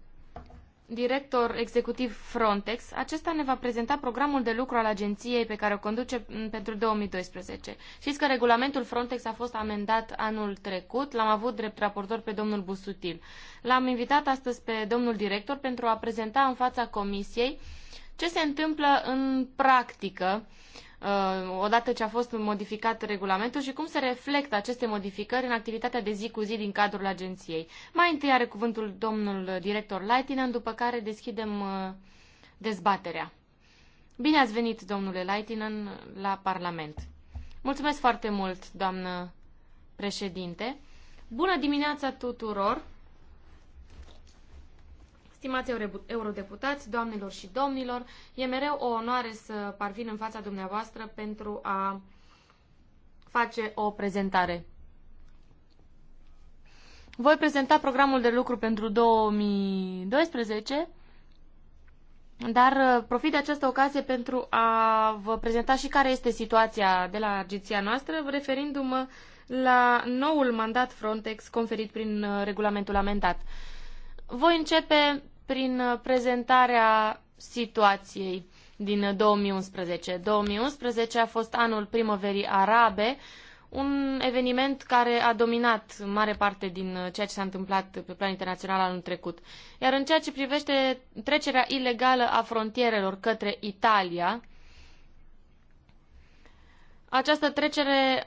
director executiv Frontex. Acesta ne va prezenta programul de lucru al agenției pe care o conduce mm, pentru 2012. Știți că regulamentul Frontex a fost amendat anul trecut. L-am avut drept raportor pe domnul Busutil. L-am invitat astăzi pe domnul director pentru a prezenta în fața comisiei ce se întâmplă în practică uh, Uh, odată ce a fost modificat regulamentul și cum se reflectă aceste modificări în activitatea de zi cu zi din cadrul agenției. Mai întâi are cuvântul domnul director Laitinen, după care deschidem uh, dezbaterea. Bine ați venit, domnule Laitinen, la Parlament. Mulțumesc foarte mult, doamnă președinte. Bună dimineața tuturor! Stimați eurodeputați, doamnelor și domnilor, e mereu o onoare să parvin în fața dumneavoastră pentru a face o prezentare. Voi prezenta programul de lucru pentru 2012, dar uh, profit de această ocazie pentru a vă prezenta și care este situația de la agenția noastră, referindu-mă la noul mandat Frontex conferit prin uh, regulamentul amendat. Voi începe prin uh, prezentarea situației din 2011. Uh, 2011 a fost anul primăverii arabe, un eveniment care a dominat mare parte din uh, ceea ce s-a întâmplat pe plan internațional anul trecut. Iar în ceea ce privește trecerea ilegală a frontierelor către Italia, această trecere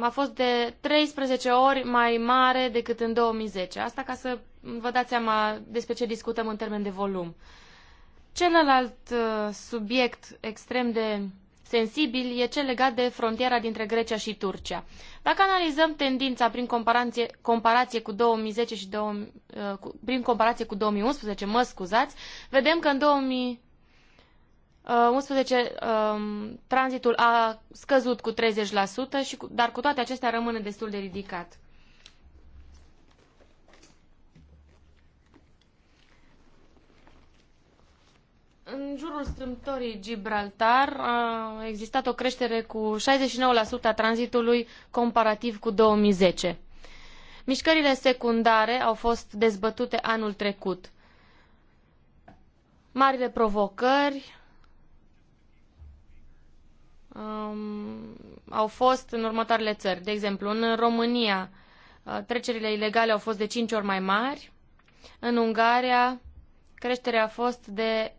a fost de 13 ori mai mare decât în 2010. Asta ca să vă dați seama despre ce discutăm în termen de volum. Celălalt uh, subiect extrem de sensibil e cel legat de frontiera dintre Grecia și Turcia. Dacă analizăm tendința prin comparație, comparație cu 2010 și 2000, uh, prin comparație cu 2011, mă scuzați, vedem că în 2000 11 uh, um, tranzitul a scăzut cu 30%, și, dar cu toate acestea rămâne destul de ridicat. În jurul strâmtorii Gibraltar a existat o creștere cu 69% a tranzitului comparativ cu 2010. Mișcările secundare au fost dezbătute anul trecut. Marile provocări um, au fost în următoarele țări. De exemplu, în România uh, trecerile ilegale au fost de 5 ori mai mari, în Ungaria creșterea a fost de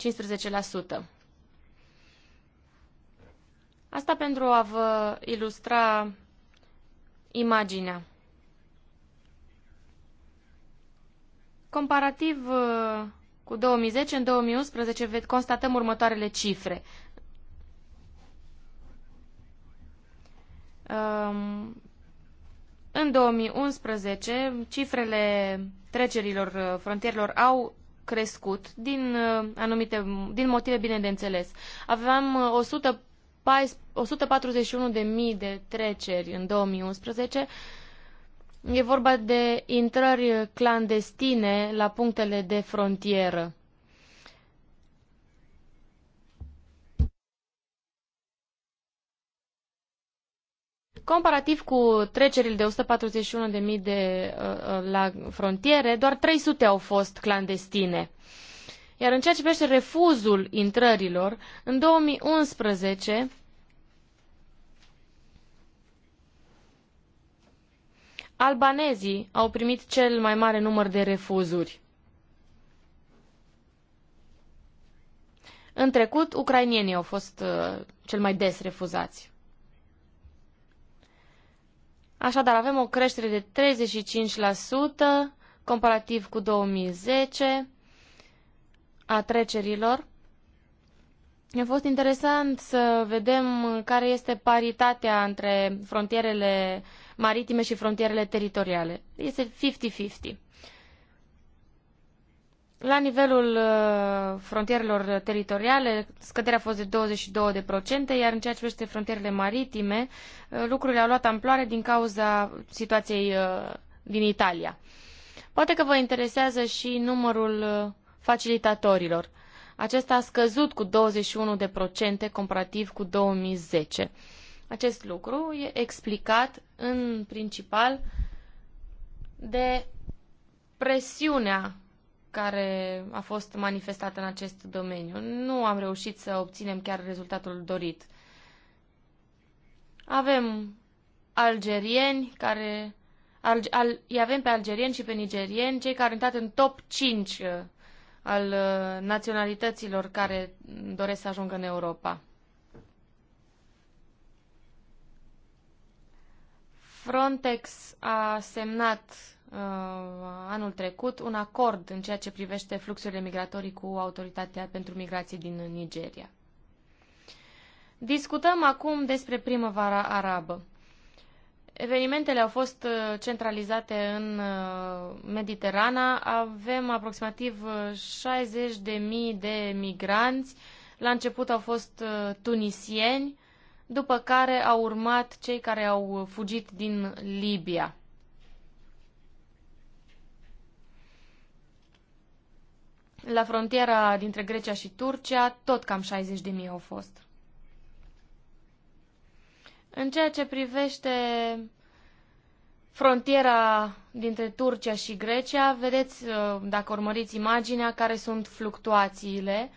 15%. Asta pentru a vă ilustra imaginea. Comparativ uh, cu 2010, în 2011 constatăm următoarele cifre. Um, în 2011, cifrele trecerilor uh, frontierelor au crescut din uh, anumite din motive bine de înțeles. Aveam 100 uh, 141.000 de treceri în 2011. E vorba de intrări clandestine la punctele de frontieră. Comparativ cu trecerile de 141.000 de uh, uh, la frontiere, doar 300 au fost clandestine. Iar în ceea ce privește refuzul intrărilor, în 2011 albanezii au primit cel mai mare număr de refuzuri. În trecut, ucrainienii au fost uh, cel mai des refuzați. Așadar, avem o creștere de 35% comparativ cu 2010 a trecerilor. A fost interesant să vedem care este paritatea între frontierele maritime și frontierele teritoriale. Este 50-50. La nivelul uh, frontierelor teritoriale, scăderea a fost de 22%, iar în ceea ce privește frontierele maritime, uh, lucrurile au luat amploare din cauza situației uh, din Italia. Poate că vă interesează și numărul facilitatorilor. Acesta a scăzut cu 21% comparativ cu 2010. Acest lucru e explicat în principal de presiunea care a fost manifestată în acest domeniu. Nu am reușit să obținem chiar rezultatul dorit. Avem algerieni care al, al, îi avem pe algerieni și pe nigerieni, cei care au intrat în top 5 uh, al uh, naționalităților care doresc să ajungă în Europa. Frontex a semnat Uh, anul trecut un acord în ceea ce privește fluxurile migratorii cu Autoritatea pentru Migrație din Nigeria. Discutăm acum despre primăvara arabă. Evenimentele au fost uh, centralizate în uh, Mediterana. Avem aproximativ 60.000 de migranți. La început au fost tunisieni, după care au urmat cei care au fugit din Libia. La frontiera dintre Grecia și Turcia, tot cam 60 de mii au fost. În ceea ce privește frontiera dintre Turcia și Grecia, vedeți, uh, dacă urmăriți imaginea, care sunt fluctuațiile.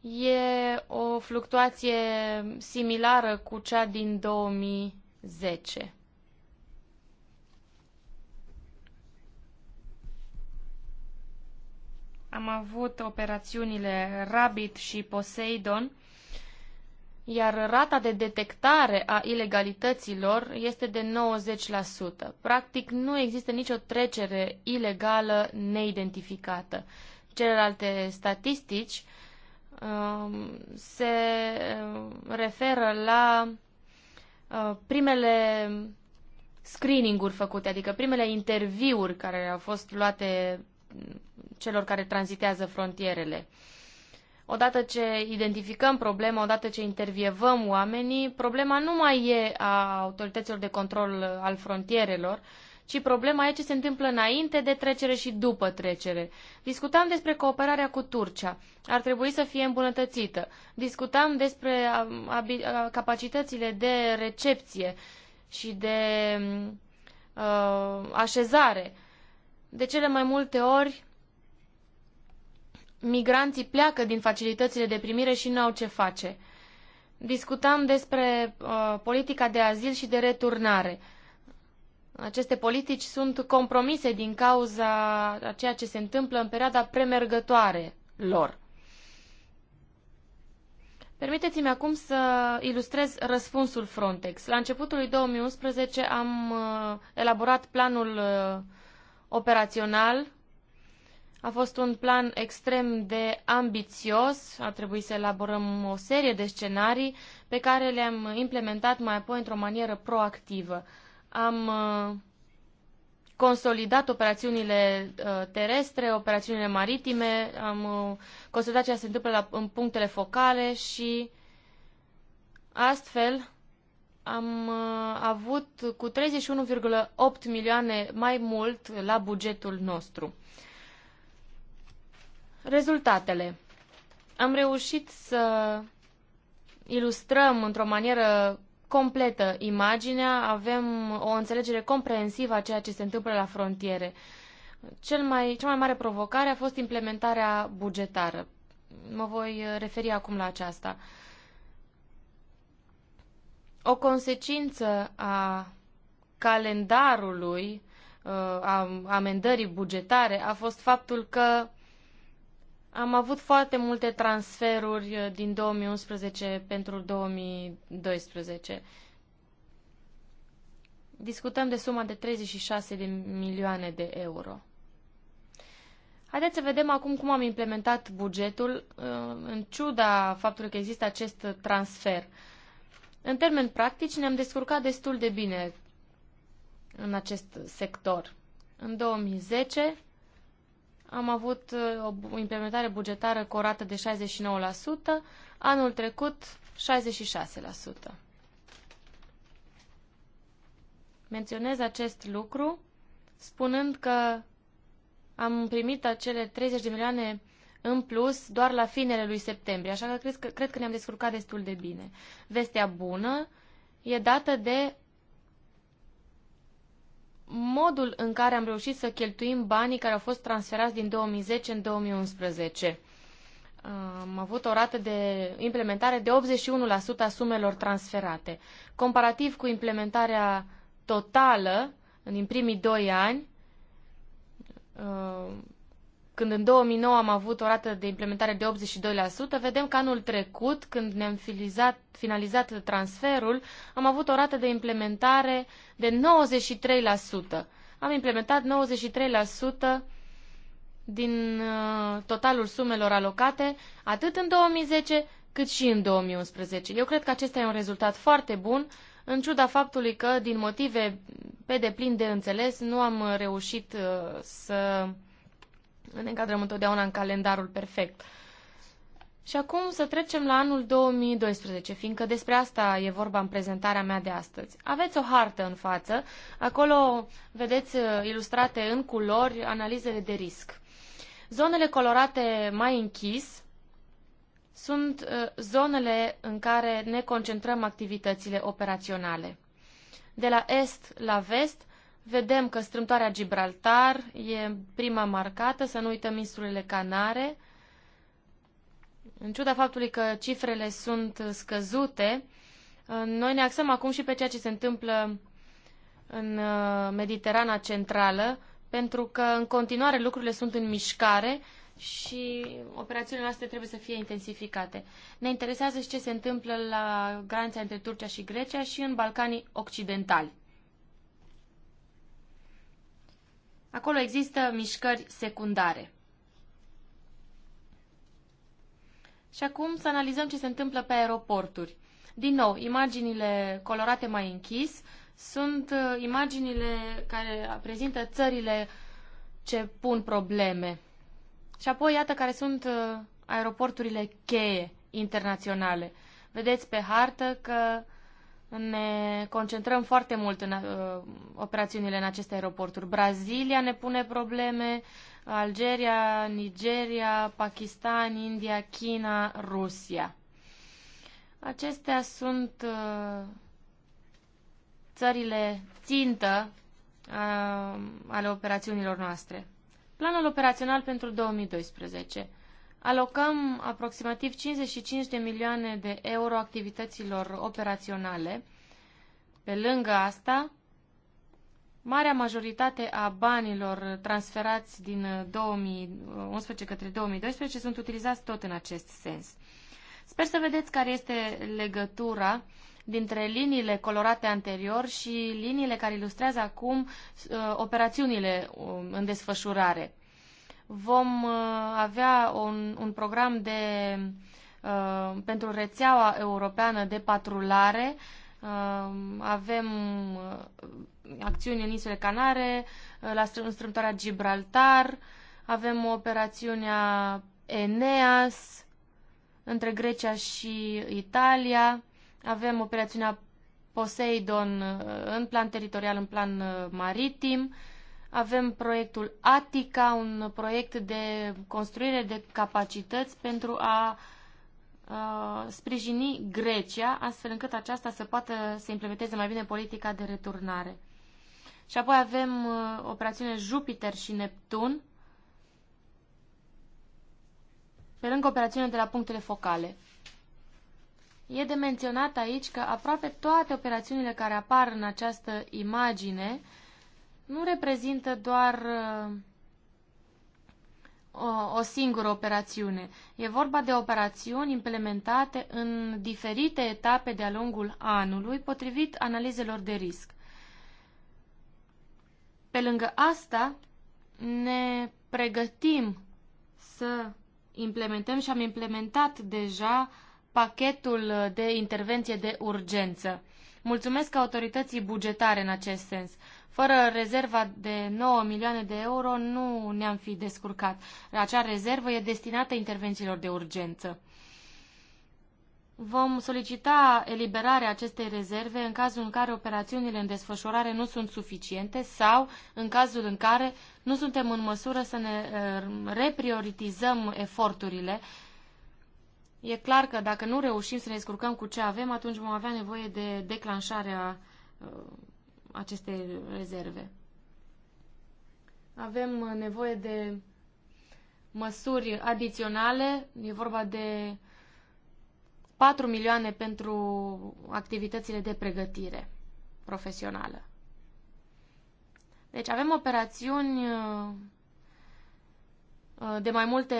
E o fluctuație similară cu cea din 2010. Am avut operațiunile Rabbit și Poseidon, iar rata de detectare a ilegalităților este de 90%. Practic nu există nicio trecere ilegală neidentificată. Celelalte statistici um, se um, referă la uh, primele screening-uri făcute, adică primele interviuri care au fost luate celor care tranzitează frontierele. Odată ce identificăm problema, odată ce intervievăm oamenii, problema nu mai e a autorităților de control al frontierelor, ci problema e ce se întâmplă înainte de trecere și după trecere. Discutam despre cooperarea cu Turcia. Ar trebui să fie îmbunătățită. Discutam despre capacitățile de recepție și de uh, așezare. De cele mai multe ori, migranții pleacă din facilitățile de primire și nu au ce face. Discutam despre uh, politica de azil și de returnare. Aceste politici sunt compromise din cauza a ceea ce se întâmplă în perioada premergătoare lor. Permiteți-mi acum să ilustrez răspunsul Frontex. La începutul lui 2011 am uh, elaborat planul uh, operațional a fost un plan extrem de ambițios, a trebuit să elaborăm o serie de scenarii pe care le-am implementat mai apoi într-o manieră proactivă. Am uh, consolidat operațiunile uh, terestre, operațiunile maritime, am uh, consolidat ce se întâmplă la, în punctele focale și astfel am avut cu 31,8 milioane mai mult la bugetul nostru. Rezultatele. Am reușit să ilustrăm într-o manieră completă imaginea, avem o înțelegere comprehensivă a ceea ce se întâmplă la frontiere. Cel mai, cea mai mare provocare a fost implementarea bugetară. Mă voi referi acum la aceasta. O consecință a calendarului, uh, a amendării bugetare, a fost faptul că am avut foarte multe transferuri uh, din 2011 pentru 2012. Discutăm de suma de 36 de milioane de euro. Haideți să vedem acum cum am implementat bugetul, uh, în ciuda faptului că există acest transfer. În termeni practici, ne-am descurcat destul de bine în acest sector. În 2010 am avut uh, o implementare bugetară cu o rată de 69%, anul trecut 66%. Menționez acest lucru spunând că am primit acele 30 de milioane în plus doar la finele lui septembrie, așa că cred că, cred că ne-am descurcat destul de bine. Vestea bună e dată de modul în care am reușit să cheltuim banii care au fost transferați din 2010 în 2011. Am avut o rată de implementare de 81% a sumelor transferate. Comparativ cu implementarea totală în primii doi ani, când în 2009 am avut o rată de implementare de 82%, vedem că anul trecut, când ne-am finalizat, finalizat transferul, am avut o rată de implementare de 93%. Am implementat 93% din uh, totalul sumelor alocate, atât în 2010 cât și în 2011. Eu cred că acesta e un rezultat foarte bun, în ciuda faptului că, din motive pe deplin de înțeles, nu am reușit uh, să ne încadrăm întotdeauna în calendarul perfect. Și acum să trecem la anul 2012, fiindcă despre asta e vorba în prezentarea mea de astăzi. Aveți o hartă în față, acolo vedeți uh, ilustrate în culori analizele de risc. Zonele colorate mai închis sunt uh, zonele în care ne concentrăm activitățile operaționale. De la est la vest Vedem că strâmtoarea Gibraltar e prima marcată, să nu uităm insulele Canare. În ciuda faptului că cifrele sunt scăzute, uh, noi ne axăm acum și pe ceea ce se întâmplă în uh, Mediterana Centrală, pentru că în continuare lucrurile sunt în mișcare și operațiunile noastre trebuie să fie intensificate. Ne interesează și ce se întâmplă la granița între Turcia și Grecia și în Balcanii Occidentali. Acolo există mișcări secundare. Și acum să analizăm ce se întâmplă pe aeroporturi. Din nou, imaginile colorate mai închis sunt uh, imaginile care prezintă țările ce pun probleme. Și apoi, iată care sunt uh, aeroporturile cheie internaționale. Vedeți pe hartă că ne concentrăm foarte mult în uh, operațiunile în aceste aeroporturi. Brazilia ne pune probleme, Algeria, Nigeria, Pakistan, India, China, Rusia. Acestea sunt uh, țările țintă uh, ale operațiunilor noastre. Planul operațional pentru 2012 alocăm aproximativ 55 de milioane de euro activităților operaționale. Pe lângă asta, marea majoritate a banilor transferați din 2011 către 2012 sunt utilizați tot în acest sens. Sper să vedeți care este legătura dintre liniile colorate anterior și liniile care ilustrează acum uh, operațiunile uh, în desfășurare vom uh, avea un, un program de, uh, pentru rețeaua europeană de patrulare. Uh, avem uh, acțiuni în insule Canare, uh, la strâmtoarea Gibraltar, avem operațiunea Eneas între Grecia și Italia, avem operațiunea Poseidon în plan teritorial, în plan maritim, uh, avem proiectul Atica, un proiect de construire de capacități pentru a sprijini Grecia, astfel încât aceasta să poată să implementeze mai bine politica de returnare. Și apoi avem operațiune Jupiter și Neptun, pe lângă operațiune de la punctele focale. E de menționat aici că aproape toate operațiunile care apar în această imagine uh, nu reprezintă doar uh, o, o singură operațiune. E vorba de operațiuni implementate în diferite etape de-a lungul anului, potrivit analizelor de risc. Pe lângă asta, ne pregătim să implementăm și am implementat deja pachetul de intervenție de urgență. Mulțumesc autorității bugetare în acest sens. Fără rezerva de 9 milioane de euro nu ne-am fi descurcat. Acea rezervă e destinată intervențiilor de urgență. Vom solicita eliberarea acestei rezerve în cazul în care operațiunile în desfășurare nu sunt suficiente sau în cazul în care nu suntem în măsură să ne uh, reprioritizăm eforturile. E clar că dacă nu reușim să ne descurcăm cu ce avem, atunci vom avea nevoie de declanșarea uh, aceste rezerve. Avem uh, nevoie de măsuri adiționale, e vorba de 4 milioane pentru activitățile de pregătire profesională. Deci avem operațiuni uh, uh, de mai multe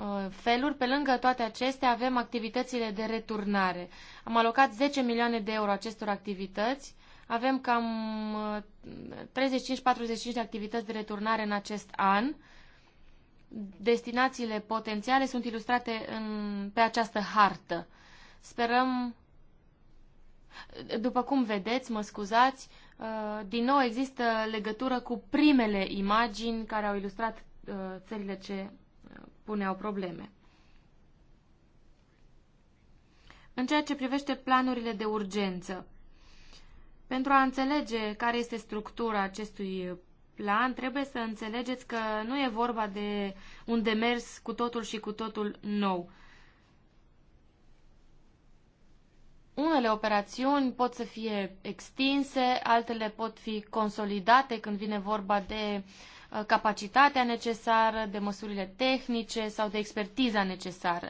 Uh, feluri. Pe lângă toate acestea avem activitățile de returnare. Am alocat 10 milioane de euro acestor activități. Avem cam 35-45 uh, de activități de returnare în acest an. Destinațiile potențiale sunt ilustrate în, pe această hartă. Sperăm, după cum vedeți, mă scuzați, uh, din nou există legătură cu primele imagini care au ilustrat țările ce puneau probleme. În ceea ce privește planurile de urgență, pentru a înțelege care este structura acestui plan, trebuie să înțelegeți că nu e vorba de un demers cu totul și cu totul nou. Unele operațiuni pot să fie extinse, altele pot fi consolidate când vine vorba de uh, Uh, capacitatea necesară, de măsurile tehnice sau de expertiza necesară.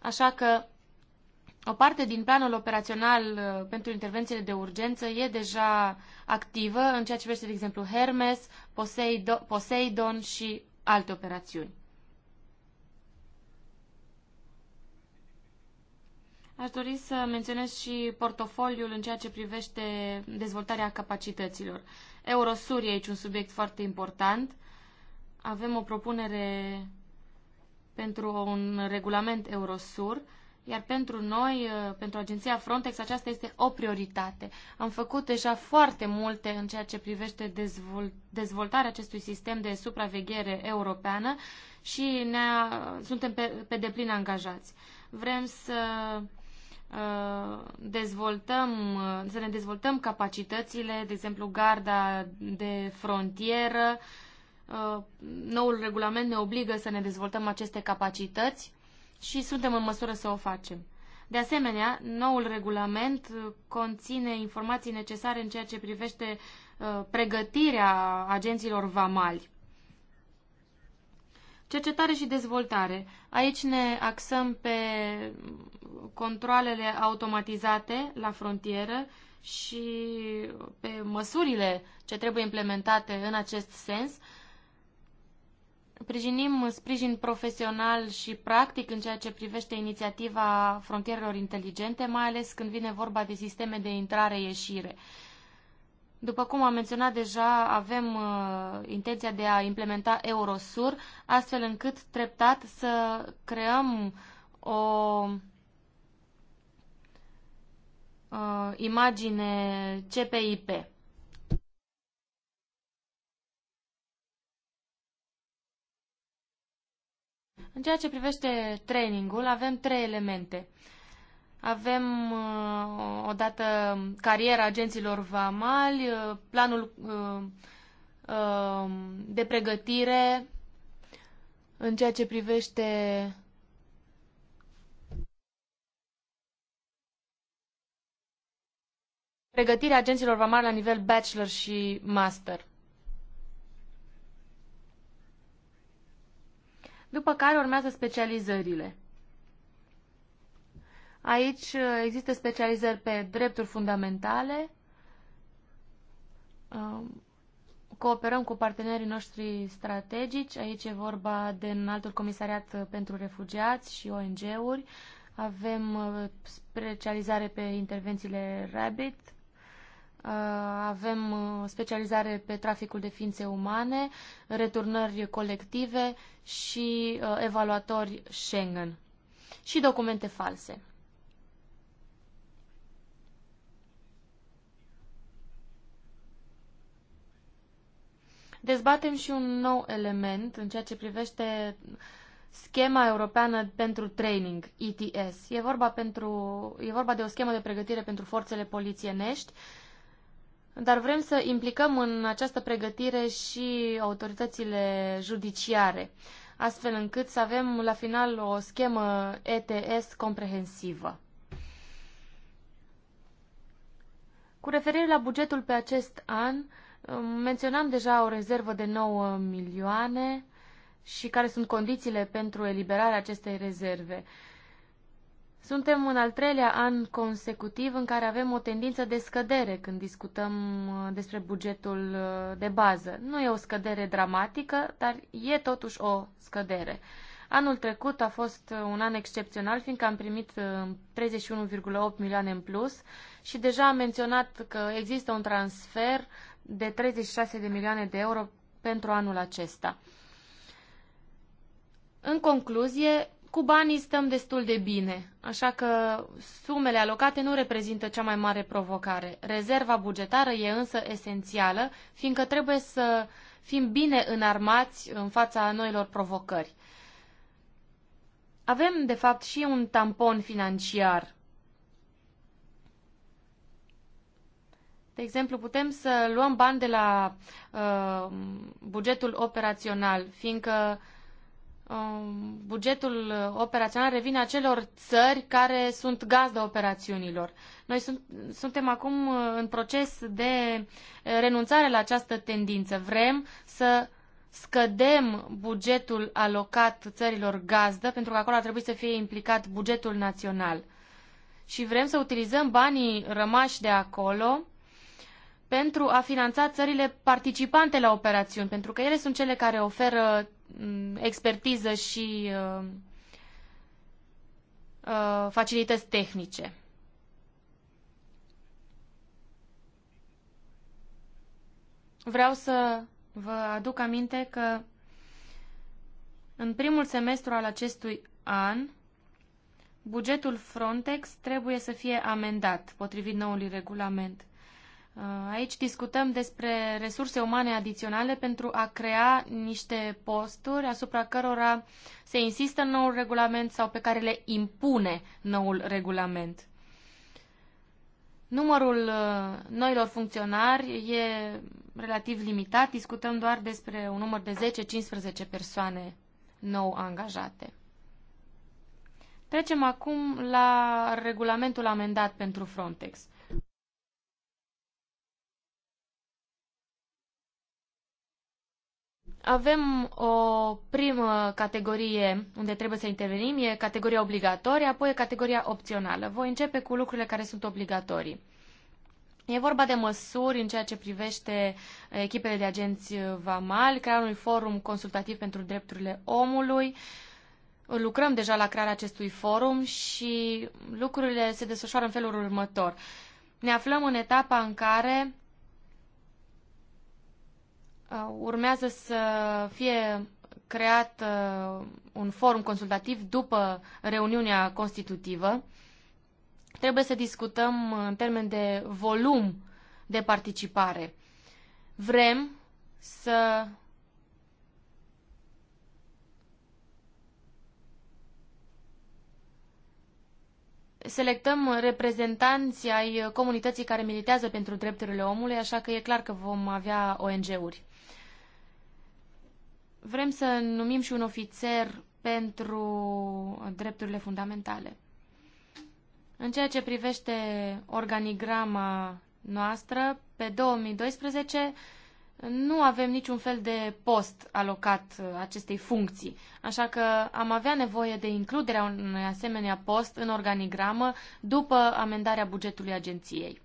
Așa că o parte din planul operațional uh, pentru intervențiile de urgență e deja activă în ceea ce privește, de exemplu, Hermes, Poseidon, Poseidon și alte operațiuni. Aș dori să menționez și portofoliul în ceea ce privește dezvoltarea capacităților. Eurosur e aici un subiect foarte important. Avem o propunere pentru un regulament Eurosur, iar pentru noi, uh, pentru agenția Frontex, aceasta este o prioritate. Am făcut deja foarte multe în ceea ce privește dezvoltarea acestui sistem de supraveghere europeană și ne suntem pe, pe deplin angajați. Vrem să Uh, dezvoltăm, uh, să ne dezvoltăm capacitățile, de exemplu garda de frontieră. Uh, noul regulament ne obligă să ne dezvoltăm aceste capacități și suntem în măsură să o facem. De asemenea, noul regulament conține informații necesare în ceea ce privește pregătirea agenților vamali. Cercetare și dezvoltare. Aici ne axăm pe controlele automatizate la frontieră și pe măsurile ce trebuie implementate în acest sens. Prijinim sprijin profesional și practic în ceea ce privește inițiativa frontierelor inteligente, mai ales când vine vorba de sisteme de intrare-ieșire. După cum am menționat deja, avem uh, intenția de a implementa Eurosur, astfel încât treptat să creăm o uh, imagine CPIP. În ceea ce privește trainingul, avem trei elemente. Avem uh, odată cariera agenților vamali, uh, planul uh, uh, de pregătire în ceea ce privește pregătirea agenților vamari la nivel bachelor și master. După care urmează specializările. Aici uh, există specializări pe drepturi fundamentale. Um, cooperăm cu partenerii noștri strategici. Aici e vorba de înaltul comisariat uh, pentru refugiați și ONG-uri. Avem uh, specializare pe intervențiile RABIT, Uh, avem uh, specializare pe traficul de ființe umane, returnări colective și uh, evaluatori Schengen și documente false. Dezbatem și un nou element în ceea ce privește schema europeană pentru training, ETS. E vorba, pentru, e vorba de o schemă de pregătire pentru forțele polițienești uh, dar vrem să implicăm în această pregătire și autoritățile judiciare, astfel încât să avem la final o schemă ETS comprehensivă. Cu referire la bugetul pe acest an, menționam deja o rezervă de 9 milioane și care sunt condițiile pentru eliberarea acestei rezerve. Suntem în al treilea an consecutiv în care avem o tendință de scădere când discutăm uh, despre bugetul uh, de bază. Nu e o scădere dramatică, dar e totuși o scădere. Anul trecut a fost uh, un an excepțional, fiindcă am primit 31,8 milioane în plus și deja am menționat că există un transfer de 36 de milioane de euro pentru anul acesta. În concluzie, cu banii stăm destul de bine, așa că sumele alocate nu reprezintă cea mai mare provocare. Rezerva bugetară e însă esențială, fiindcă trebuie să fim bine înarmați în fața noilor provocări. Avem, de fapt, și un tampon financiar. De exemplu, putem să luăm bani de la uh, bugetul operațional, fiindcă uh, Um, bugetul operațional revine acelor țări care sunt gazda operațiunilor. Noi sunt, suntem acum uh, în proces de uh, renunțare la această tendință. Vrem să scădem bugetul alocat țărilor gazdă, pentru că acolo ar trebui să fie implicat bugetul național. Și vrem să utilizăm banii rămași de acolo pentru a finanța țările participante la operațiuni, pentru că ele sunt cele care oferă Mm, expertiză și uh, uh, facilități tehnice. Vreau să vă aduc aminte că în primul semestru al acestui an, bugetul Frontex trebuie să fie amendat potrivit noului regulament. Aici discutăm despre resurse umane adiționale pentru a crea niște posturi asupra cărora se insistă în noul regulament sau pe care le impune noul regulament. Numărul uh, noilor funcționari e relativ limitat, discutăm doar despre un număr de 10-15 persoane nou angajate. Trecem acum la regulamentul amendat pentru Frontex. Avem o primă categorie unde trebuie să intervenim, e categoria obligatorie, apoi e categoria opțională. Voi începe cu lucrurile care sunt obligatorii. E vorba de măsuri în ceea ce privește echipele de agenți VAMAL, crearea unui forum consultativ pentru drepturile omului. Lucrăm deja la crearea acestui forum și lucrurile se desfășoară în felul următor. Ne aflăm în etapa în care Uh, urmează să fie creat uh, un forum consultativ după reuniunea constitutivă. Trebuie să discutăm în termen de volum de participare. Vrem să selectăm reprezentanții ai comunității care militează pentru drepturile omului, așa că e clar că vom avea ONG-uri. Vrem să numim și un ofițer pentru drepturile fundamentale. În ceea ce privește organigrama noastră, pe 2012 nu avem niciun fel de post alocat acestei funcții, așa că am avea nevoie de includerea unui asemenea post în organigramă după amendarea bugetului agenției.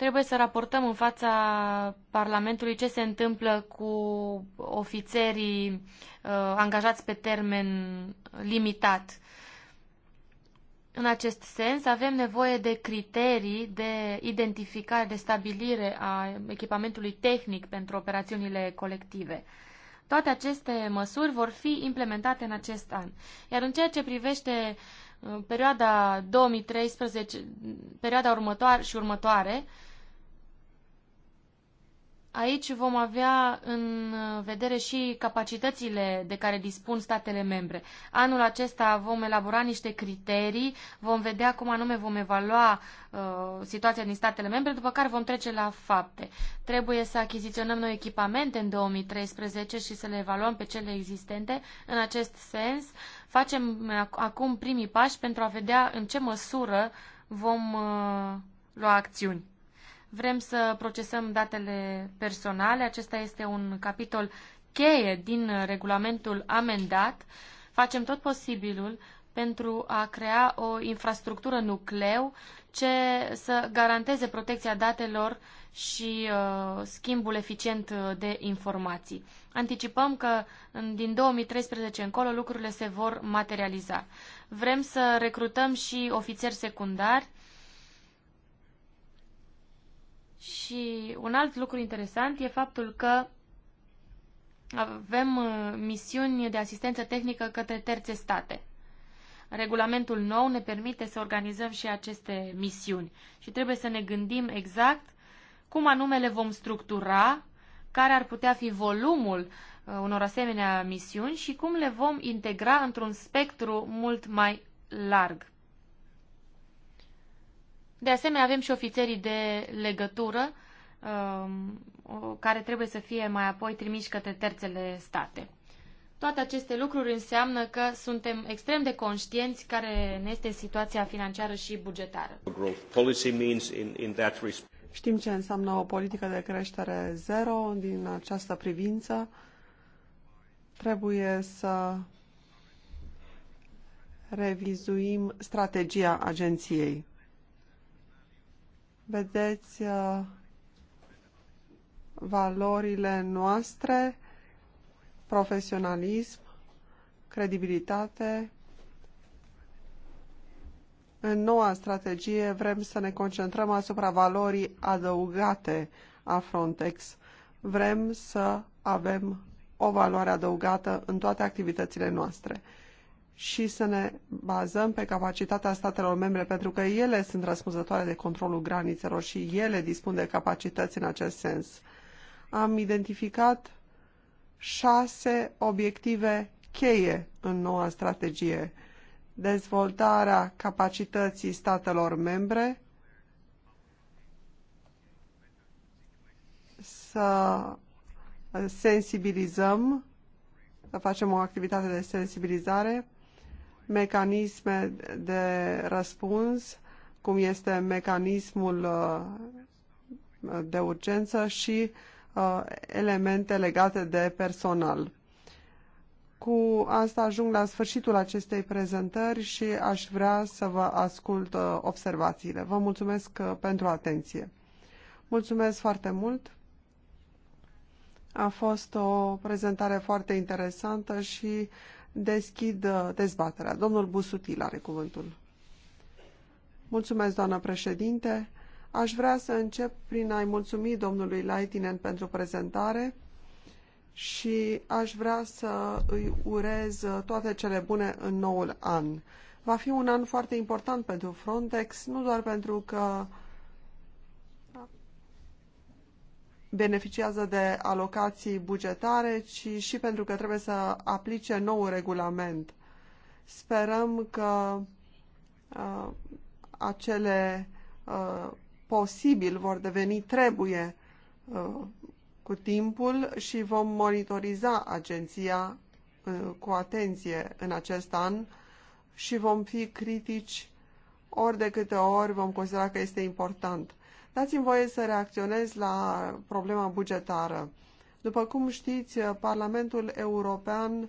Trebuie să raportăm în fața Parlamentului ce se întâmplă cu ofițerii uh, angajați pe termen limitat. În acest sens, avem nevoie de criterii de identificare, de stabilire a echipamentului tehnic pentru operațiunile colective. Toate aceste măsuri vor fi implementate în acest an. Iar în ceea ce privește uh, perioada 2013, perioada următoare și următoare, Aici vom avea în vedere și capacitățile de care dispun statele membre. Anul acesta vom elabora niște criterii, vom vedea cum anume vom evalua uh, situația din statele membre, după care vom trece la fapte. Trebuie să achiziționăm noi echipamente în 2013 și să le evaluăm pe cele existente. În acest sens, facem acum primii pași pentru a vedea în ce măsură vom uh, lua acțiuni. Vrem să procesăm datele personale. Acesta este un capitol cheie din regulamentul amendat. Facem tot posibilul pentru a crea o infrastructură nucleu ce să garanteze protecția datelor și uh, schimbul eficient de informații. Anticipăm că din 2013 încolo lucrurile se vor materializa. Vrem să recrutăm și ofițeri secundari și un alt lucru interesant e faptul că avem uh, misiuni de asistență tehnică către terțe state. Regulamentul nou ne permite să organizăm și aceste misiuni și trebuie să ne gândim exact cum anume le vom structura, care ar putea fi volumul uh, unor asemenea misiuni și cum le vom integra într-un spectru mult mai larg. De asemenea, avem și ofițerii de legătură um, care trebuie să fie mai apoi trimiși către terțele state. Toate aceste lucruri înseamnă că suntem extrem de conștienți care ne este situația financiară și bugetară. Știm ce înseamnă o politică de creștere zero din această privință. Trebuie să revizuim strategia agenției vedeți uh, valorile noastre, profesionalism, credibilitate. În noua strategie vrem să ne concentrăm asupra valorii adăugate a Frontex. Vrem să avem o valoare adăugată în toate activitățile noastre și să ne bazăm pe capacitatea statelor membre, pentru că ele sunt răspunzătoare de controlul granițelor și ele dispun de capacități în acest sens. Am identificat șase obiective cheie în noua strategie. Dezvoltarea capacității statelor membre, să sensibilizăm, să facem o activitate de sensibilizare, mecanisme de răspuns, cum este mecanismul uh, de urgență și uh, elemente legate de personal. Cu asta ajung la sfârșitul acestei prezentări și aș vrea să vă ascult uh, observațiile. Vă mulțumesc pentru atenție. Mulțumesc foarte mult! A fost o prezentare foarte interesantă și deschid uh, dezbaterea. Domnul Busutil are cuvântul. Mulțumesc, doamnă președinte. Aș vrea să încep prin a-i mulțumi domnului Laitinen pentru prezentare și aș vrea să îi urez uh, toate cele bune în noul an. Va fi un an foarte important pentru Frontex, nu doar pentru că beneficiază de alocații bugetare, ci și pentru că trebuie să aplice nou regulament. Sperăm că uh, acele uh, posibil vor deveni trebuie uh, cu timpul și vom monitoriza agenția uh, cu atenție în acest an și vom fi critici ori de câte ori vom considera că este important. Dați-mi voie să reacționez la problema bugetară. După cum știți, Parlamentul European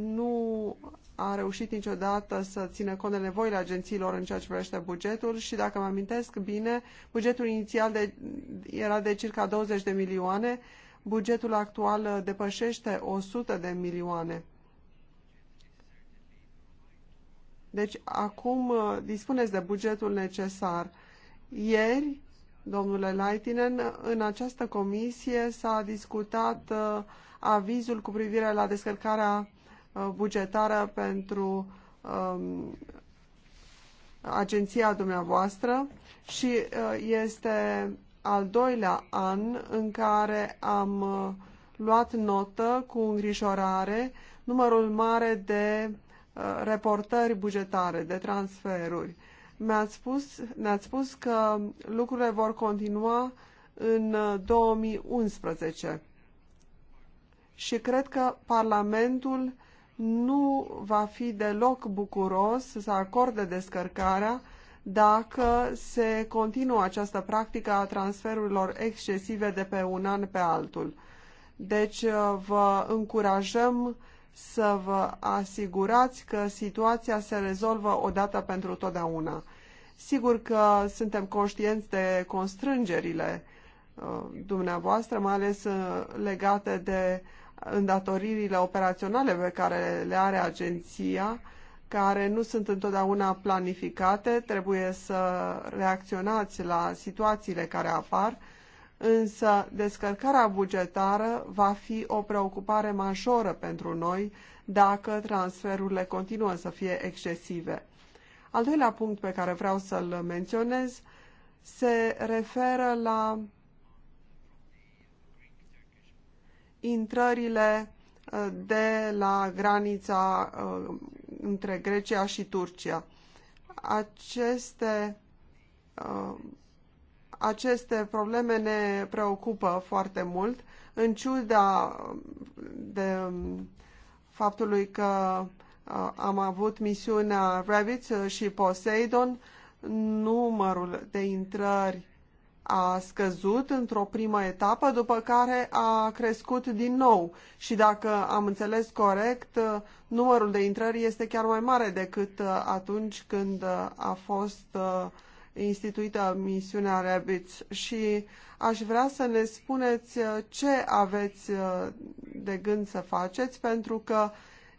nu a reușit niciodată să țină cont de nevoile agențiilor în ceea ce privește bugetul și, dacă mă amintesc bine, bugetul inițial de, era de circa 20 de milioane, bugetul actual depășește 100 de milioane. Deci, acum dispuneți de bugetul necesar. Ieri, domnule Leitinen, în această comisie s-a discutat uh, avizul cu privire la descărcarea uh, bugetară pentru um, agenția dumneavoastră și uh, este al doilea an în care am luat notă cu îngrijorare numărul mare de reportări bugetare, de transferuri. Mi-ați spus, ne a spus că lucrurile vor continua în 2011 uh, și cred că Parlamentul nu va fi deloc bucuros să acorde descărcarea dacă se continuă această practică a transferurilor excesive de pe un an pe altul. Deci uh, vă încurajăm să vă asigurați că situația se rezolvă odată pentru totdeauna. Sigur că suntem conștienți de constrângerile uh, dumneavoastră, mai ales uh, legate de îndatoririle operaționale pe care le are agenția, care nu sunt întotdeauna planificate, trebuie să reacționați la situațiile care apar însă descărcarea bugetară va fi o preocupare majoră pentru noi dacă transferurile continuă să fie excesive. Al doilea punct pe care vreau să-l menționez se referă la intrările uh, de la granița uh, între Grecia și Turcia. Aceste uh, aceste probleme ne preocupă foarte mult, în ciuda um, de um, faptului că uh, am avut misiunea Rabbit uh, și Poseidon, numărul de intrări a scăzut într-o primă etapă, după care a crescut din nou. Și dacă am înțeles corect, uh, numărul de intrări este chiar mai mare decât atunci când a fost uh, instituită misiunea Rabbits și aș vrea să ne spuneți uh, ce aveți uh, de gând să faceți, pentru că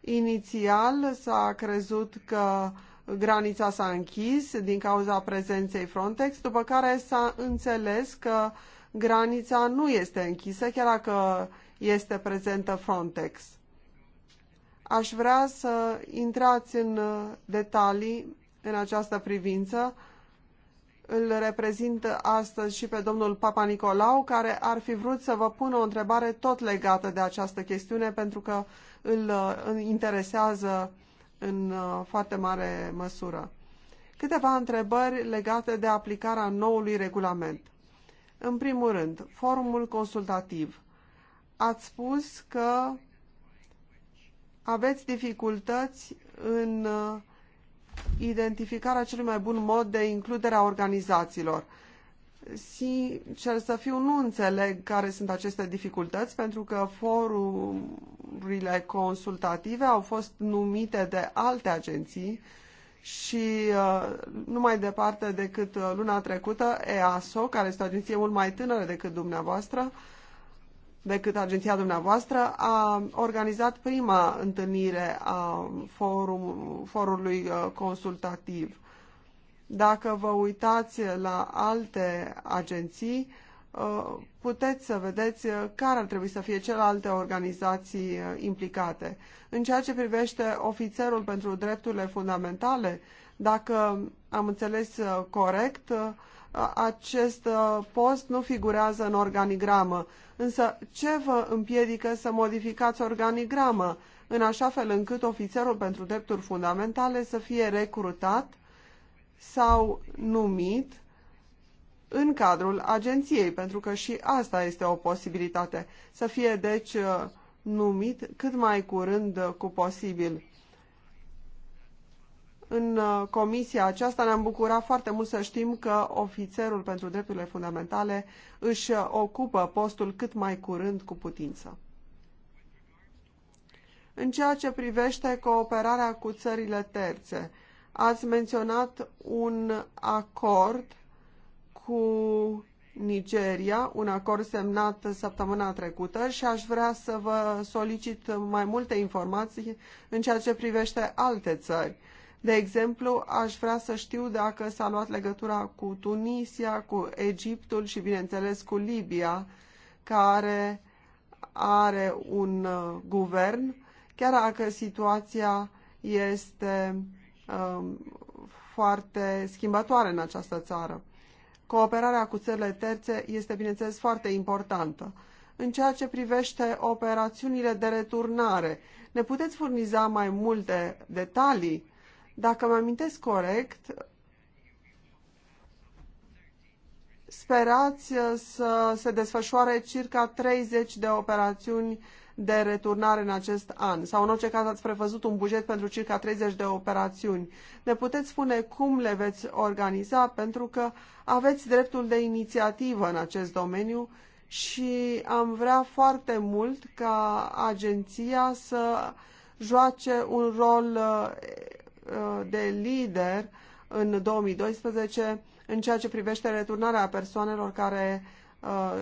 inițial s-a crezut că granița s-a închis din cauza prezenței Frontex, după care s-a înțeles că granița nu este închisă, chiar dacă este prezentă Frontex. Aș vrea să intrați în uh, detalii în această privință, îl reprezintă astăzi și pe domnul Papa Nicolau, care ar fi vrut să vă pună o întrebare tot legată de această chestiune, pentru că îl uh, interesează în uh, foarte mare măsură. Câteva întrebări legate de aplicarea noului regulament. În primul rând, forumul consultativ. Ați spus că aveți dificultăți în uh, identificarea celui mai bun mod de includere a organizațiilor. Sincer să fiu, nu înțeleg care sunt aceste dificultăți, pentru că forurile consultative au fost numite de alte agenții și uh, nu mai departe decât uh, luna trecută EASO, care este o agenție mult mai tânără decât dumneavoastră, decât agenția dumneavoastră, a organizat prima întâlnire a forum, forului uh, consultativ. Dacă vă uitați la alte agenții, uh, puteți să vedeți uh, care ar trebui să fie celelalte organizații implicate. În ceea ce privește ofițerul pentru drepturile fundamentale, dacă am înțeles corect, acest post nu figurează în organigramă. Însă ce vă împiedică să modificați organigrama în așa fel încât ofițerul pentru drepturi fundamentale să fie recrutat sau numit în cadrul agenției, pentru că și asta este o posibilitate, să fie deci numit cât mai curând cu posibil. În uh, comisia aceasta ne-am bucurat foarte mult să știm că ofițerul pentru drepturile fundamentale își uh, ocupă postul cât mai curând cu putință. În ceea ce privește cooperarea cu țările terțe, ați menționat un acord cu Nigeria, un acord semnat săptămâna trecută și aș vrea să vă solicit mai multe informații în ceea ce privește alte țări. De exemplu, aș vrea să știu dacă s-a luat legătura cu Tunisia, cu Egiptul și, bineînțeles, cu Libia, care are un uh, guvern, chiar dacă situația este um, foarte schimbătoare în această țară. Cooperarea cu țările terțe este, bineînțeles, foarte importantă. În ceea ce privește operațiunile de returnare, ne puteți furniza mai multe detalii dacă mă amintesc corect, sperați uh, să se desfășoare circa 30 de operațiuni de returnare în acest an? Sau în orice caz ați prevăzut un buget pentru circa 30 de operațiuni. Ne puteți spune cum le veți organiza pentru că aveți dreptul de inițiativă în acest domeniu și am vrea foarte mult ca agenția să joace un rol uh, Uh, de lider în 2012 în ceea ce privește returnarea persoanelor care uh,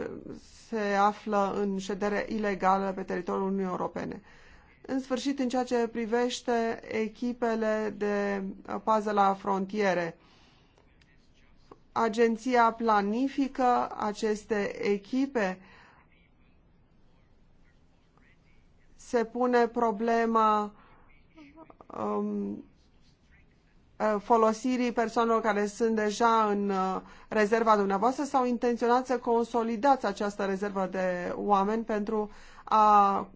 se află în ședere ilegală pe teritoriul Uniunii Europene. În sfârșit, în ceea ce privește echipele de uh, pază la frontiere, agenția planifică aceste echipe, se pune problema um, Uh, folosirii persoanelor care sunt deja în uh, rezerva dumneavoastră sau intenționați să consolidați această rezervă de oameni pentru a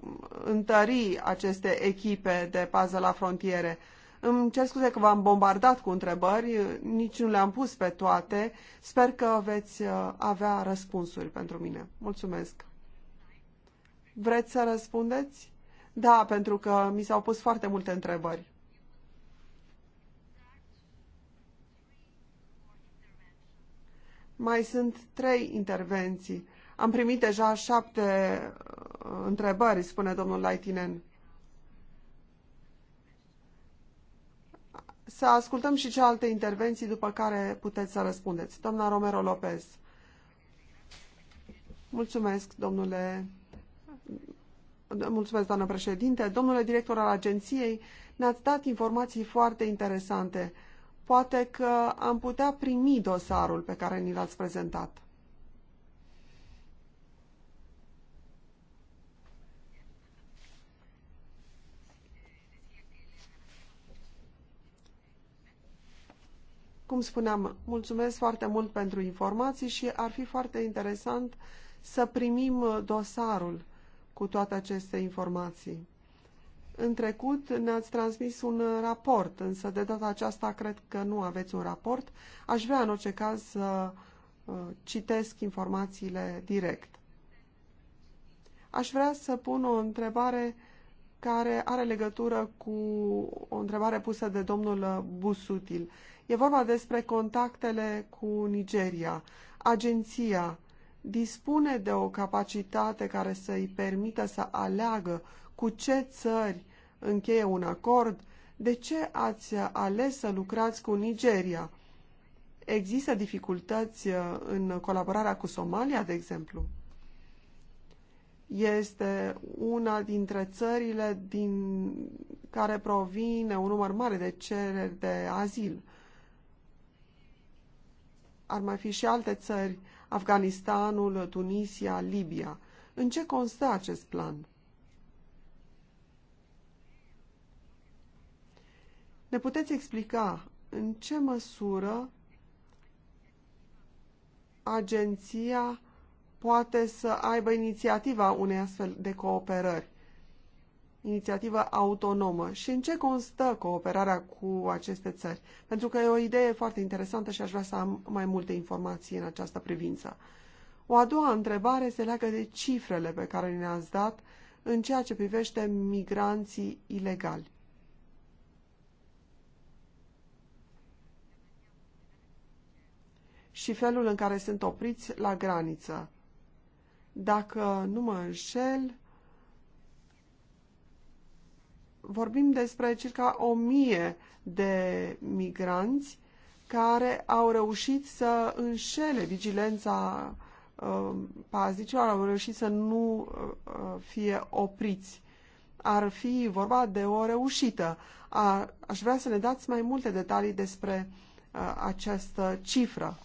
întări aceste echipe de pază la frontiere? Îmi cer scuze că v-am bombardat cu întrebări, nici nu le-am pus pe toate. Sper că veți uh, avea răspunsuri pentru mine. Mulțumesc! Vreți să răspundeți? Da, pentru că mi s-au pus foarte multe întrebări. Mai sunt trei intervenții. Am primit deja șapte uh, întrebări, spune domnul Laitinen. Să ascultăm și cealaltă intervenții, după care puteți să răspundeți. Doamna Romero Lopez. Mulțumesc, domnule... Mulțumesc, doamnă președinte. Domnule director al agenției, ne-ați dat informații foarte interesante poate că am putea primi dosarul pe care ni l-ați prezentat. Cum spuneam, mulțumesc foarte mult pentru informații și ar fi foarte interesant să primim dosarul cu toate aceste informații. În trecut ne-ați transmis un raport, însă de data aceasta cred că nu aveți un raport. Aș vrea în orice caz să uh, citesc informațiile direct. Aș vrea să pun o întrebare care are legătură cu o întrebare pusă de domnul Busutil. E vorba despre contactele cu Nigeria. Agenția dispune de o capacitate care să îi permită să aleagă cu ce țări încheie un acord, de ce ați ales să lucrați cu Nigeria? Există dificultăți uh, în colaborarea cu Somalia, de exemplu? Este una dintre țările din care provine un număr mare de cereri de azil. Ar mai fi și alte țări, Afganistanul, Tunisia, Libia. În ce constă acest plan? Ne puteți explica în ce măsură agenția poate să aibă inițiativa unei astfel de cooperări, inițiativă autonomă. Și în ce constă cooperarea cu aceste țări? Pentru că e o idee foarte interesantă și aș vrea să am mai multe informații în această privință. O a doua întrebare se leagă de cifrele pe care le-ați dat în ceea ce privește migranții ilegali. și felul în care sunt opriți la graniță. Dacă nu mă înșel, vorbim despre circa o mie de migranți care au reușit să înșele vigilența uh, pazicilor, au reușit să nu uh, uh, fie opriți. Ar fi vorba de o reușită. A, aș vrea să ne dați mai multe detalii despre această cifră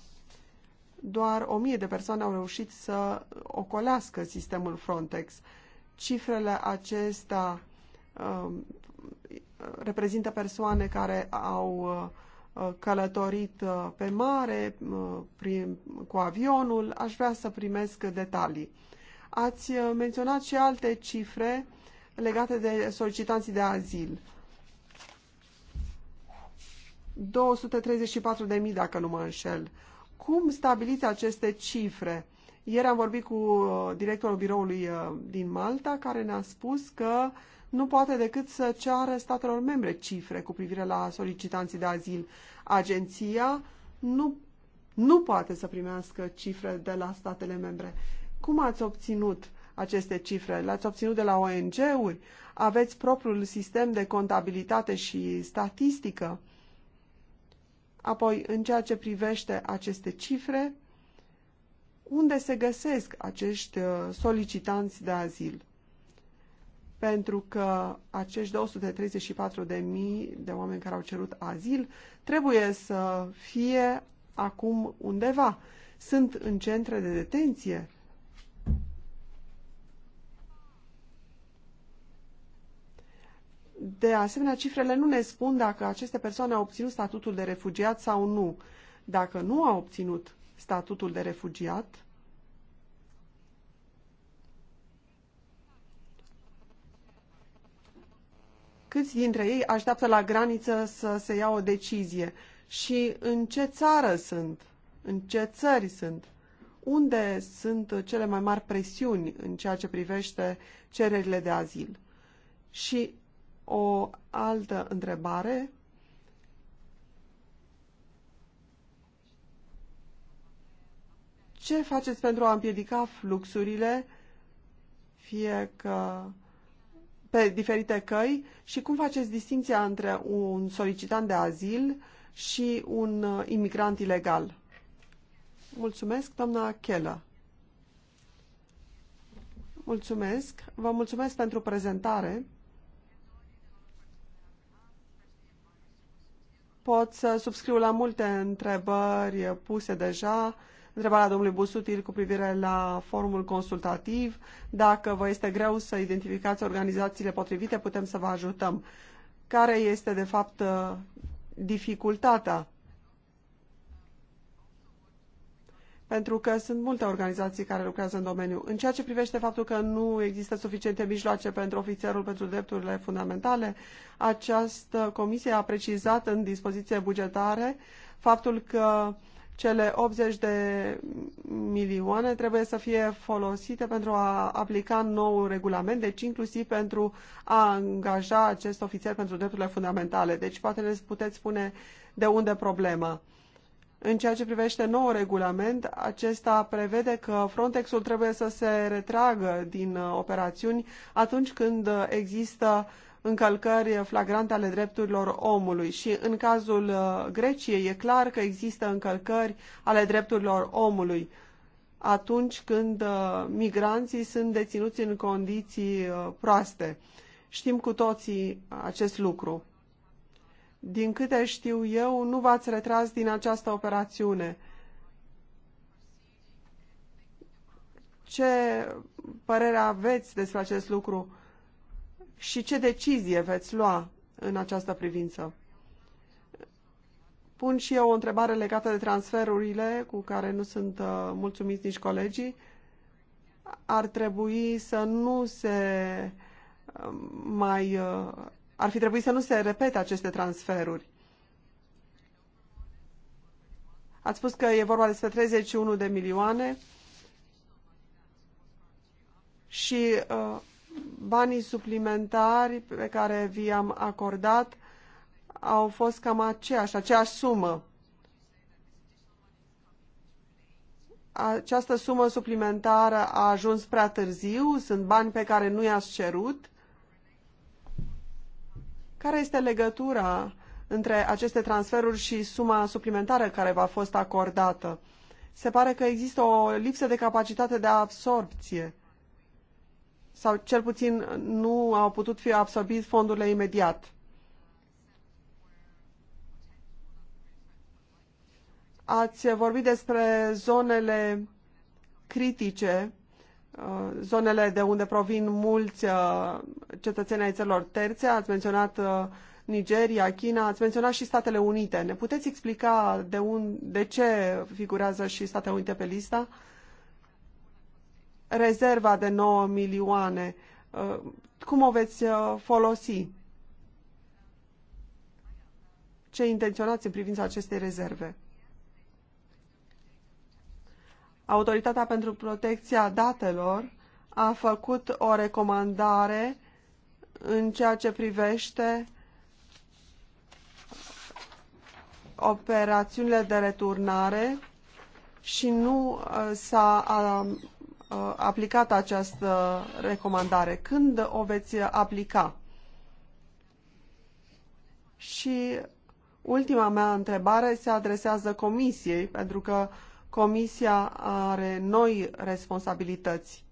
doar o mie de persoane au reușit să ocolească sistemul Frontex. Cifrele acestea um, reprezintă persoane care au uh, călătorit uh, pe mare, uh, prin, cu avionul. Aș vrea să primesc detalii. Ați menționat și alte cifre legate de solicitanții de azil. 234.000, dacă nu mă înșel. Cum stabiliți aceste cifre? Ieri am vorbit cu uh, directorul biroului uh, din Malta, care ne-a spus că nu poate decât să ceară statelor membre cifre cu privire la solicitanții de azil. Agenția nu, nu poate să primească cifre de la statele membre. Cum ați obținut aceste cifre? Le-ați obținut de la ONG-uri? Aveți propriul sistem de contabilitate și statistică? Apoi, în ceea ce privește aceste cifre, unde se găsesc acești uh, solicitanți de azil? Pentru că acești 234.000 de oameni care au cerut azil trebuie să fie acum undeva. Sunt în centre de detenție, De asemenea, cifrele nu ne spun dacă aceste persoane au obținut statutul de refugiat sau nu. Dacă nu au obținut statutul de refugiat, câți dintre ei așteaptă la graniță să se ia o decizie și în ce țară sunt, în ce țări sunt, unde sunt cele mai mari presiuni în ceea ce privește cererile de azil. Și o altă întrebare. Ce faceți pentru a împiedica fluxurile, fie că pe diferite căi și cum faceți distinția între un solicitant de azil și un uh, imigrant ilegal? Mulțumesc, doamna Chelă. Mulțumesc. Vă mulțumesc pentru prezentare. pot să subscriu la multe întrebări puse deja. Întrebarea domnului Busutil cu privire la forumul consultativ. Dacă vă este greu să identificați organizațiile potrivite, putem să vă ajutăm. Care este, de fapt, dificultatea pentru că sunt multe organizații care lucrează în domeniu. În ceea ce privește faptul că nu există suficiente mijloace pentru ofițerul pentru drepturile fundamentale, această comisie a precizat în dispoziție bugetare faptul că cele 80 de milioane trebuie să fie folosite pentru a aplica nou regulament, deci inclusiv pentru a angaja acest ofițer pentru drepturile fundamentale. Deci poate ne puteți spune de unde problema. În ceea ce privește nou regulament, acesta prevede că Frontexul trebuie să se retragă din uh, operațiuni atunci când există încălcări flagrante ale drepturilor omului și în cazul uh, Greciei e clar că există încălcări ale drepturilor omului atunci când uh, migranții sunt deținuți în condiții proaste. Știm cu toții acest lucru. Din câte știu eu, nu v-ați retras din această operațiune. Ce părere aveți despre acest lucru și ce decizie veți lua în această privință? Pun și eu o întrebare legată de transferurile cu care nu sunt uh, mulțumiți nici colegii. Ar trebui să nu se uh, mai uh, ar fi trebuit să nu se repete aceste transferuri. Ați spus că e vorba despre 31 de milioane și uh, banii suplimentari pe care vi-am acordat au fost cam aceeași, aceeași sumă. Această sumă suplimentară a ajuns prea târziu, sunt bani pe care nu i-ați cerut care este legătura între aceste transferuri și suma suplimentară care v-a fost acordată? Se pare că există o lipsă de capacitate de absorpție sau cel puțin nu au putut fi absorbit fondurile imediat. Ați vorbit despre zonele critice Uh, zonele de unde provin mulți uh, cetățeni ai țărilor terțe, ați menționat uh, Nigeria, China, ați menționat și Statele Unite. Ne puteți explica de, un, de ce figurează și Statele Unite pe lista? Rezerva de 9 milioane, cum o veți folosi? Ce intenționați în privința acestei rezerve? Autoritatea pentru protecția datelor a făcut o recomandare în ceea ce privește operațiunile de returnare și nu uh, s-a uh, aplicat această recomandare. Când o veți aplica? Și ultima mea întrebare se adresează Comisiei, pentru că uh, Comisia are noi responsabilități.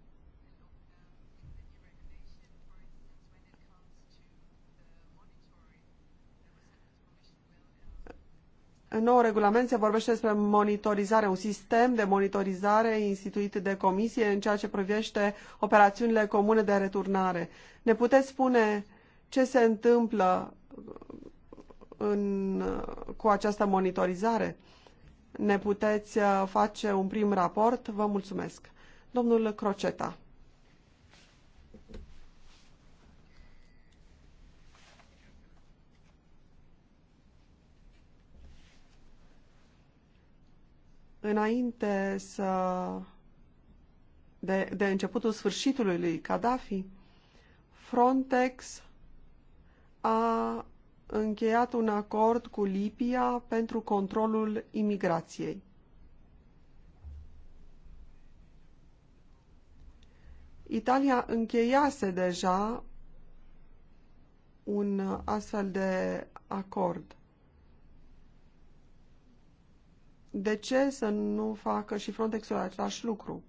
În nou regulament se vorbește despre monitorizare, un sistem de monitorizare instituit de comisie în ceea ce privește operațiunile comune de returnare. Ne puteți spune ce se întâmplă în, cu această monitorizare? ne puteți uh, face un prim raport. Vă mulțumesc. Domnul Croceta. Înainte să de, de începutul sfârșitului lui Gaddafi, Frontex a încheiat un acord cu Libia pentru controlul imigrației. Italia încheiase deja un astfel de acord. De ce să nu facă și Frontexul același lucru?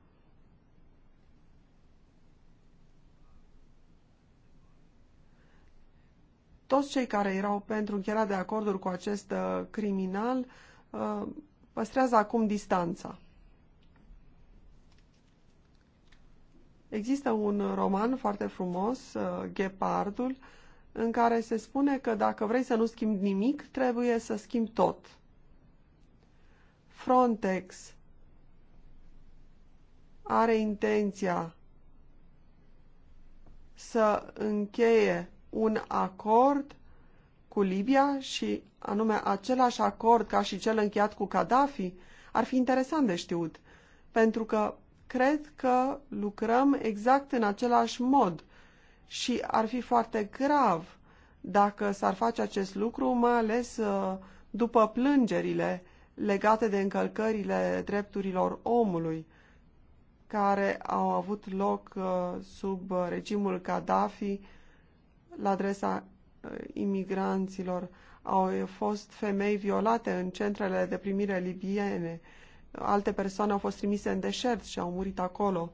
toți cei care erau pentru încheierea de acorduri cu acest uh, criminal uh, păstrează acum distanța. Există un roman foarte frumos, uh, Ghepardul, în care se spune că dacă vrei să nu schimbi nimic, trebuie să schimbi tot. Frontex are intenția să încheie un acord cu Libia și anume același acord ca și cel încheiat cu Gaddafi, ar fi interesant de știut, pentru că cred că lucrăm exact în același mod și ar fi foarte grav dacă s-ar face acest lucru, mai ales uh, după plângerile legate de încălcările drepturilor omului care au avut loc uh, sub uh, regimul Gaddafi la adresa uh, imigranților, au fost femei violate în centrele de primire libiene, alte persoane au fost trimise în deșert și au murit acolo.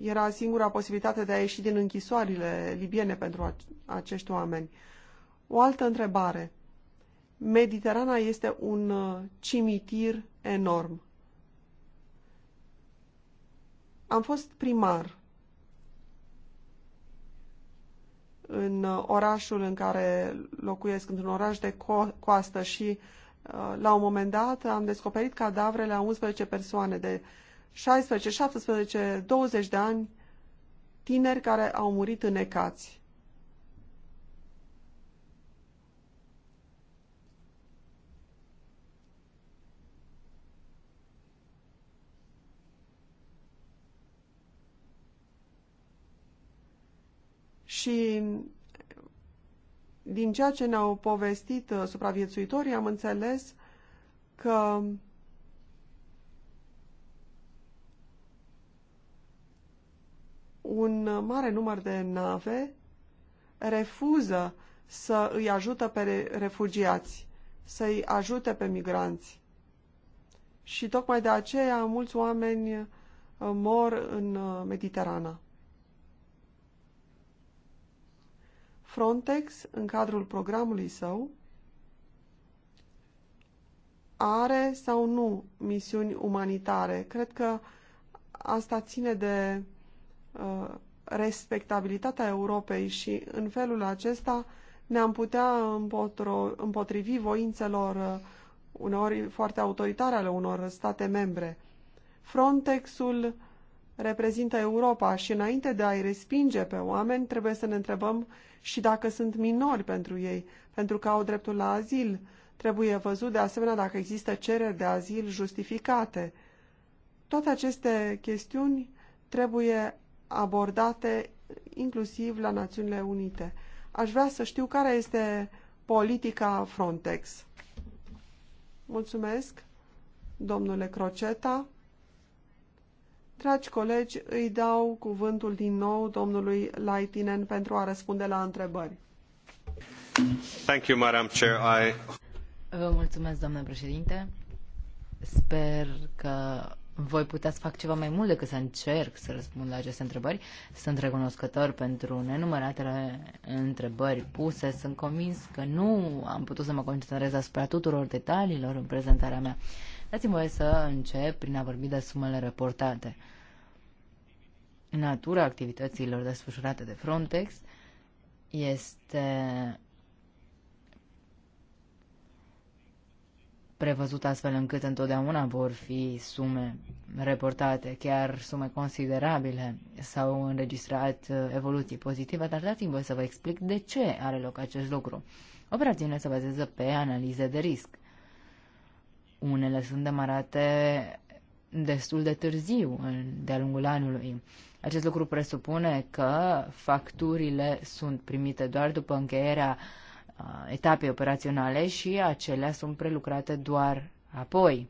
Era singura posibilitate de a ieși din închisoarile libiene pentru acești oameni. O altă întrebare. Mediterana este un uh, cimitir enorm. Am fost primar în uh, orașul în care locuiesc, într-un oraș de co- coastă și uh, la un moment dat am descoperit cadavrele a 11 persoane de 16, 17, 20 de ani, tineri care au murit înecați. Și din ceea ce ne-au povestit uh, supraviețuitorii, am înțeles că un mare număr de nave refuză să îi ajută pe refugiați, să îi ajute pe migranți. Și tocmai de aceea mulți oameni uh, mor în uh, Mediterana. Frontex, în cadrul programului său, are sau nu misiuni umanitare. Cred că asta ține de uh, respectabilitatea Europei și în felul acesta ne-am putea împotrivi voințelor uh, uneori foarte autoritare ale unor state membre. Frontexul uh, reprezintă Europa și înainte de a-i respinge pe oameni, trebuie să ne întrebăm și dacă sunt minori pentru ei, pentru că au dreptul la azil. Trebuie văzut de asemenea dacă există cereri de azil justificate. Toate aceste chestiuni trebuie abordate inclusiv la Națiunile Unite. Aș vrea să știu care este politica Frontex. Mulțumesc, domnule Croceta. Dragi colegi, îi dau cuvântul din nou domnului Laitinen pentru a răspunde la întrebări. Thank you, Madam Chair. I... Vă mulțumesc, doamnă președinte. Sper că voi putea să fac ceva mai mult decât să încerc să răspund la aceste întrebări. Sunt recunoscător pentru nenumăratele întrebări puse. Sunt convins că nu am putut să mă concentrez asupra tuturor detaliilor în prezentarea mea. Uh, Dați-mi voie să încep prin a vorbi de sumele reportate. Natura activităților desfășurate de Frontex este prevăzut astfel încât întotdeauna vor fi sume reportate, chiar sume considerabile. S-au înregistrat uh, evoluții pozitive, dar dați-mi voi să vă explic de ce are loc acest lucru. Operațiunea se bazează pe analize de risc. Unele sunt demarate destul de târziu de-a lungul anului. Acest lucru presupune că facturile sunt primite doar după încheierea etapei operaționale și acelea sunt prelucrate doar apoi.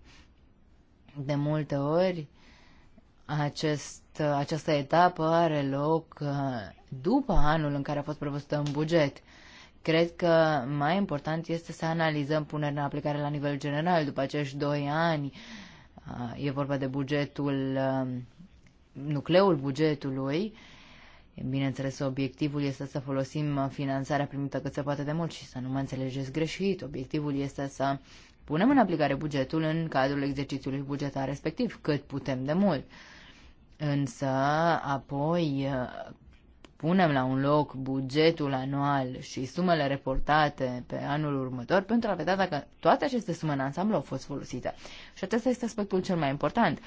De multe ori, acest, această etapă are loc după anul în care a fost prevăzută în buget. Cred că mai important este să analizăm punerea în aplicare la nivel general după acești doi ani. Uh, e vorba de bugetul, uh, nucleul bugetului. Bineînțeles, obiectivul este să folosim finanțarea primită cât se poate de mult și să nu mă înțelegeți greșit. Obiectivul este să punem în aplicare bugetul în cadrul exercițiului bugetar respectiv, cât putem de mult. Însă, apoi, uh, punem la un loc bugetul anual și sumele reportate pe anul următor pentru a vedea dacă toate aceste sume în ansamblu au fost folosite. Și acesta este aspectul cel mai important.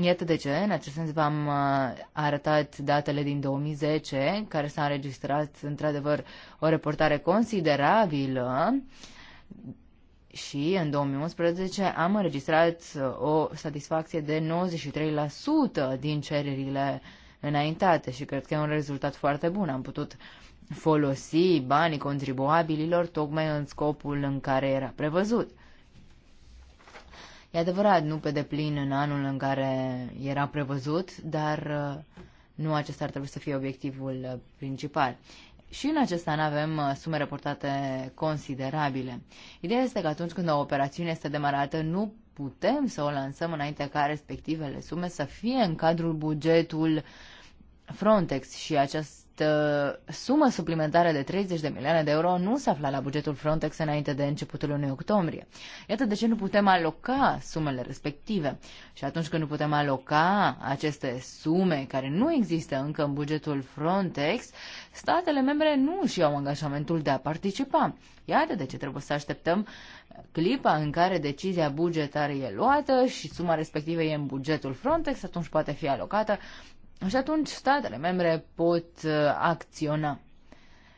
Iată de ce, în acest sens v-am uh, arătat datele din 2010, care s-a înregistrat într-adevăr o reportare considerabilă și în 2011 am înregistrat uh, o satisfacție de 93% din cererile uh, înaintate și cred că e un rezultat foarte bun. Am putut folosi banii contribuabililor tocmai în scopul în care era prevăzut. E adevărat, nu pe deplin în anul în care era prevăzut, dar uh, nu acesta ar trebui să fie obiectivul uh, principal. Și în acest an avem uh, sume reportate considerabile. Ideea este că atunci când o operațiune este demarată, nu putem să o lansăm înainte ca respectivele sume să fie în cadrul bugetul Frontex și această sumă suplimentară de 30 de milioane de euro nu se afla la bugetul Frontex înainte de începutul lunii octombrie. Iată de ce nu putem aloca sumele respective. Și atunci când nu putem aloca aceste sume care nu există încă în bugetul Frontex, statele membre nu și au angajamentul de a participa. Iată de ce trebuie să așteptăm uh, clipa în care decizia bugetară e luată și suma respectivă e în bugetul Frontex, atunci poate fi alocată și atunci statele membre pot uh, acționa.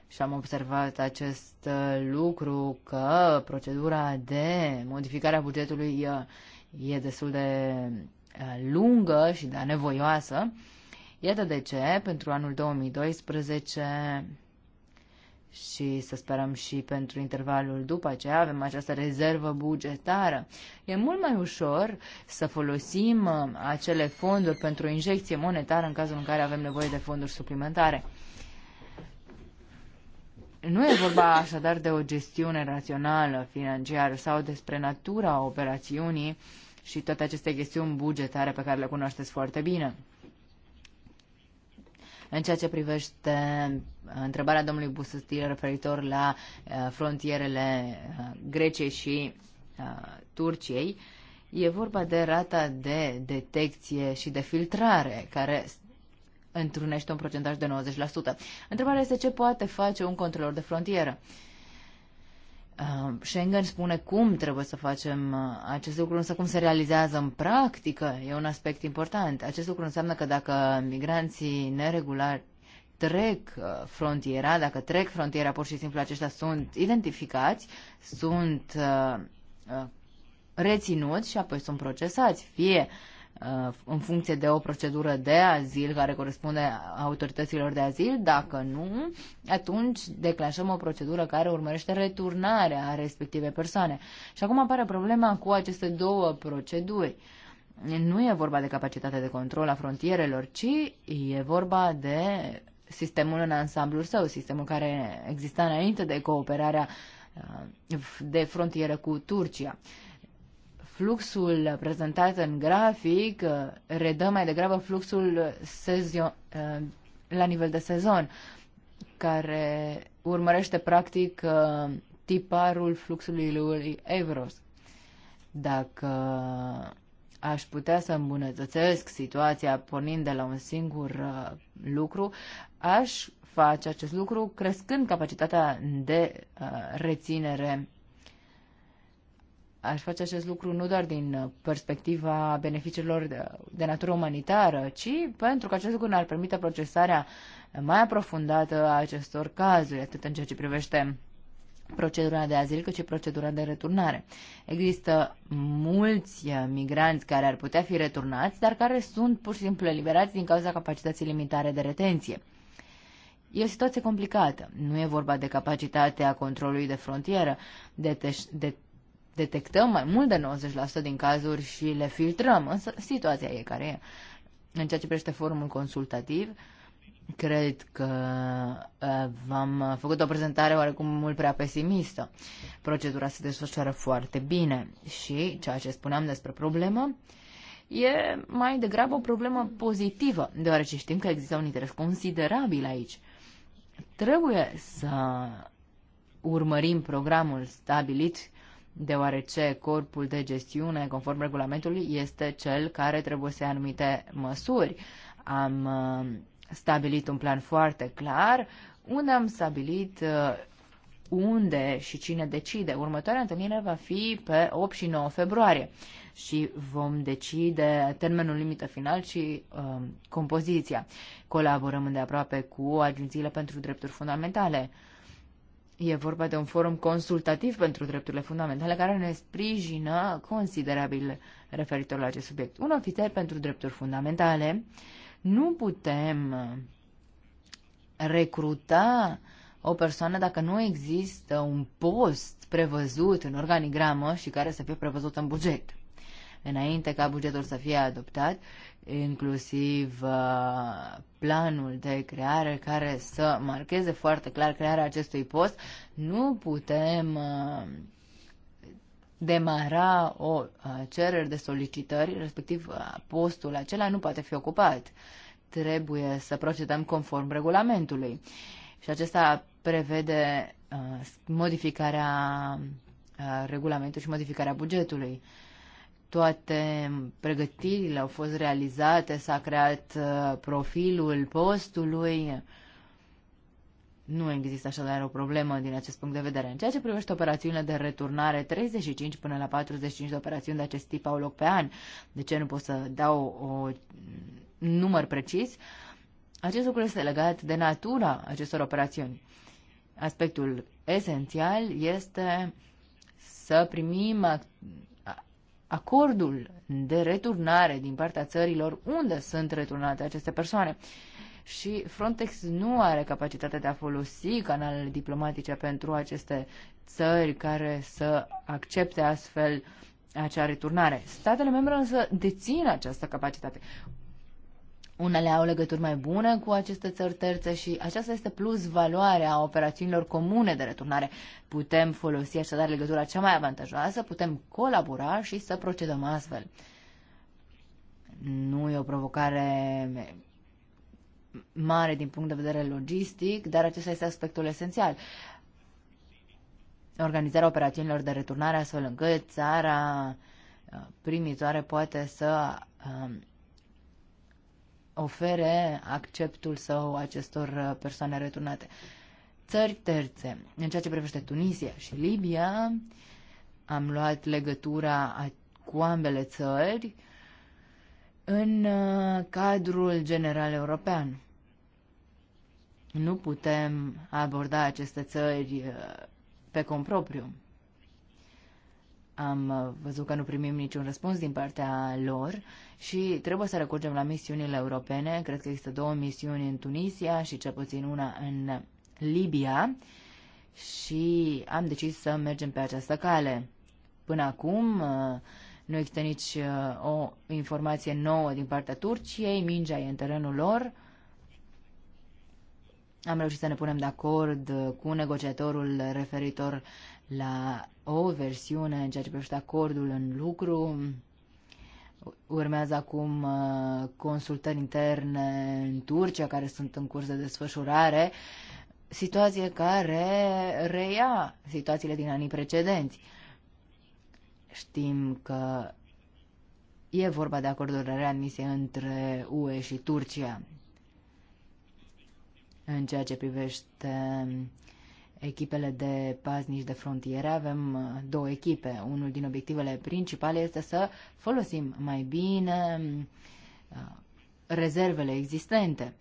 Și am observat acest uh, lucru că procedura de modificare a bugetului uh, e destul de lungă și de nevoioasă. Iată de ce, pentru anul 2012, și să sperăm și pentru intervalul după aceea avem această rezervă bugetară. E mult mai ușor să folosim uh, acele fonduri pentru o injecție monetară în cazul în care avem nevoie de fonduri suplimentare. Nu e vorba așadar de o gestiune rațională financiară sau despre natura operațiunii și toate aceste chestiuni bugetare pe care le cunoașteți foarte bine. În ceea ce privește uh, întrebarea domnului Busutil referitor la uh, frontierele uh, Greciei și Turciei, e vorba de rata de detecție și de filtrare, care întrunește un procentaj de 90%. Întrebarea este ce poate face un controlor de frontieră. Uh, Schengen spune cum trebuie să facem uh, acest lucru, însă cum se realizează în practică e un aspect important. Acest lucru înseamnă că dacă migranții neregulari trec uh, frontiera, dacă trec frontiera, pur și simplu aceștia sunt identificați, sunt uh, reținuți și apoi sunt procesați, fie uh, Uh, în funcție de o procedură de azil care corespunde autorităților de azil. Dacă nu, atunci declanșăm o procedură care urmărește returnarea respective persoane. Și acum apare problema cu aceste două proceduri. Nu e vorba de capacitatea de control a frontierelor, ci e vorba de sistemul în ansamblul său, sistemul care exista înainte de cooperarea uh, de frontieră cu Turcia fluxul prezentat în grafic uh, redă mai degrabă fluxul sezio- uh, la nivel de sezon, care urmărește practic uh, tiparul fluxului lui Evros. Dacă aș putea să îmbunătățesc situația pornind de la un singur lucru, aș face acest lucru crescând capacitatea de reținere Aș face acest lucru nu doar din uh, perspectiva beneficiilor de, de natură umanitară, ci pentru că acest lucru ne-ar permite procesarea mai aprofundată a acestor cazuri, atât în ceea ce privește procedura de azil, cât și procedura de returnare. Există mulți uh, migranți care ar putea fi returnați, dar care sunt pur și simplu eliberați din cauza capacității limitare de retenție. E o situație complicată. Nu e vorba de capacitatea controlului de frontieră, de, de detectăm mai mult de 90% din cazuri și le filtrăm, însă situația e care e. În ceea ce privește forumul consultativ, cred că uh, v-am făcut o prezentare oarecum mult prea pesimistă. Procedura se desfășoară foarte bine și ceea ce spuneam despre problemă e mai degrabă o problemă pozitivă, deoarece știm că există un interes considerabil aici. Trebuie să urmărim programul stabilit deoarece corpul de gestiune, conform regulamentului, este cel care trebuie să ia anumite măsuri. Am uh, stabilit un plan foarte clar unde am stabilit uh, unde și cine decide. Următoarea întâlnire va fi pe 8 și 9 februarie și vom decide termenul limită final și uh, compoziția. Colaborăm îndeaproape cu agențiile pentru drepturi fundamentale. E vorba de un forum consultativ pentru drepturile fundamentale care ne sprijină considerabil referitor la acest subiect. Un ofițer pentru drepturi fundamentale nu putem recruta o persoană dacă nu există un post prevăzut în organigramă și care să fie prevăzut în buget înainte ca bugetul să fie adoptat, inclusiv uh, planul de creare care să marcheze foarte clar crearea acestui post, nu putem uh, demara o uh, cerere de solicitări, respectiv postul acela nu poate fi ocupat. Trebuie să procedăm conform regulamentului. Și acesta prevede modificarea regulamentului și modificarea bugetului toate pregătirile au fost realizate, s-a creat uh, profilul postului. Nu există așadar o problemă din acest punct de vedere. În ceea ce privește operațiunile de returnare, 35 până la 45 de operațiuni de acest tip au loc pe an. De ce nu pot să dau un număr precis? Acest lucru este legat de natura acestor operațiuni. Aspectul esențial este să primim acordul de returnare din partea țărilor unde sunt returnate aceste persoane. Și Frontex nu are capacitatea de a folosi canalele diplomatice pentru aceste țări care să accepte astfel acea returnare. Statele membre însă dețin această capacitate. Unele au legături mai bune cu aceste țări terțe și aceasta este plus valoarea operațiunilor comune de returnare. Putem folosi așadar legătura cea mai avantajoasă, putem colabora și să procedăm astfel. Nu e o provocare mare din punct de vedere logistic, dar acesta este aspectul esențial. Organizarea operațiunilor de returnare astfel încât țara uh, primitoare poate să um, ofere acceptul său acestor uh, persoane returnate. Țări terțe, în ceea ce privește Tunisia și Libia, am luat legătura cu ambele țări în uh, cadrul general european. Nu putem aborda aceste țări uh, pe compropriu. Am uh, văzut că nu primim niciun răspuns din partea lor și trebuie să recurgem la misiunile europene. Cred că există două misiuni în Tunisia și cel puțin una în Libia și am decis să mergem pe această cale. Până acum uh, nu există nici uh, o informație nouă din partea Turciei, mingea e în terenul lor. Am reușit să ne punem de acord cu negociatorul referitor la o versiune în ceea ce privește acordul în lucru. Urmează acum uh, consultări interne în Turcia care sunt în curs de desfășurare, situație care reia situațiile din anii precedenți. Știm că e vorba de acordul de readmisie între UE și Turcia în ceea ce privește echipele de paznici de frontiere. Avem uh, două echipe. Unul din obiectivele principale este să folosim mai bine uh, rezervele existente.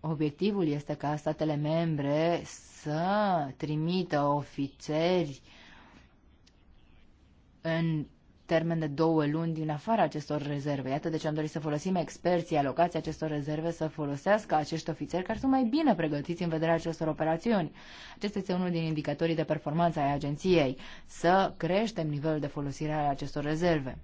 Obiectivul este ca statele membre să trimită ofițeri în termen de două luni din afara acestor rezerve. Iată de ce am dorit să folosim experții alocați acestor rezerve să folosească acești ofițeri care sunt mai bine pregătiți în vederea acestor operațiuni. Acesta este unul din indicatorii de performanță ai agenției, să creștem nivelul de folosire a acestor rezerve.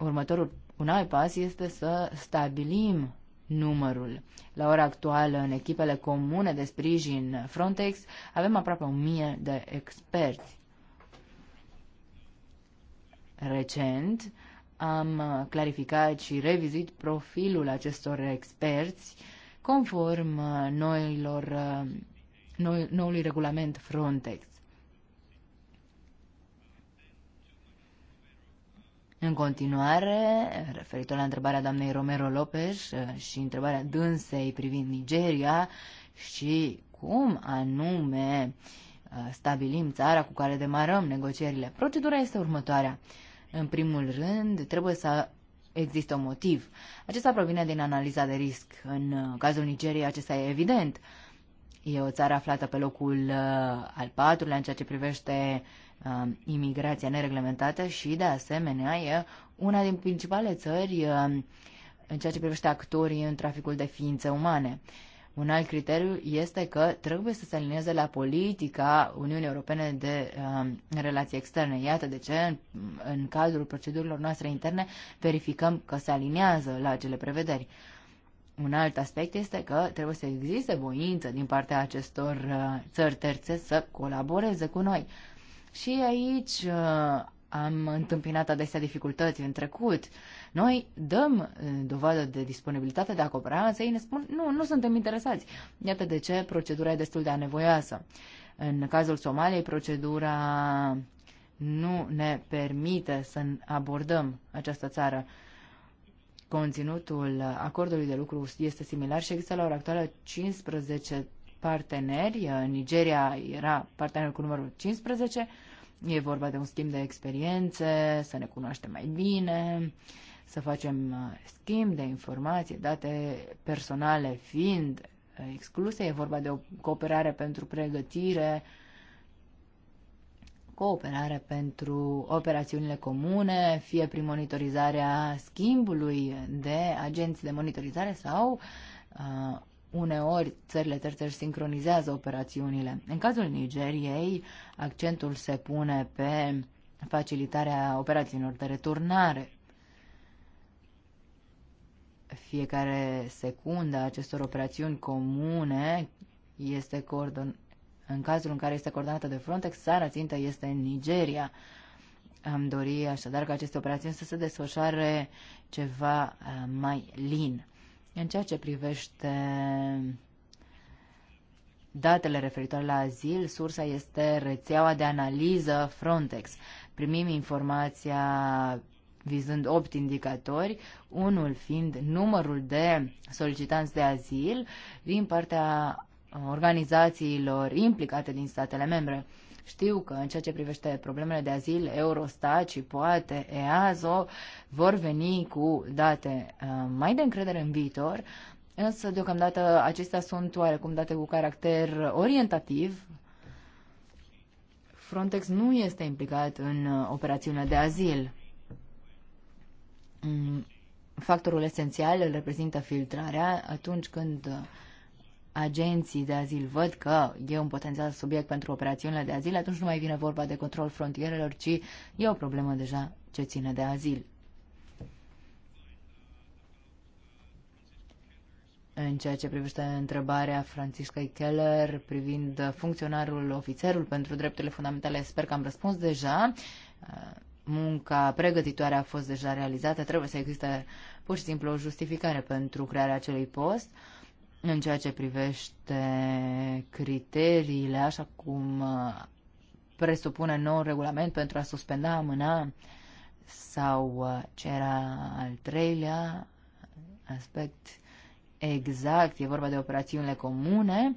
Următorul un alt pas este să stabilim numărul. La ora actuală, în echipele comune de sprijin Frontex, avem aproape 1000 de experți. Recent am uh, clarificat și revizit profilul acestor experți conform uh, noilor, uh, noi, noului regulament Frontex. În continuare, referitor la întrebarea doamnei Romero Lopez și întrebarea dânsei privind Nigeria și cum anume stabilim țara cu care demarăm negocierile, procedura este următoarea. În primul rând, trebuie să există un motiv. Acesta provine din analiza de risc. În uh, cazul Nigeriei, acesta e evident. E o țară aflată pe locul uh, al patrulea în ceea ce privește uh, imigrația nereglementată și, de asemenea, e una din principale țări uh, în ceea ce privește actorii în traficul de ființe umane. Uh, un alt criteriu este că trebuie să se alinieze la politica Uniunii Europene de um, relații externe. Iată de ce, în, în cadrul procedurilor noastre interne, verificăm că se aliniază la acele prevederi. Un alt aspect este că trebuie să existe voință din partea acestor uh, țări terțe să colaboreze cu noi. Și aici uh, am întâmpinat adesea dificultăți în trecut. Uh, noi dăm eh, dovadă de disponibilitate de a coopera, însă ei ne spun nu, nu suntem interesați. Iată de ce procedura e destul de anevoioasă. În cazul Somaliei, procedura nu ne permite să abordăm această țară. Conținutul acordului de lucru este similar și există la ora actuală 15 parteneri. Nigeria era partener cu numărul 15. E vorba de un schimb de experiențe, să ne cunoaștem mai bine, să facem uh, schimb de informații, date personale fiind uh, excluse, e vorba de o cooperare pentru pregătire, cooperare pentru operațiunile comune, fie prin monitorizarea schimbului de agenți de monitorizare sau uh, uneori țările terțe își sincronizează operațiunile. În cazul Nigeriei, accentul se pune pe facilitarea operațiunilor de returnare. Fiecare secundă a acestor operațiuni comune este coordon... în cazul în care este coordonată de Frontex, țara țintă este în Nigeria. Am dori așadar ca aceste operațiuni să se desfășoare ceva eh, mai lin. În ceea ce privește datele referitoare la azil, sursa este rețeaua de analiză Frontex. Primim informația vizând 8 indicatori, unul fiind numărul de solicitanți de azil din partea organizațiilor implicate din statele membre. Știu că în ceea ce privește problemele de azil, Eurostat și poate EASO vor veni cu date uh, mai de încredere în viitor, însă deocamdată acestea sunt oarecum date cu caracter orientativ. Frontex nu este implicat în uh, operațiunea de azil. Mm, factorul esențial îl reprezintă filtrarea atunci când uh, agenții de azil văd că e un potențial subiect pentru operațiunile de azil, atunci nu mai vine vorba de control frontierelor, ci e o problemă deja ce ține de azil. În ceea ce privește întrebarea Francisca Keller privind funcționarul, ofițerul pentru drepturile fundamentale, sper că am răspuns deja. Uh, munca pregătitoare a fost deja realizată, trebuie să existe pur și simplu o justificare pentru crearea acelui post. În ceea ce privește criteriile, așa cum uh, presupune nou regulament pentru a suspenda, amâna sau uh, ce era al treilea aspect exact, e vorba de operațiunile comune,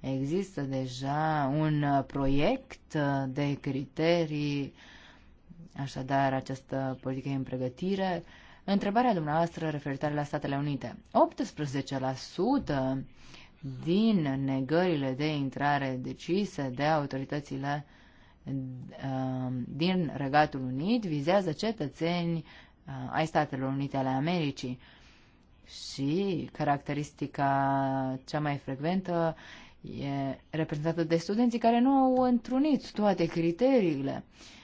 există deja un uh, proiect de criterii Așadar, această politică e în pregătire. Întrebarea dumneavoastră referitoare la Statele Unite. 18% din negările de intrare decise de autoritățile uh, din Regatul Unit vizează cetățeni uh, ai Statelor Unite ale Americii. Și caracteristica cea mai frecventă e reprezentată de studenții care nu au întrunit toate criteriile. Uh,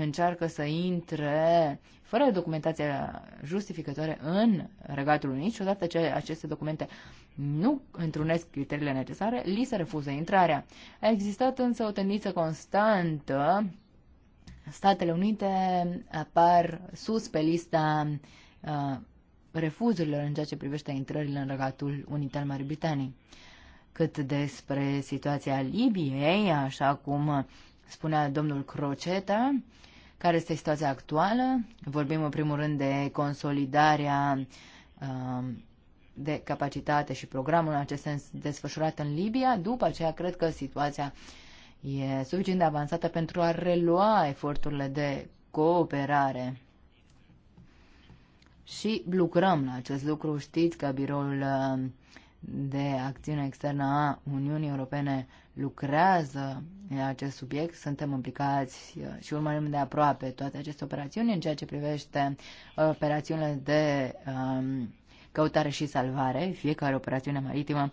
încearcă să intre fără documentația justificatoare în Regatul Unit și odată ce aceste documente nu întrunesc criteriile necesare, li se refuză intrarea. A existat însă o tendință constantă. Statele Unite apar sus pe lista uh, refuzurilor în ceea ce privește intrările în Regatul Unit al Marii Britanii cât despre situația Libiei, așa cum spunea domnul Croceta, care este situația actuală. Vorbim în primul rând de consolidarea um, de capacitate și programul în acest sens desfășurat în Libia. După aceea, cred că situația e suficient de avansată pentru a relua eforturile de cooperare. Și lucrăm la acest lucru. Știți că biroul uh, de acțiune externă a Uniunii Europene lucrează în acest subiect. Suntem implicați uh, și urmărim de aproape toate aceste operațiuni în ceea ce privește uh, operațiunile de um, căutare și salvare. Fiecare operațiune maritimă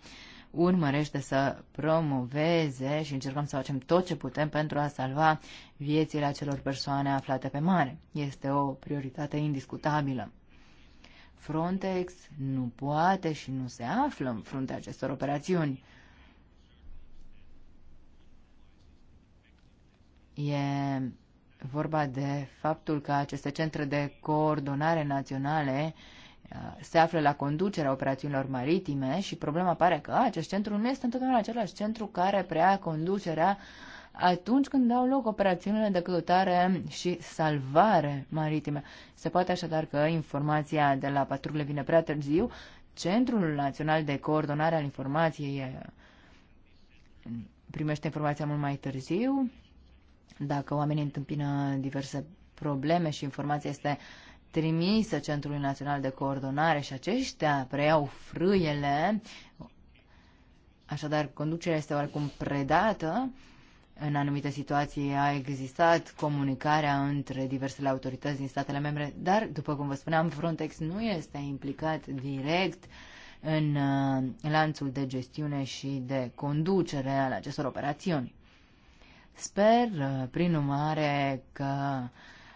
urmărește să promoveze și încercăm să facem tot ce putem pentru a salva viețile acelor persoane aflate pe mare. Este o prioritate indiscutabilă. Frontex nu poate și nu se află în fruntea acestor operațiuni. E vorba de faptul că aceste centre de coordonare naționale uh, se află la conducerea operațiunilor maritime și problema pare că acest centru nu este întotdeauna același centru care preia conducerea atunci când au loc operațiunile de căutare și salvare maritime. Se poate așadar că informația de la patrule vine prea târziu. Centrul Național de Coordonare al Informației primește informația mult mai târziu. Dacă oamenii întâmpină diverse probleme și informația este trimisă Centrului Național de Coordonare și aceștia preiau frâiele, așadar conducerea este oarecum predată, în anumite situații a existat comunicarea între diversele autorități din statele membre, dar, după cum vă spuneam, Frontex nu este implicat direct în uh, lanțul de gestiune și de conducere al acestor operațiuni. Sper, uh, prin urmare, că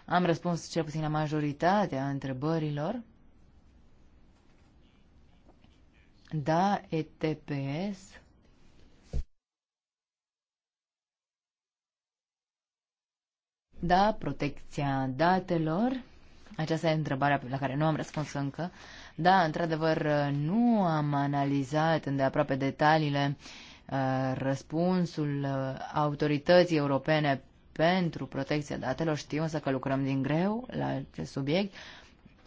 am răspuns cel puțin la majoritatea întrebărilor. Da, ETPS Da, protecția datelor. Aceasta e întrebarea la care nu am răspuns încă. Da, într-adevăr, nu am analizat îndeaproape detaliile uh, răspunsul uh, autorității europene pentru protecția datelor. Știu însă că lucrăm din greu la acest subiect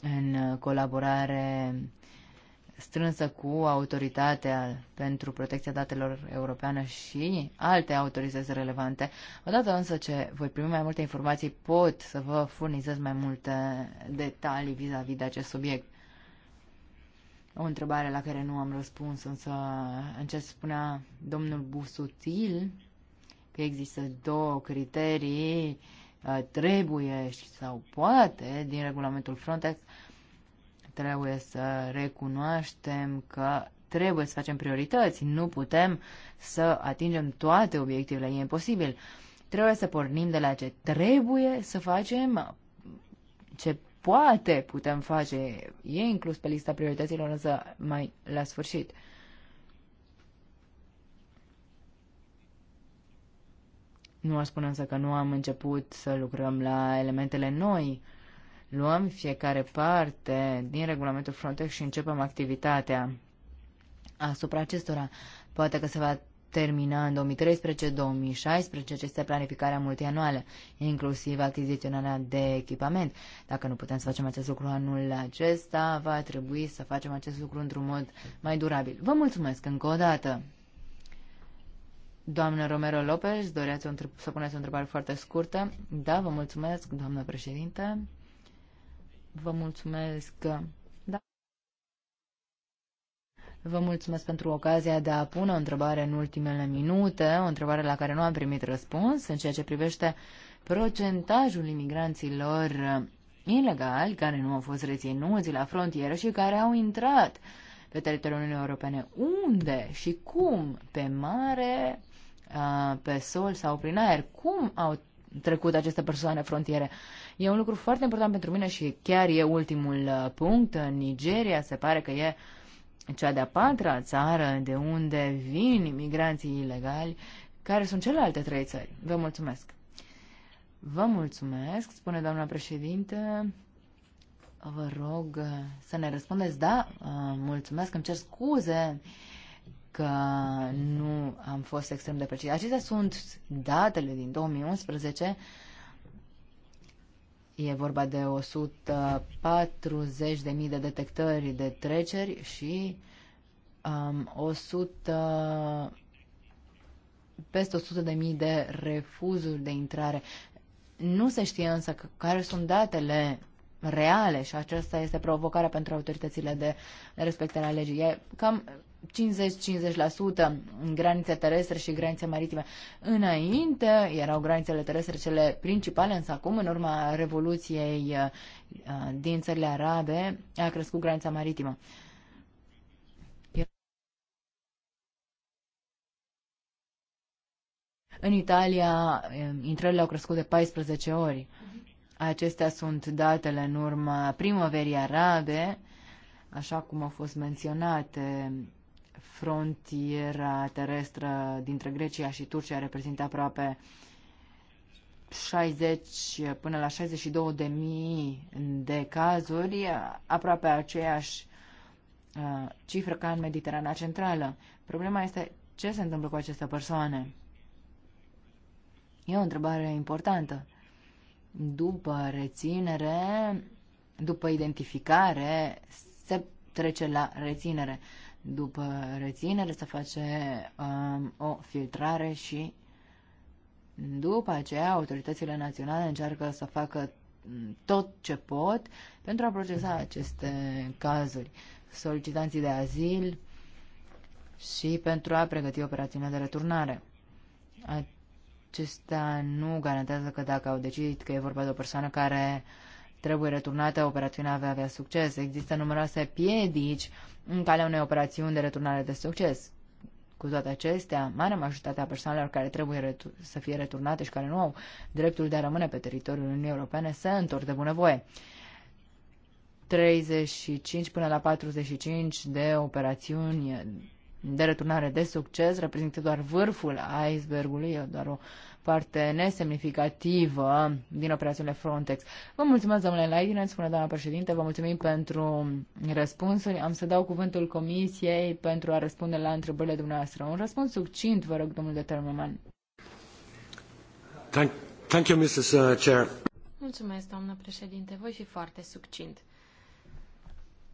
în colaborare strânsă cu autoritatea pentru protecția datelor europeană și alte autorități relevante. Odată însă ce voi primi mai multe informații, pot să vă furnizez mai multe detalii vis-a-vis -vis de acest subiect. O întrebare la care nu am răspuns, însă în ce spunea domnul Busutil, că există două criterii, uh, trebuie sau poate, din regulamentul Frontex, trebuie să recunoaștem că trebuie să facem priorități. Nu putem să atingem toate obiectivele, e imposibil. Trebuie să pornim de la ce trebuie să facem, ce poate putem face. E inclus pe lista priorităților, însă mai la sfârșit. Nu aș spune însă că nu am început să lucrăm la elementele noi luăm fiecare parte din regulamentul Frontex și începem activitatea asupra acestora. Poate că se va termina în 2013-2016, aceste planificarea multianuală, inclusiv achiziționarea de echipament. Dacă nu putem să facem acest lucru anul acesta, va trebui să facem acest lucru într-un mod mai durabil. Vă mulțumesc încă o dată! Doamnă Romero Lopez, doreați să puneți o întrebare foarte scurtă? Da, vă mulțumesc, doamnă președinte. Vă mulțumesc. Da. Vă mulțumesc pentru ocazia de a pune o întrebare în ultimele minute, o întrebare la care nu am primit răspuns în ceea ce privește procentajul imigranților ilegali care nu au fost reținuți la frontieră și care au intrat pe teritoriul Uniunii Europene. Unde și cum? Pe mare, pe sol sau prin aer? Cum au trecut aceste persoane frontiere. E un lucru foarte important pentru mine și chiar e ultimul uh, punct. În Nigeria se pare că e cea de-a patra țară de unde vin imigranții ilegali. Care sunt celelalte trei țări? Vă mulțumesc! Vă mulțumesc, spune doamna președinte. Vă rog uh, să ne răspundeți, da, uh, mulțumesc, îmi cer scuze că nu am fost extrem de precis. Acestea sunt datele din 2011. E vorba de 140.000 de detectări de treceri și um, 100, peste 100.000 de refuzuri de intrare. Nu se știe însă care sunt datele reale și aceasta este provocarea pentru autoritățile de respectare a legii. E cam 50-50% granițe terestre și granițe maritime. Înainte erau granițele terestre cele principale, însă acum, în urma revoluției uh, din țările arabe, a crescut granița maritimă. În Italia, um, intrările au crescut de 14 ori. Acestea sunt datele în urma primăverii arabe, așa cum au fost menționate Frontiera terestră dintre Grecia și Turcia reprezintă aproape 60 până la 62 de mii de cazuri, aproape aceeași uh, cifră ca în Mediterana Centrală. Problema este ce se întâmplă cu aceste persoane. E o întrebare importantă. După reținere, după identificare, se trece la reținere după reținere se face um, o filtrare și după aceea autoritățile naționale încearcă să facă mm, tot ce pot pentru a procesa aceste cazuri. Solicitanții de azil și pentru a pregăti operațiunea de returnare. Acestea nu garantează că dacă au decis că e vorba de o persoană care uh, trebuie returnată, operațiunea va avea succes. Există numeroase piedici în calea unei operațiuni de returnare de succes. Cu toate acestea, marea majoritatea persoanelor care trebuie să fie returnate și care nu au dreptul de a rămâne pe teritoriul Uniunii Europene se întorc de bunăvoie. 35 până la 45 de operațiuni de returnare de succes reprezintă doar vârful icebergului, doar o parte nesemnificativă din operațiunile Frontex. Vă mulțumesc, domnule Leidinen, spune doamna președinte, vă mulțumim pentru răspunsuri. Am să dau cuvântul comisiei pentru a răspunde la întrebările dumneavoastră. Un răspuns succint, vă rog, domnule Termeman. Thank, thank you, Mrs. Uh, Chair. Mulțumesc, doamnă președinte. Voi fi foarte succint.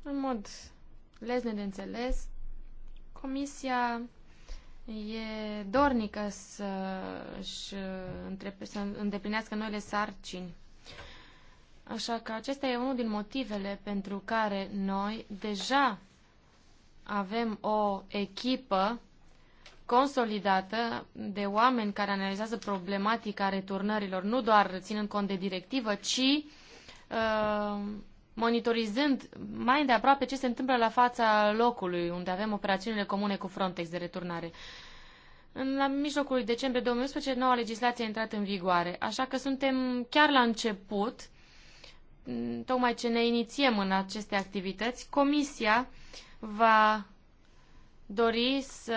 În mod lezne de înțeles, Comisia e dornică să, -și să îndeplinească noile sarcini. Așa că acesta e unul din motivele pentru care noi deja avem o echipă consolidată de oameni care analizează problematica returnărilor, nu doar ținând cont de directivă, ci uh, monitorizând mai de aproape ce se întâmplă la fața locului unde avem operațiunile comune cu Frontex de returnare. În la mijlocul decembrie 2011, noua legislație a intrat în vigoare, așa că suntem chiar la început, mm, tocmai ce ne inițiem în aceste activități. Comisia va dori să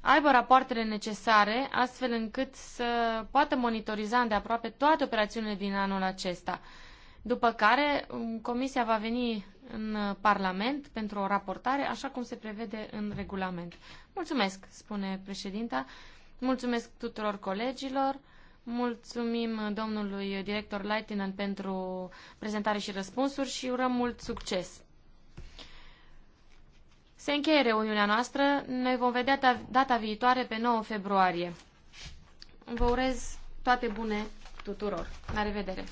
aibă rapoartele necesare, astfel încât să poată monitoriza îndeaproape toate operațiunile din anul acesta – după care um, Comisia va veni în Parlament pentru o raportare, așa cum se prevede în regulament. Mulțumesc, spune președinta. Mulțumesc tuturor colegilor. Mulțumim domnului director Leitinen pentru prezentare și răspunsuri și urăm mult succes. Se încheie reuniunea noastră. Ne vom vedea data viitoare pe 9 februarie. Vă urez toate bune tuturor. La revedere!